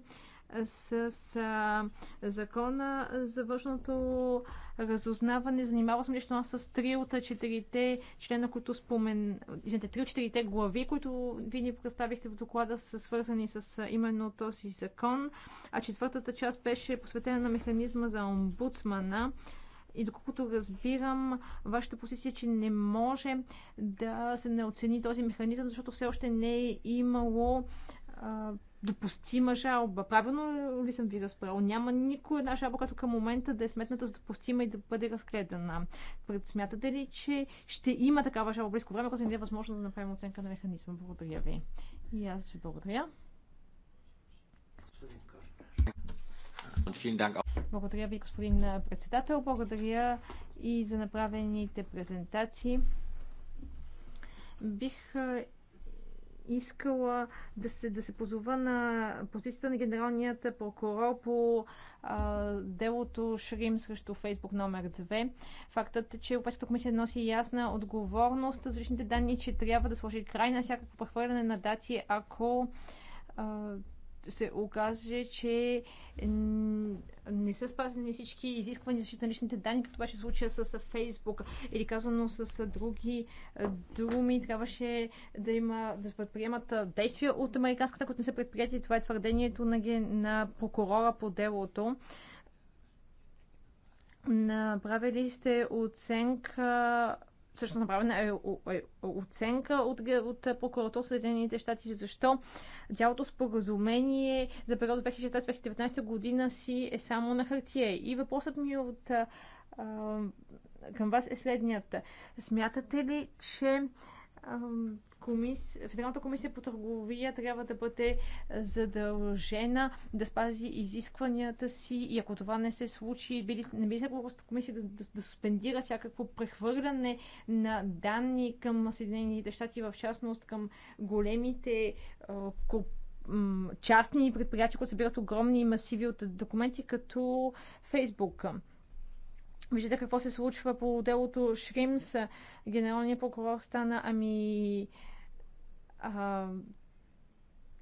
с а, закона за външното разузнаване. Занимава съм лично аз с три от четирите члена, които спомен... Извините, три от четирите глави, които ви ни представихте в доклада, са свързани с именно този закон. А четвъртата част беше посветена на механизма за омбудсмана. И доколкото разбирам вашата позиция, че не може да се не оцени този механизъм, защото все още не е имало допустима жалба. Правилно ли съм ви разбрал? Няма никой една жалба, като към момента да е сметната с допустима и да бъде разгледана. Смятате ли, че ще има такава жалба близко време, когато не е възможно да направим оценка на механизма? Благодаря ви. И аз ви благодаря. Благодаря ви, господин председател. Благодаря и за направените презентации. Бих искала да се, да се позова на позицията на генералният прокурор по а, делото Шрим срещу Фейсбук номер 2. Фактът е, че Европейската комисия носи ясна отговорност за личните данни, че трябва да сложи край на всякакво прехвърляне на дати, ако а, се окаже, че не са спазени всички изисквания за защита на личните данни, като беше случая с Фейсбук или казано с други думи. Трябваше да има да предприемат действия от американската, които не са предприяти. Това е твърдението на, на прокурора по делото. Направили сте оценка също направена е, е, е оценка от, от прокуратура Съединените щати, защо цялото споразумение за период 2016-2019 година си е само на хартия. И въпросът ми е от а, към вас е следният. Смятате ли, че комис... Федералната комисия по търговия трябва да бъде задължена да спази изискванията си и ако това не се случи, били... не би се Федералната комисия да, да, да суспендира всякакво прехвърляне на данни към Съединените щати, в частност към големите частни предприятия, които събират огромни масиви от документи, като Фейсбук. Виждате какво се случва по делото Шримс. Генералният прокурор стана, ами, а,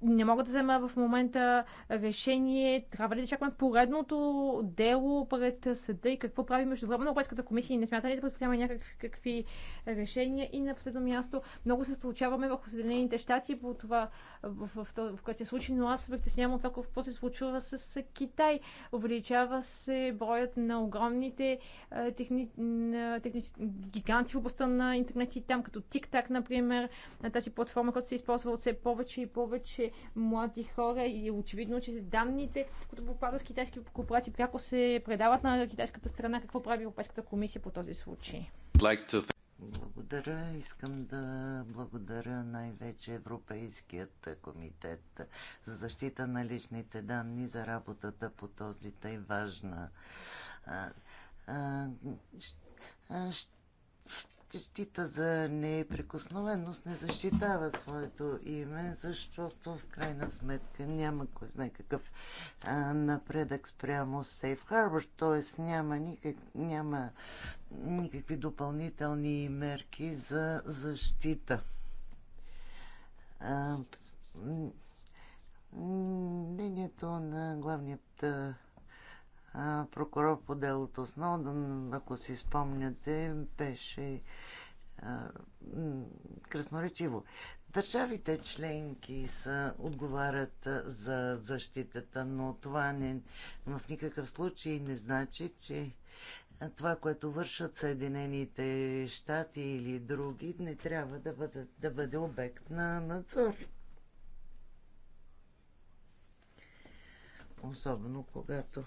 не мога да взема в момента решение. Трябва ли да чакаме поредното дело пред съда и какво прави на Европейската комисия и не смята ли да предприема някакви решения? И на последно място, много се случаваме в Съединените щати по това, в, в, в, в който е случай, но аз притеснявам това какво се случва с, Китай. Увеличава се броят на огромните техни, на, техни, гиганти в областта на интернет и там, като TikTok, например, на тази платформа, която се използва от все повече и повече млади хора и очевидно, че данните, които попадат в китайски корпорации, пряко се предават на китайската страна. Какво прави Европейската комисия по този случай? Благодаря. Искам да благодаря най-вече Европейският комитет за защита на личните данни за работата по този тъй важна. А, а, защита за неприкосновеност не защитава своето име, защото в крайна сметка няма кой знае какъв а, напредък спрямо Safe Harbor, т.е. няма, никак, няма никакви допълнителни мерки за защита. А, мнението на главният прокурор по делото Сноудън, ако си спомняте, беше красноречиво. Държавите членки са, отговарят за защитата, но това не, в никакъв случай не значи, че това, което вършат Съединените щати или други, не трябва да бъде, да бъде обект на надзор. Особено когато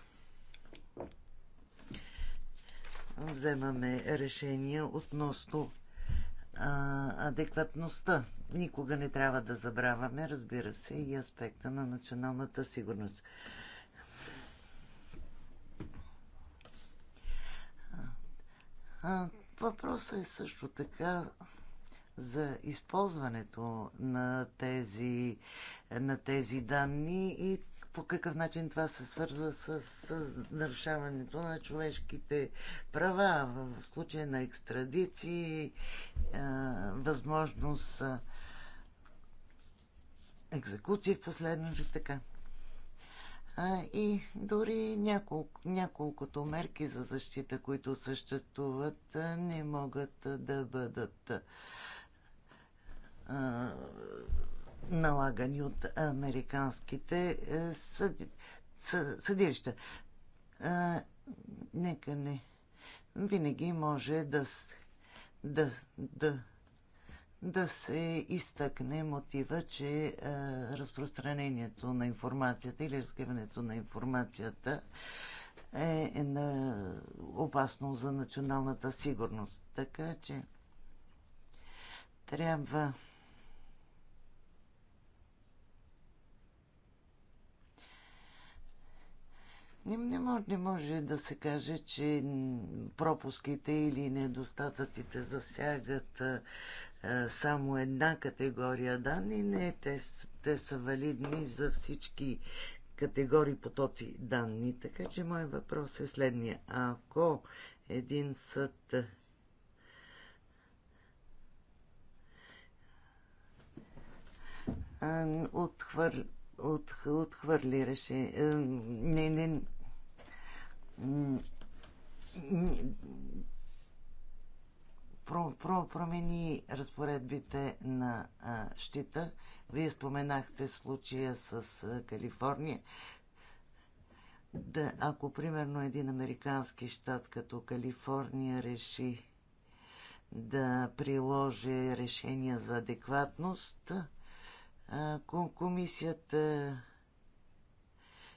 вземаме решения относно а, адекватността. Никога не трябва да забравяме, разбира се, и аспекта на националната сигурност. Въпросът е също така за използването на тези, на тези данни и по какъв начин това се свързва с, с нарушаването на човешките права, в случая на екстрадиции, е, възможност екзекуции в последно и така. А, и дори няколко, няколкото мерки за защита, които съществуват, е, не могат да бъдат а, е, налагани от американските е, съди, съ, съдилища. А, е, нека не. Винаги може да, да, да, да се изтъкне мотива, че а, е, разпространението на информацията или разкриването на информацията е на опасно за националната сигурност. Така че трябва Не, не, може, не може да се каже, че пропуските или недостатъците засягат а, само една категория данни. Не, те, те са валидни за всички категории потоци данни. Така че моят въпрос е следния. Ако един съд отхвърли отхвърли решение. Не, не, про, про, промени разпоредбите на а, щита. Вие споменахте случая с а, Калифорния. Да, ако примерно един американски щат като Калифорния реши да приложи решения за адекватност, а, комисията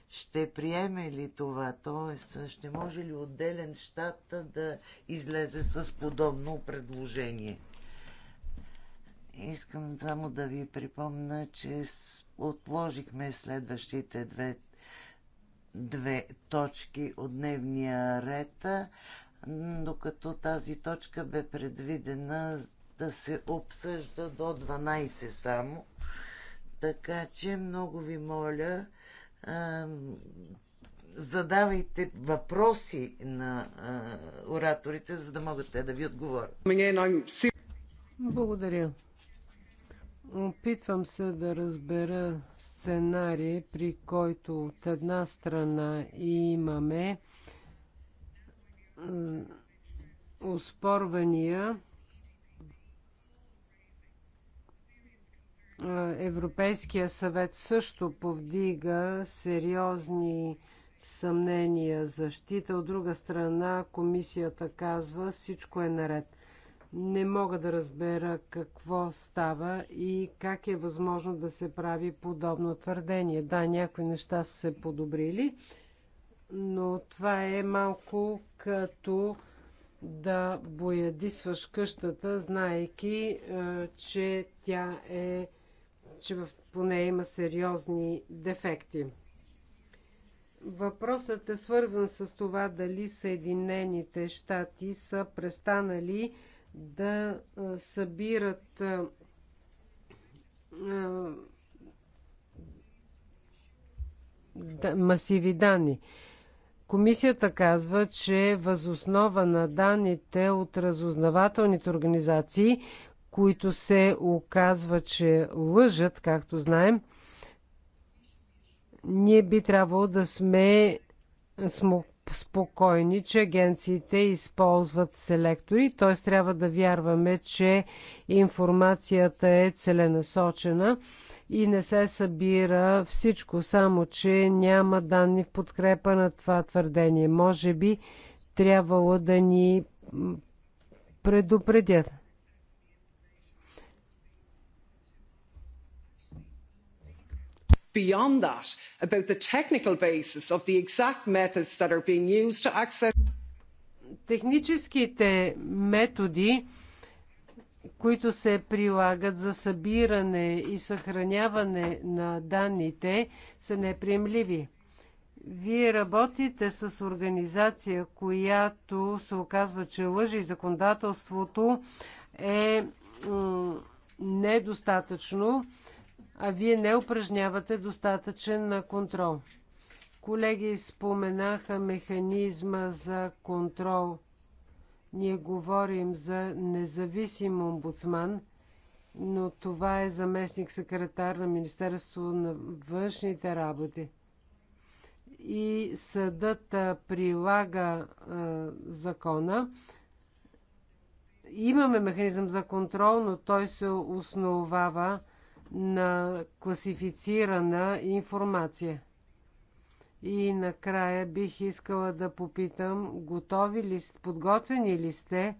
ще приеме ли това? т.е. ще може ли отделен щат да излезе с подобно предложение? Искам само да ви припомна, че отложихме следващите две, две точки от дневния ред, докато тази точка бе предвидена да се обсъжда до 12 само. Така че много ви моля задавайте въпроси на а, ораторите, за да могат те да ви отговорят. Благодаря. Опитвам се да разбера сценарий, при който от една страна имаме оспорвания Европейския съвет също повдига сериозни съмнения защита. От друга страна, комисията казва, всичко е наред. Не мога да разбера какво става и как е възможно да се прави подобно твърдение. Да, някои неща са се подобрили, но това е малко като да боядисваш къщата, знаеки, че тя е че в поне има сериозни дефекти. Въпросът е свързан с това дали Съединените щати са престанали да събират масиви данни. Комисията казва, че възоснова на данните от разузнавателните организации които се оказва, че лъжат, както знаем, ние би трябвало да сме спокойни, че агенциите използват селектори, т.е. трябва да вярваме, че информацията е целенасочена и не се събира всичко, само че няма данни в подкрепа на това твърдение. Може би трябвало да ни предупредят. beyond that about the technical basis of the exact methods that are being used to access техническите методи, които се прилагат за събиране и съхраняване на данните, са неприемливи. Вие работите с организация, която се оказва, че лъжи законодателството е недостатъчно а вие не упражнявате достатъчен на контрол. Колеги споменаха механизма за контрол. Ние говорим за независим омбудсман, но това е заместник секретар на Министерство на външните работи. И съдът прилага а, закона. Имаме механизъм за контрол, но той се основава на класифицирана информация. И накрая бих искала да попитам, готови ли, подготвени ли сте,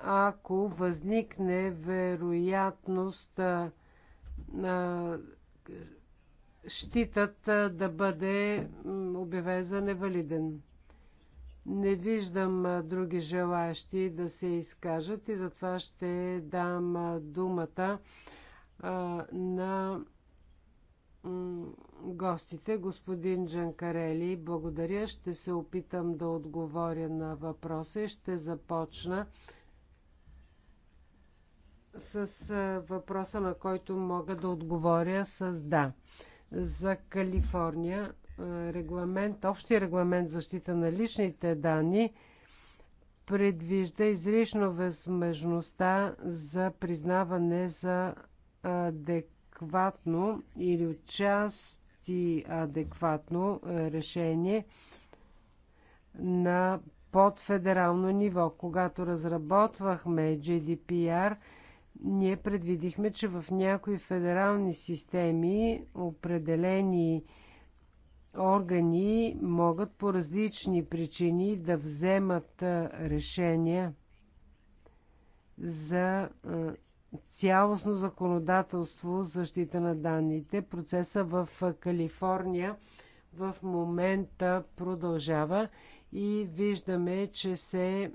ако възникне вероятност а, а, щитът а, да бъде обявен за невалиден. Не виждам а, други желаящи да се изкажат и затова ще дам а, думата на гостите. Господин Джанкарели, благодаря. Ще се опитам да отговоря на въпроса и ще започна с въпроса, на който мога да отговоря с да. За Калифорния регламент, общия регламент защита на личните данни предвижда изрично възможността за признаване за адекватно или отчасти адекватно решение на подфедерално ниво. Когато разработвахме GDPR, ние предвидихме, че в някои федерални системи определени органи могат по различни причини да вземат решения за цялостно законодателство за защита на данните. Процеса в Калифорния в момента продължава и виждаме, че се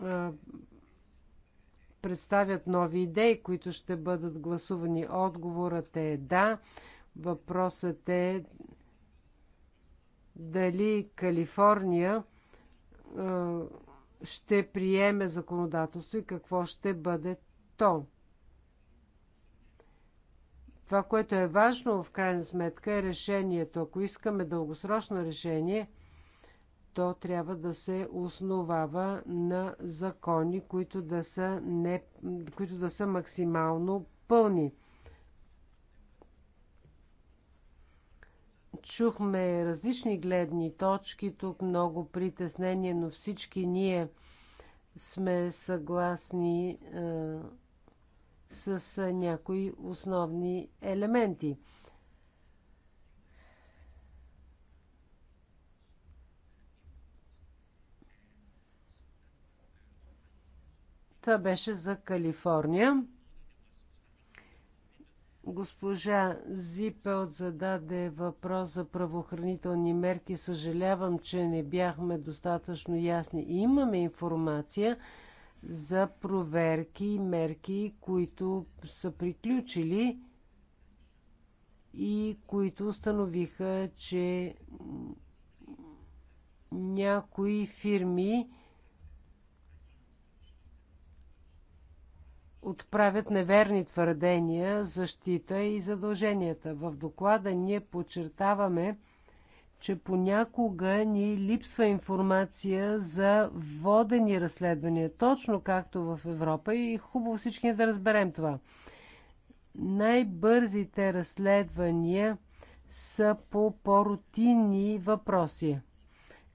а, представят нови идеи, които ще бъдат гласувани. Отговорът е да. Въпросът е дали Калифорния а, ще приеме законодателство и какво ще бъде то. Това, което е важно в крайна сметка е решението. Ако искаме дългосрочно решение, то трябва да се основава на закони, които да са, не, които да са максимално пълни. Чухме различни гледни точки, тук много притеснение, но всички ние сме съгласни е, с някои основни елементи. Това беше за Калифорния. Госпожа Зипелт зададе въпрос за правоохранителни мерки. Съжалявам, че не бяхме достатъчно ясни. Имаме информация за проверки и мерки, които са приключили и които установиха, че някои фирми отправят неверни твърдения, защита и задълженията. В доклада ние подчертаваме че понякога ни липсва информация за водени разследвания, точно както в Европа и хубаво всички да разберем това. Най-бързите разследвания са по по-рутинни въпроси.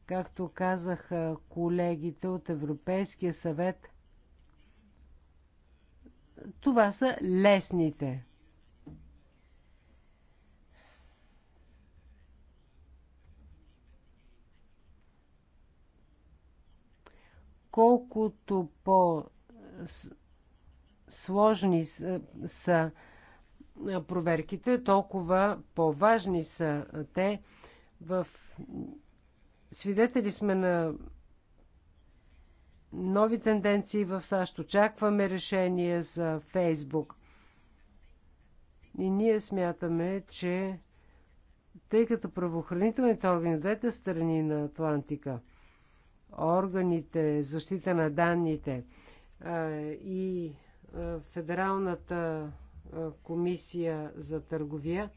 Както казаха колегите от Европейския съвет, това са лесните колкото по-сложни са проверките, толкова по-важни са те. В... Свидетели сме на нови тенденции в САЩ. Очакваме решение за Фейсбук. И ние смятаме, че тъй като правоохранителните органи на двете страни на Атлантика – органите, защита на данните и Федералната комисия за търговия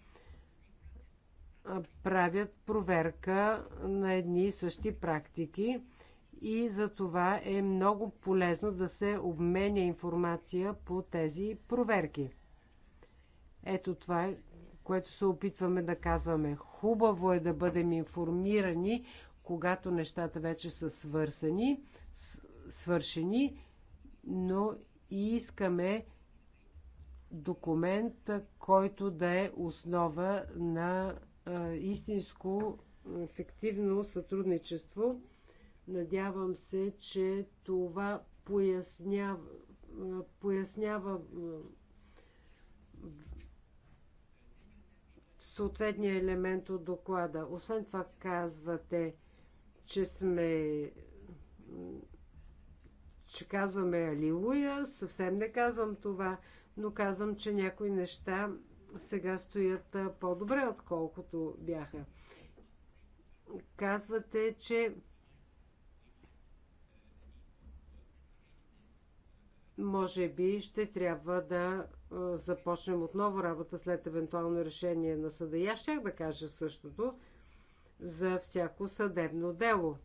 правят проверка на едни и същи практики и за това е много полезно да се обменя информация по тези проверки. Ето това е, което се опитваме да казваме. Хубаво е да бъдем информирани когато нещата вече са свърсани, свършени, но и искаме документ, който да е основа на истинско ефективно сътрудничество. Надявам се, че това пояснява, пояснява съответния елемент от доклада. Освен това казвате, че сме че казваме Алилуя, съвсем не казвам това, но казвам, че някои неща сега стоят по-добре, отколкото бяха. Казвате, че може би ще трябва да започнем отново работа след евентуално решение на съда. И аз щях да кажа същото за всяко съдебно дело.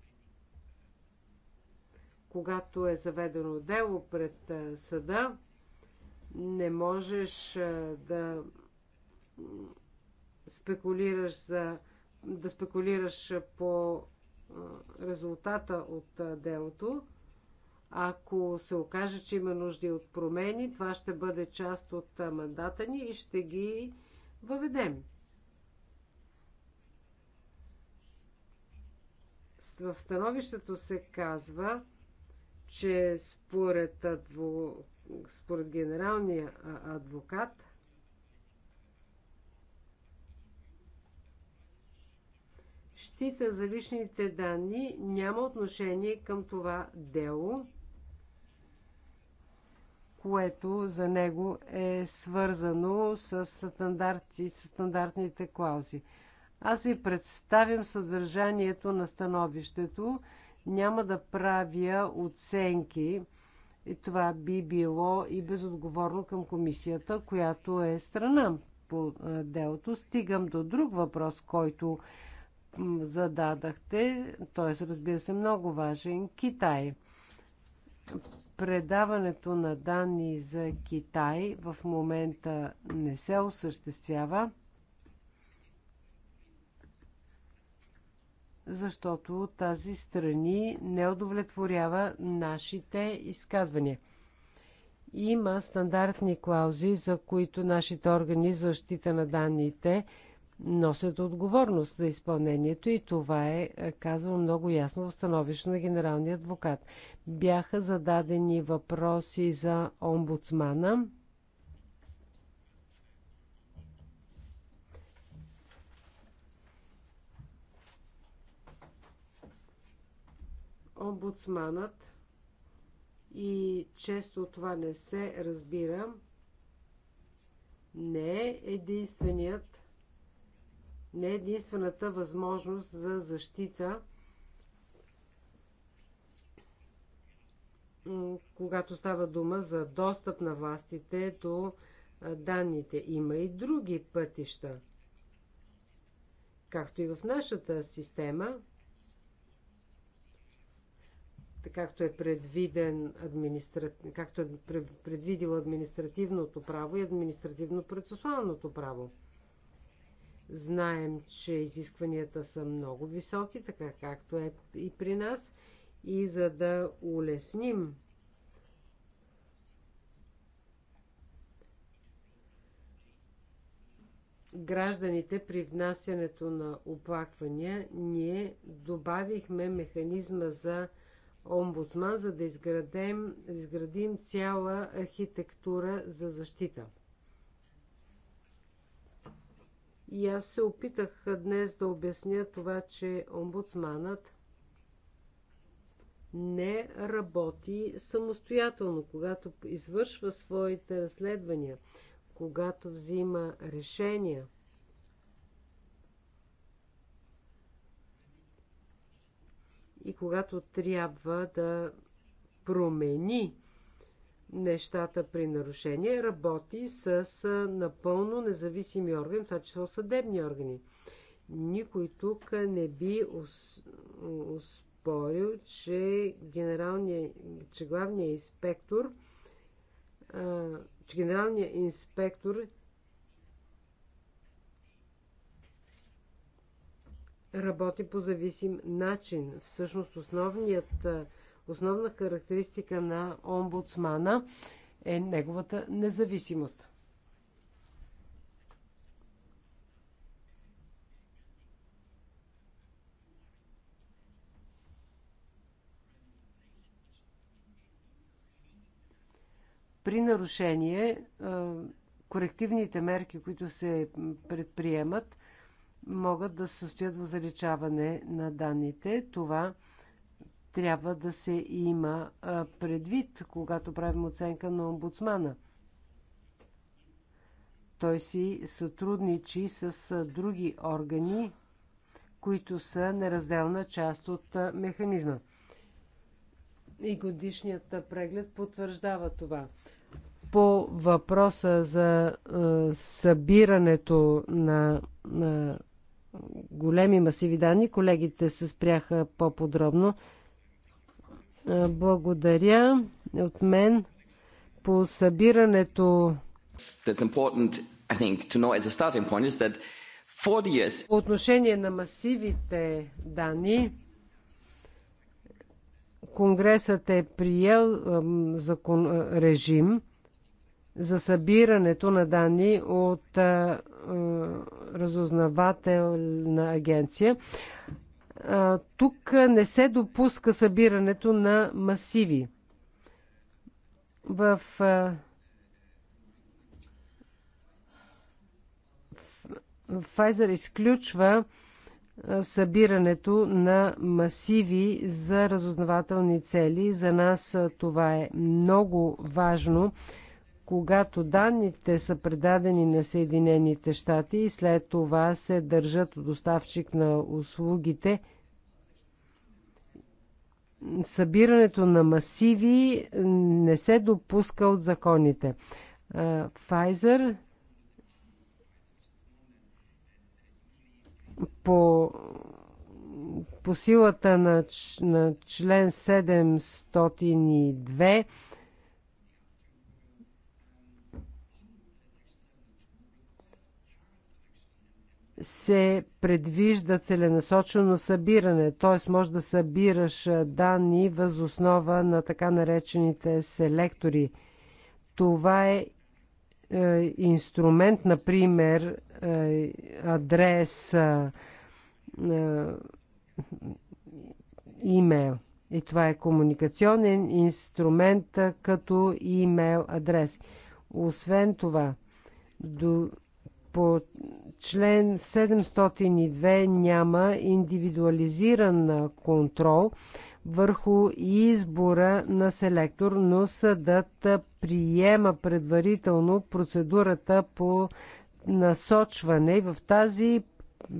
Когато е заведено дело пред съда, не можеш да спекулираш за да спекулираш по резултата от делото. Ако се окаже, че има нужди от промени, това ще бъде част от мандата ни и ще ги въведем. в становището се казва, че според, адво, според генералния адвокат щита за личните данни няма отношение към това дело, което за него е свързано с, стандарти, с стандартните клаузи. Аз ви представям съдържанието на становището. Няма да правя оценки. И това би било и безотговорно към комисията, която е страна по делото. Стигам до друг въпрос, който зададахте. Т.е. разбира се, много важен. Китай. Предаването на данни за Китай в момента не се осъществява. защото тази страни не удовлетворява нашите изказвания. Има стандартни клаузи, за които нашите органи за защита на данните носят отговорност за изпълнението и това е, е казвам много ясно в становището на генералния адвокат. Бяха зададени въпроси за омбудсмана, омбудсманът и често това не се разбира, не е единственият, не е единствената възможност за защита, когато става дума за достъп на властите до данните. Има и други пътища. Както и в нашата система, както е, предвиден администра... както е предвидило административното право и административно-процесуалното право. Знаем, че изискванията са много високи, така както е и при нас. И за да улесним гражданите при внасянето на оплаквания, ние добавихме механизма за омбудсман, за да изградим, изградим цяла архитектура за защита. И аз се опитах днес да обясня това, че омбудсманът не работи самостоятелно, когато извършва своите разследвания, когато взима решения – и когато трябва да промени нещата при нарушение, работи с напълно независими органи, това число съдебни органи. Никой тук не би успорил, че, че главният инспектор че генералният инспектор работи по зависим начин. Всъщност основният, основна характеристика на омбудсмана е неговата независимост. При нарушение корективните мерки, които се предприемат, могат да се състоят в заличаване на данните. Това трябва да се има предвид, когато правим оценка на омбудсмана. Той си сътрудничи с други органи, които са неразделна част от механизма. И годишният преглед потвърждава това. По въпроса за събирането на, на големи масиви данни. Колегите се спряха по-подробно. Благодаря от мен по събирането. По отношение на масивите данни, Конгресът е приел закон, режим, за събирането на данни от а, разузнавателна агенция. А, тук не се допуска събирането на масиви. В, а, в Pfizer изключва събирането на масиви за разузнавателни цели. За нас това е много важно когато данните са предадени на Съединените щати и след това се държат от доставчик на услугите, събирането на масиви не се допуска от законите. Pfizer по, по силата на, на член 702 се предвижда целенасочено събиране, т.е. може да събираш данни въз основа на така наречените селектори. Това е, е инструмент, например, е, адрес, е, имейл. И това е комуникационен инструмент като имейл адрес. Освен това, до, по член 702 няма индивидуализиран контрол върху избора на селектор, но съдът приема предварително процедурата по насочване и в тази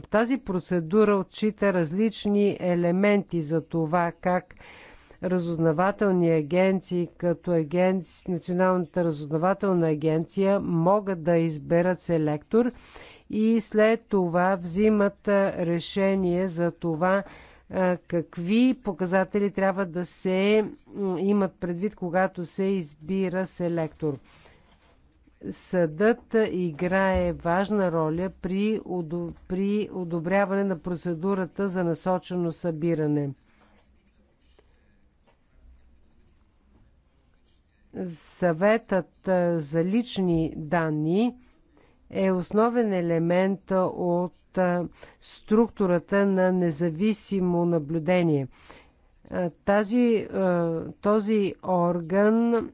тази процедура отчита различни елементи за това как разузнавателни агенции, като агенци, Националната разузнавателна агенция, могат да изберат селектор и след това взимат решение за това какви показатели трябва да се имат предвид, когато се избира селектор. Съдът играе важна роля при, при одобряване на процедурата за насочено събиране. Съветът за лични данни е основен елемент от структурата на независимо наблюдение. Тази, този орган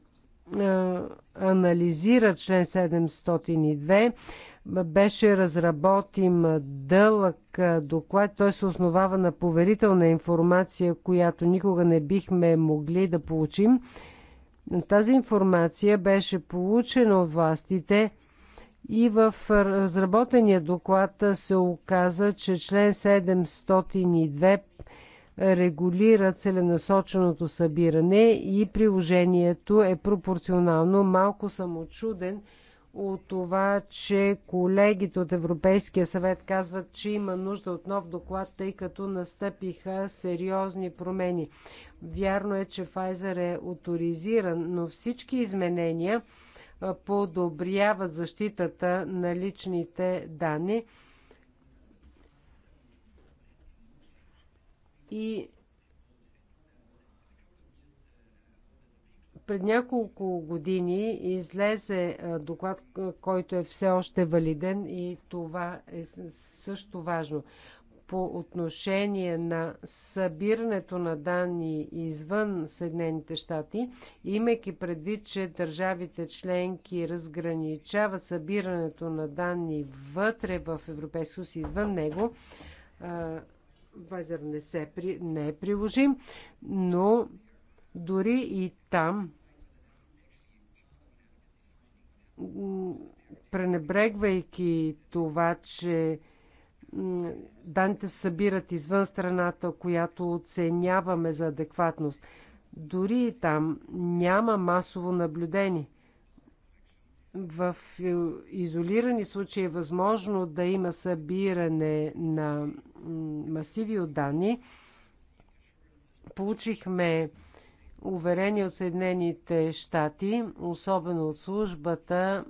анализира член 702, беше разработим дълъг доклад. Той се основава на поверителна информация, която никога не бихме могли да получим. Тази информация беше получена от властите и в разработения доклад се оказа, че член 702 регулира целенасоченото събиране и приложението е пропорционално. Малко съм очуден, от това, че колегите от Европейския съвет казват, че има нужда от нов доклад, тъй като настъпиха сериозни промени. Вярно е, че Pfizer е авторизиран, но всички изменения подобряват защитата на личните данни. И Пред няколко години излезе доклад, който е все още валиден и това е също важно. По отношение на събирането на данни извън Съединените щати, имайки предвид, че държавите членки разграничава събирането на данни вътре в Европейския съюз и извън него, Вайзер не, се, не е приложим, но дори и там пренебрегвайки това, че данните се събират извън страната, която оценяваме за адекватност. Дори и там няма масово наблюдение. В изолирани случаи е възможно да има събиране на масиви от данни. Получихме уверени от Съединените щати, особено от службата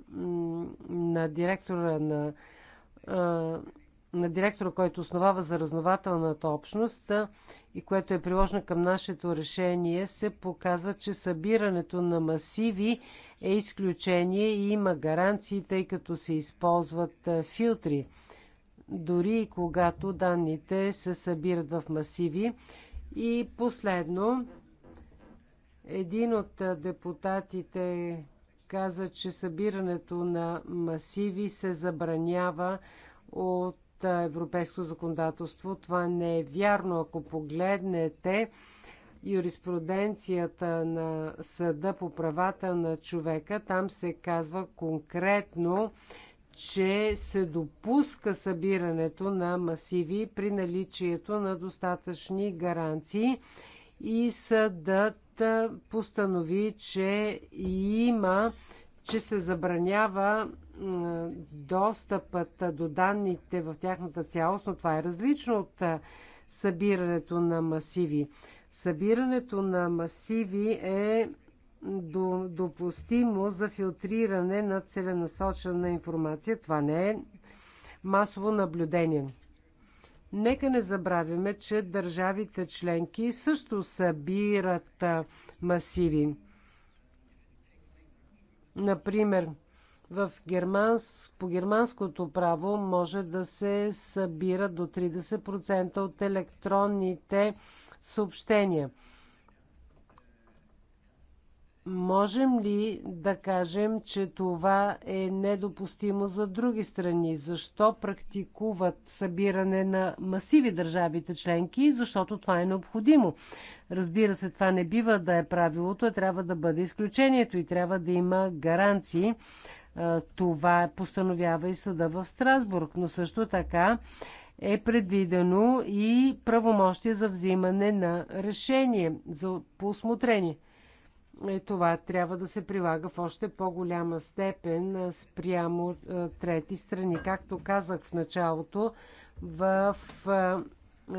на директора на, на директора, който основава за разнователната общност и което е приложено към нашето решение, се показва, че събирането на масиви е изключение и има гаранции, тъй като се използват филтри. Дори и когато данните се събират в масиви. И последно, един от депутатите каза, че събирането на масиви се забранява от европейско законодателство. Това не е вярно. Ако погледнете юриспруденцията на Съда по правата на човека, там се казва конкретно, че се допуска събирането на масиви при наличието на достатъчни гаранции и съдът постанови, че има, че се забранява достъпът до данните в тяхната цялост, но това е различно от събирането на масиви. Събирането на масиви е допустимо за филтриране на целенасочена информация. Това не е масово наблюдение. Нека не забравяме, че държавите членки също събират масиви. Например, в германс... по германското право може да се събира до 30% от електронните съобщения. Можем ли да кажем, че това е недопустимо за други страни? Защо практикуват събиране на масиви държавите членки? Защото това е необходимо. Разбира се, това не бива да е правилото, а трябва да бъде изключението и трябва да има гаранции. Това постановява и съда в Страсбург, но също така е предвидено и правомощие за взимане на решение за посмотрение. И е, това трябва да се прилага в още по-голяма степен спрямо трети страни. Както казах в началото, в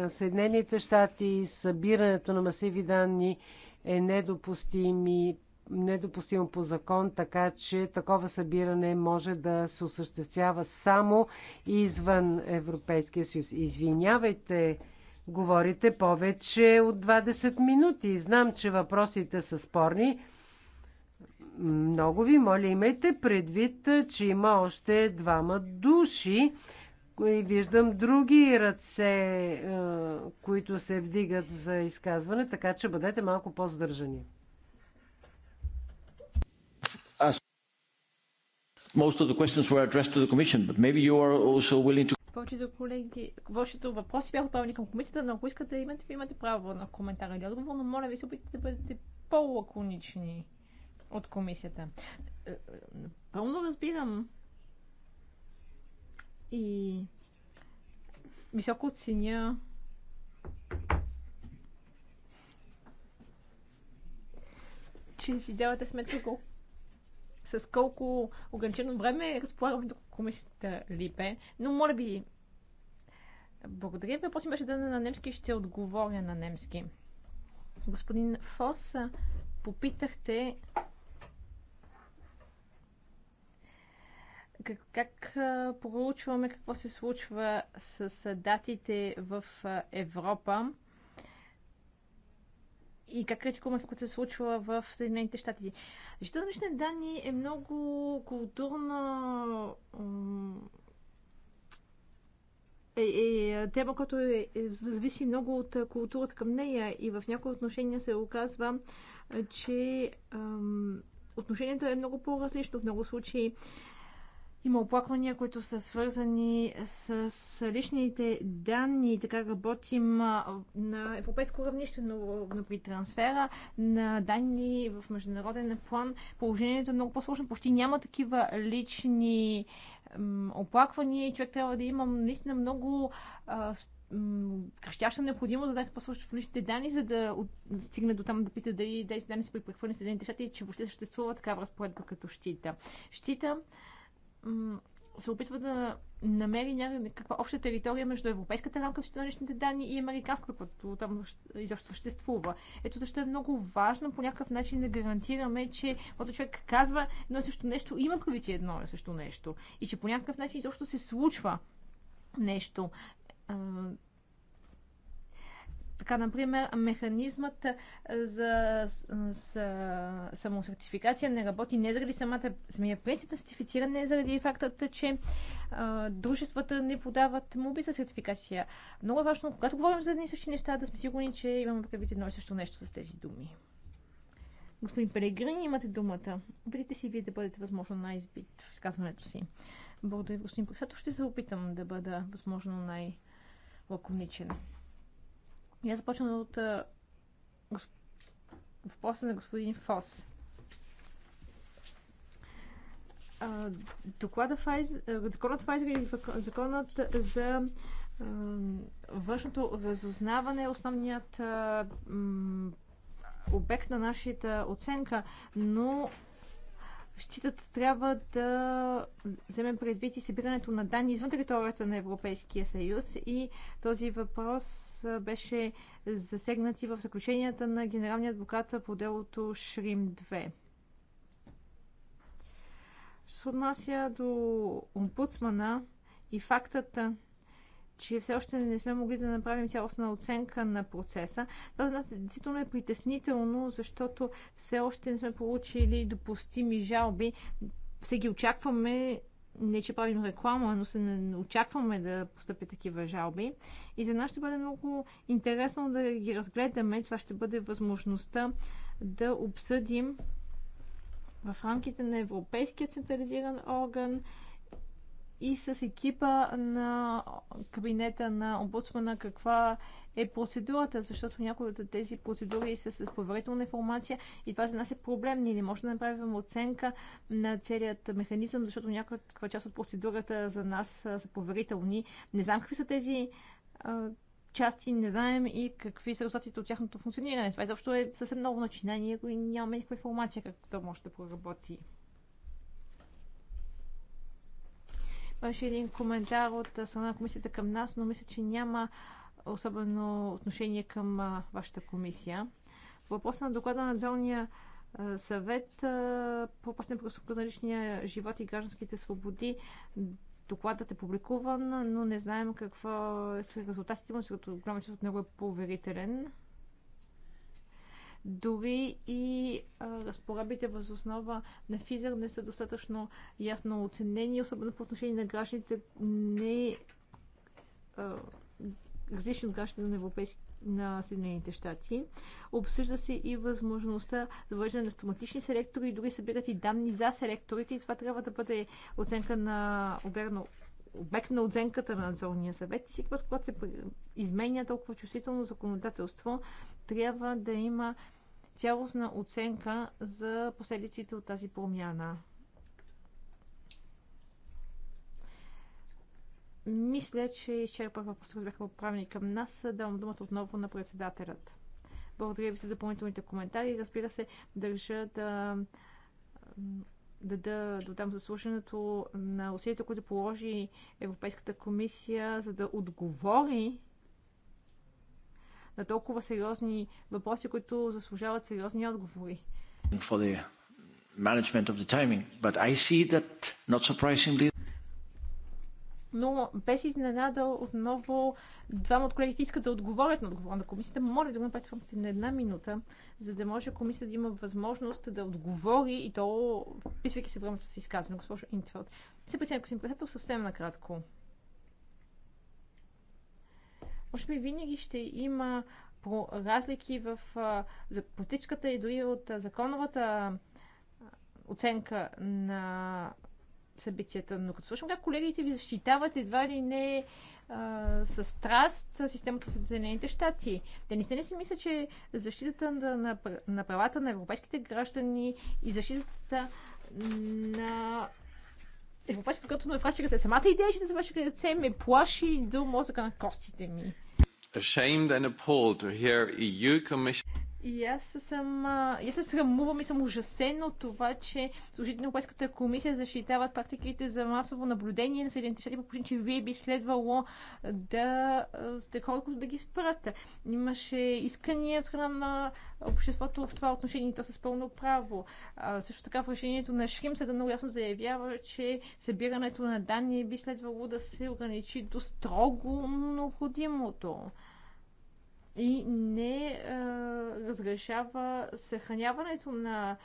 Съединените щати събирането на масиви данни е недопустими, недопустимо по закон, така че такова събиране може да се осъществява само извън Европейския съюз. Извинявайте, Говорите повече от 20 минути. Знам, че въпросите са спорни. Много ви моля, имайте предвид, че има още двама души. И виждам други ръце, е, които се вдигат за изказване, така че бъдете малко по-здържани. Most of the questions were addressed to the Commission, but maybe you are also willing to повечето колеги, повечето въпроси бяха отправени към комисията, но ако искате, имате, имате право на коментар или отговор, но моля ви се опитайте да бъдете по-лаконични от комисията. Е, е, пълно разбирам и високо оценя че си давате сметка колко с колко ограничено време разполагаме до комисията Липе, но моля ви, благодаря ви. Въпросът беше да на немски, ще отговоря на немски. Господин Фос, попитахте как, как проучваме какво се случва с датите в Европа и как критикуваме това, което се случва в Съединените щати. Защита на лични данни е много културна е, е, е тема, която е, е, зависи много от културата към нея и в някои отношения се оказва, че е, отношението е много по-различно. В много случаи има оплаквания, които са свързани с личните данни. Така работим на европейско равнище, но при трансфера на данни в международен план положението е много по-сложно. Почти няма такива лични оплаквания и човек трябва да има наистина много кръщяща необходимост за да какво случва в личните данни, за да стигне до там да пита дали тези данни са припрехвърлени в Съединените щати и че въобще съществува такава разпоредба като щита. Щита се опитва да намери някаква обща територия между европейската рамка за личните данни и американската, която там изобщо съществува. Ето защо е много важно по някакъв начин да гарантираме, че когато човек казва едно и също нещо, има правити едно и също нещо. И че по някакъв начин изобщо се случва нещо така, например, механизмът за, самосертификация не работи не заради самата, самия принцип на сертифициране, заради фактът, че а, дружествата не подават моби за сертификация. Много е важно, когато говорим за едни и същи неща, да сме сигурни, че имаме предвид едно и също нещо с тези думи. Господин Пелегрин, имате думата. Опитайте си вие да бъдете възможно най-избит в изказването си. Благодаря, господин председател. Ще се опитам да бъда възможно най-лаконичен. Я започвам от въпроса на господин Фос. Доклада Файз, законът Файзер или законът за външното разузнаване е основният обект на нашата оценка, но Щитът трябва да вземем предвид и събирането на данни извън територията на Европейския съюз. И този въпрос беше засегнат и в заключенията на генералния адвокат по делото Шрим 2. Що се отнася до омбудсмана и фактата, че все още не сме могли да направим цялостна оценка на процеса. Това за нас действително е притеснително, защото все още не сме получили допустими жалби. Все ги очакваме, не че правим реклама, но се не очакваме да постъпят такива жалби. И за нас ще бъде много интересно да ги разгледаме. Това ще бъде възможността да обсъдим в рамките на Европейския централизиран орган и с екипа на кабинета на омбудсмана каква е процедурата, защото някои от тези процедури са с поверителна информация и това за нас е проблем. Ние не можем да направим оценка на целият механизъм, защото някаква част от процедурата за нас са поверителни. Не знам какви са тези а, части, не знаем и какви са резултатите от тяхното функциониране. Това изобщо е съвсем ново начинание и нямаме никаква информация как то може да проработи. Имаше един коментар от страна на комисията към нас, но мисля, че няма особено отношение към а, вашата комисия. Въпрос на доклада на надзорния съвет по опасен престъпка на личния живот и гражданските свободи. Докладът е публикуван, но не знаем какво е са резултатите му, защото голяма част от него е поверителен. Дори и а, разпоредбите въз основа на ФИЗър не са достатъчно ясно оценени, особено по отношение на гражданите не а, различни от гражданите на Европейски на Съединените щати. Обсъжда се и възможността за въвеждане на автоматични селектори и дори събират и данни за селекторите и това трябва да бъде оценка на оберно обект на оценката на зонния съвет и всеки път, когато се изменя толкова чувствително законодателство, трябва да има цялостна оценка за последиците от тази промяна. Мисля, че изчерпах въпроса, които бяха отправени към нас. Давам думата отново на председателят. Благодаря ви за допълнителните коментари. Разбира се, държа да да, да додам заслушането на усилията, които положи Европейската комисия, за да отговори на толкова сериозни въпроси, които заслужават сериозни отговори. For the management of the timing, but I see that not surprisingly но без изненада отново двама от колегите искат да отговорят на отговора на комисията. Моля да го направите в рамките на една минута, за да може комисията да има възможност да отговори и то, вписвайки се в времето си изказване, госпожо Интфелд. Се председател, съвсем накратко. Може би винаги ще има разлики в политическата и дори от законовата оценка на събитията. Но като слушам как колегите ви защитават едва ли не а, с страст системата в Съединените щати. Те не се не си мисля, че защитата на, на, на правата на европейските граждани и защитата на информацията, е когато ме в ръце. Самата идея, че не завърших се ме плаши до мозъка на костите ми. Ashamed and appalled to hear EU Commission и аз съм. Аз се срамувам и съм ужасен от това, че служители на Европейската комисия защитават практиките за масово наблюдение на Съединените щати по че вие би следвало да сте хора, които да ги спрат. Имаше искания от страна на обществото в това отношение, и то с пълно право. А, също така в решението на Шрим се да много ясно заявява, че събирането на данни би следвало да се ограничи до строго необходимото и не разрешава съхраняването на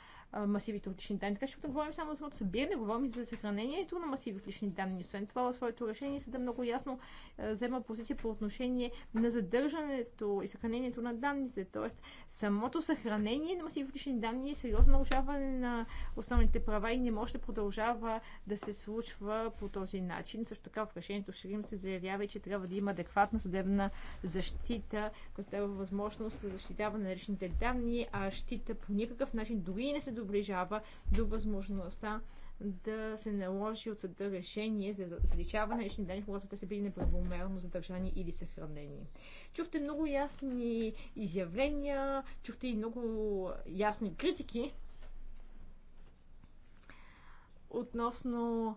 масивите от лични данни. Така че говорим само за събиране, говорим за съхранението на масиви от лични данни. Освен това, в своето решение съда много ясно взема позиция по отношение на задържането и съхранението на данните. Тоест, самото съхранение на масиви от лични данни е сериозно нарушаване на основните права и не може да продължава да се случва по този начин. Също така в решението Ширим се заявява, че трябва да има адекватна съдебна защита, която е възможност за защитаване на личните данни, а щита по никакъв начин дори не се доближава до възможността да се наложи от съда решение за заличаване на лични данни, когато те са били неправомерно задържани или съхранени. Чухте много ясни изявления, чухте и много ясни критики относно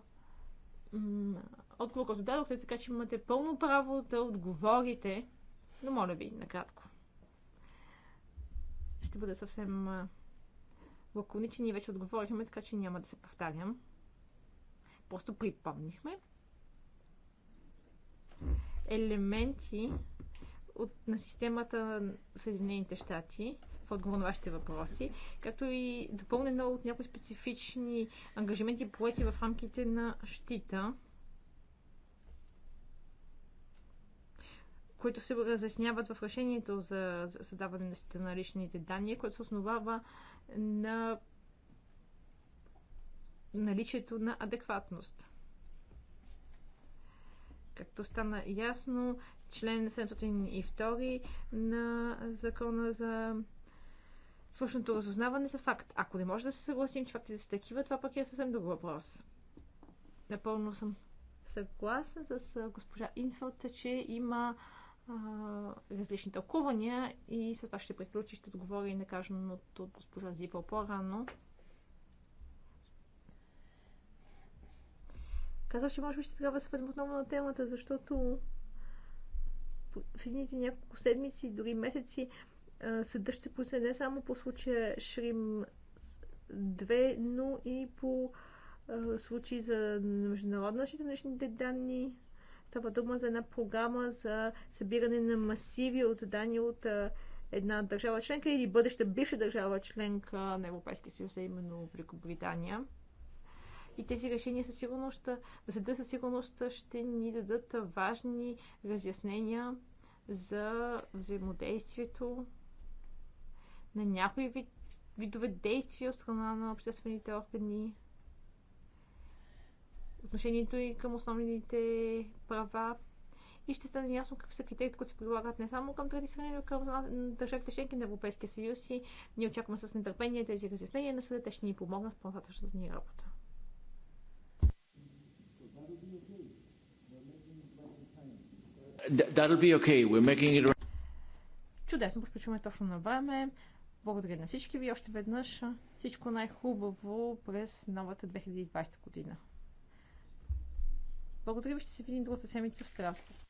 отговор, който дадохте, така че имате пълно право да отговорите, но моля ви, накратко. Ще бъде съвсем лаконичен и вече отговорихме, така че няма да се повтарям. Просто припомнихме елементи от, на системата в Съединените щати в отговор на вашите въпроси, както и допълнено от някои специфични ангажименти поети в рамките на щита, които се разясняват в решението за създаване на щита на личните данни, което се основава на наличието на адекватност. Както стана ясно, член 702 на закона за външното разузнаване са факт. Ако не може да се съгласим, че фактите са такива, това пък е съвсем друг въпрос. Напълно съм съгласна с госпожа Инсфелд, че има различни тълкувания и след това ще приключи, ще отговори и на от госпожа Зипа по-рано. Казах, че може би ще трябва да се върнем отново на темата, защото в едните няколко седмици, дори месеци, съдът ще се произнесе не само по случая Шрим 2, но и по случаи за международно защита на личните данни, Става дума за една програма за събиране на масиви от данни от една държава членка или бъдеща бивша държава членка на Европейския съюз, а именно Великобритания. И тези решения със сигурност, да съда със сигурност ще ни дадат важни разяснения за взаимодействието на някои вид, видове действия от страна на обществените органи отношението и към основните права и ще стане ясно какви са критериите, които се прилагат не само към трети страни, но и към държавите членки на Европейския съюз и ние очакваме с нетърпение тези разяснения на съда, те ще ни помогнат в по-нататъчната ни работа. Okay. It... Чудесно, приключваме точно на време. Благодаря на всички ви още веднъж. Всичко най-хубаво през новата 2020 година. Благодаря ви, ще се видим другата седмица в Страсбург.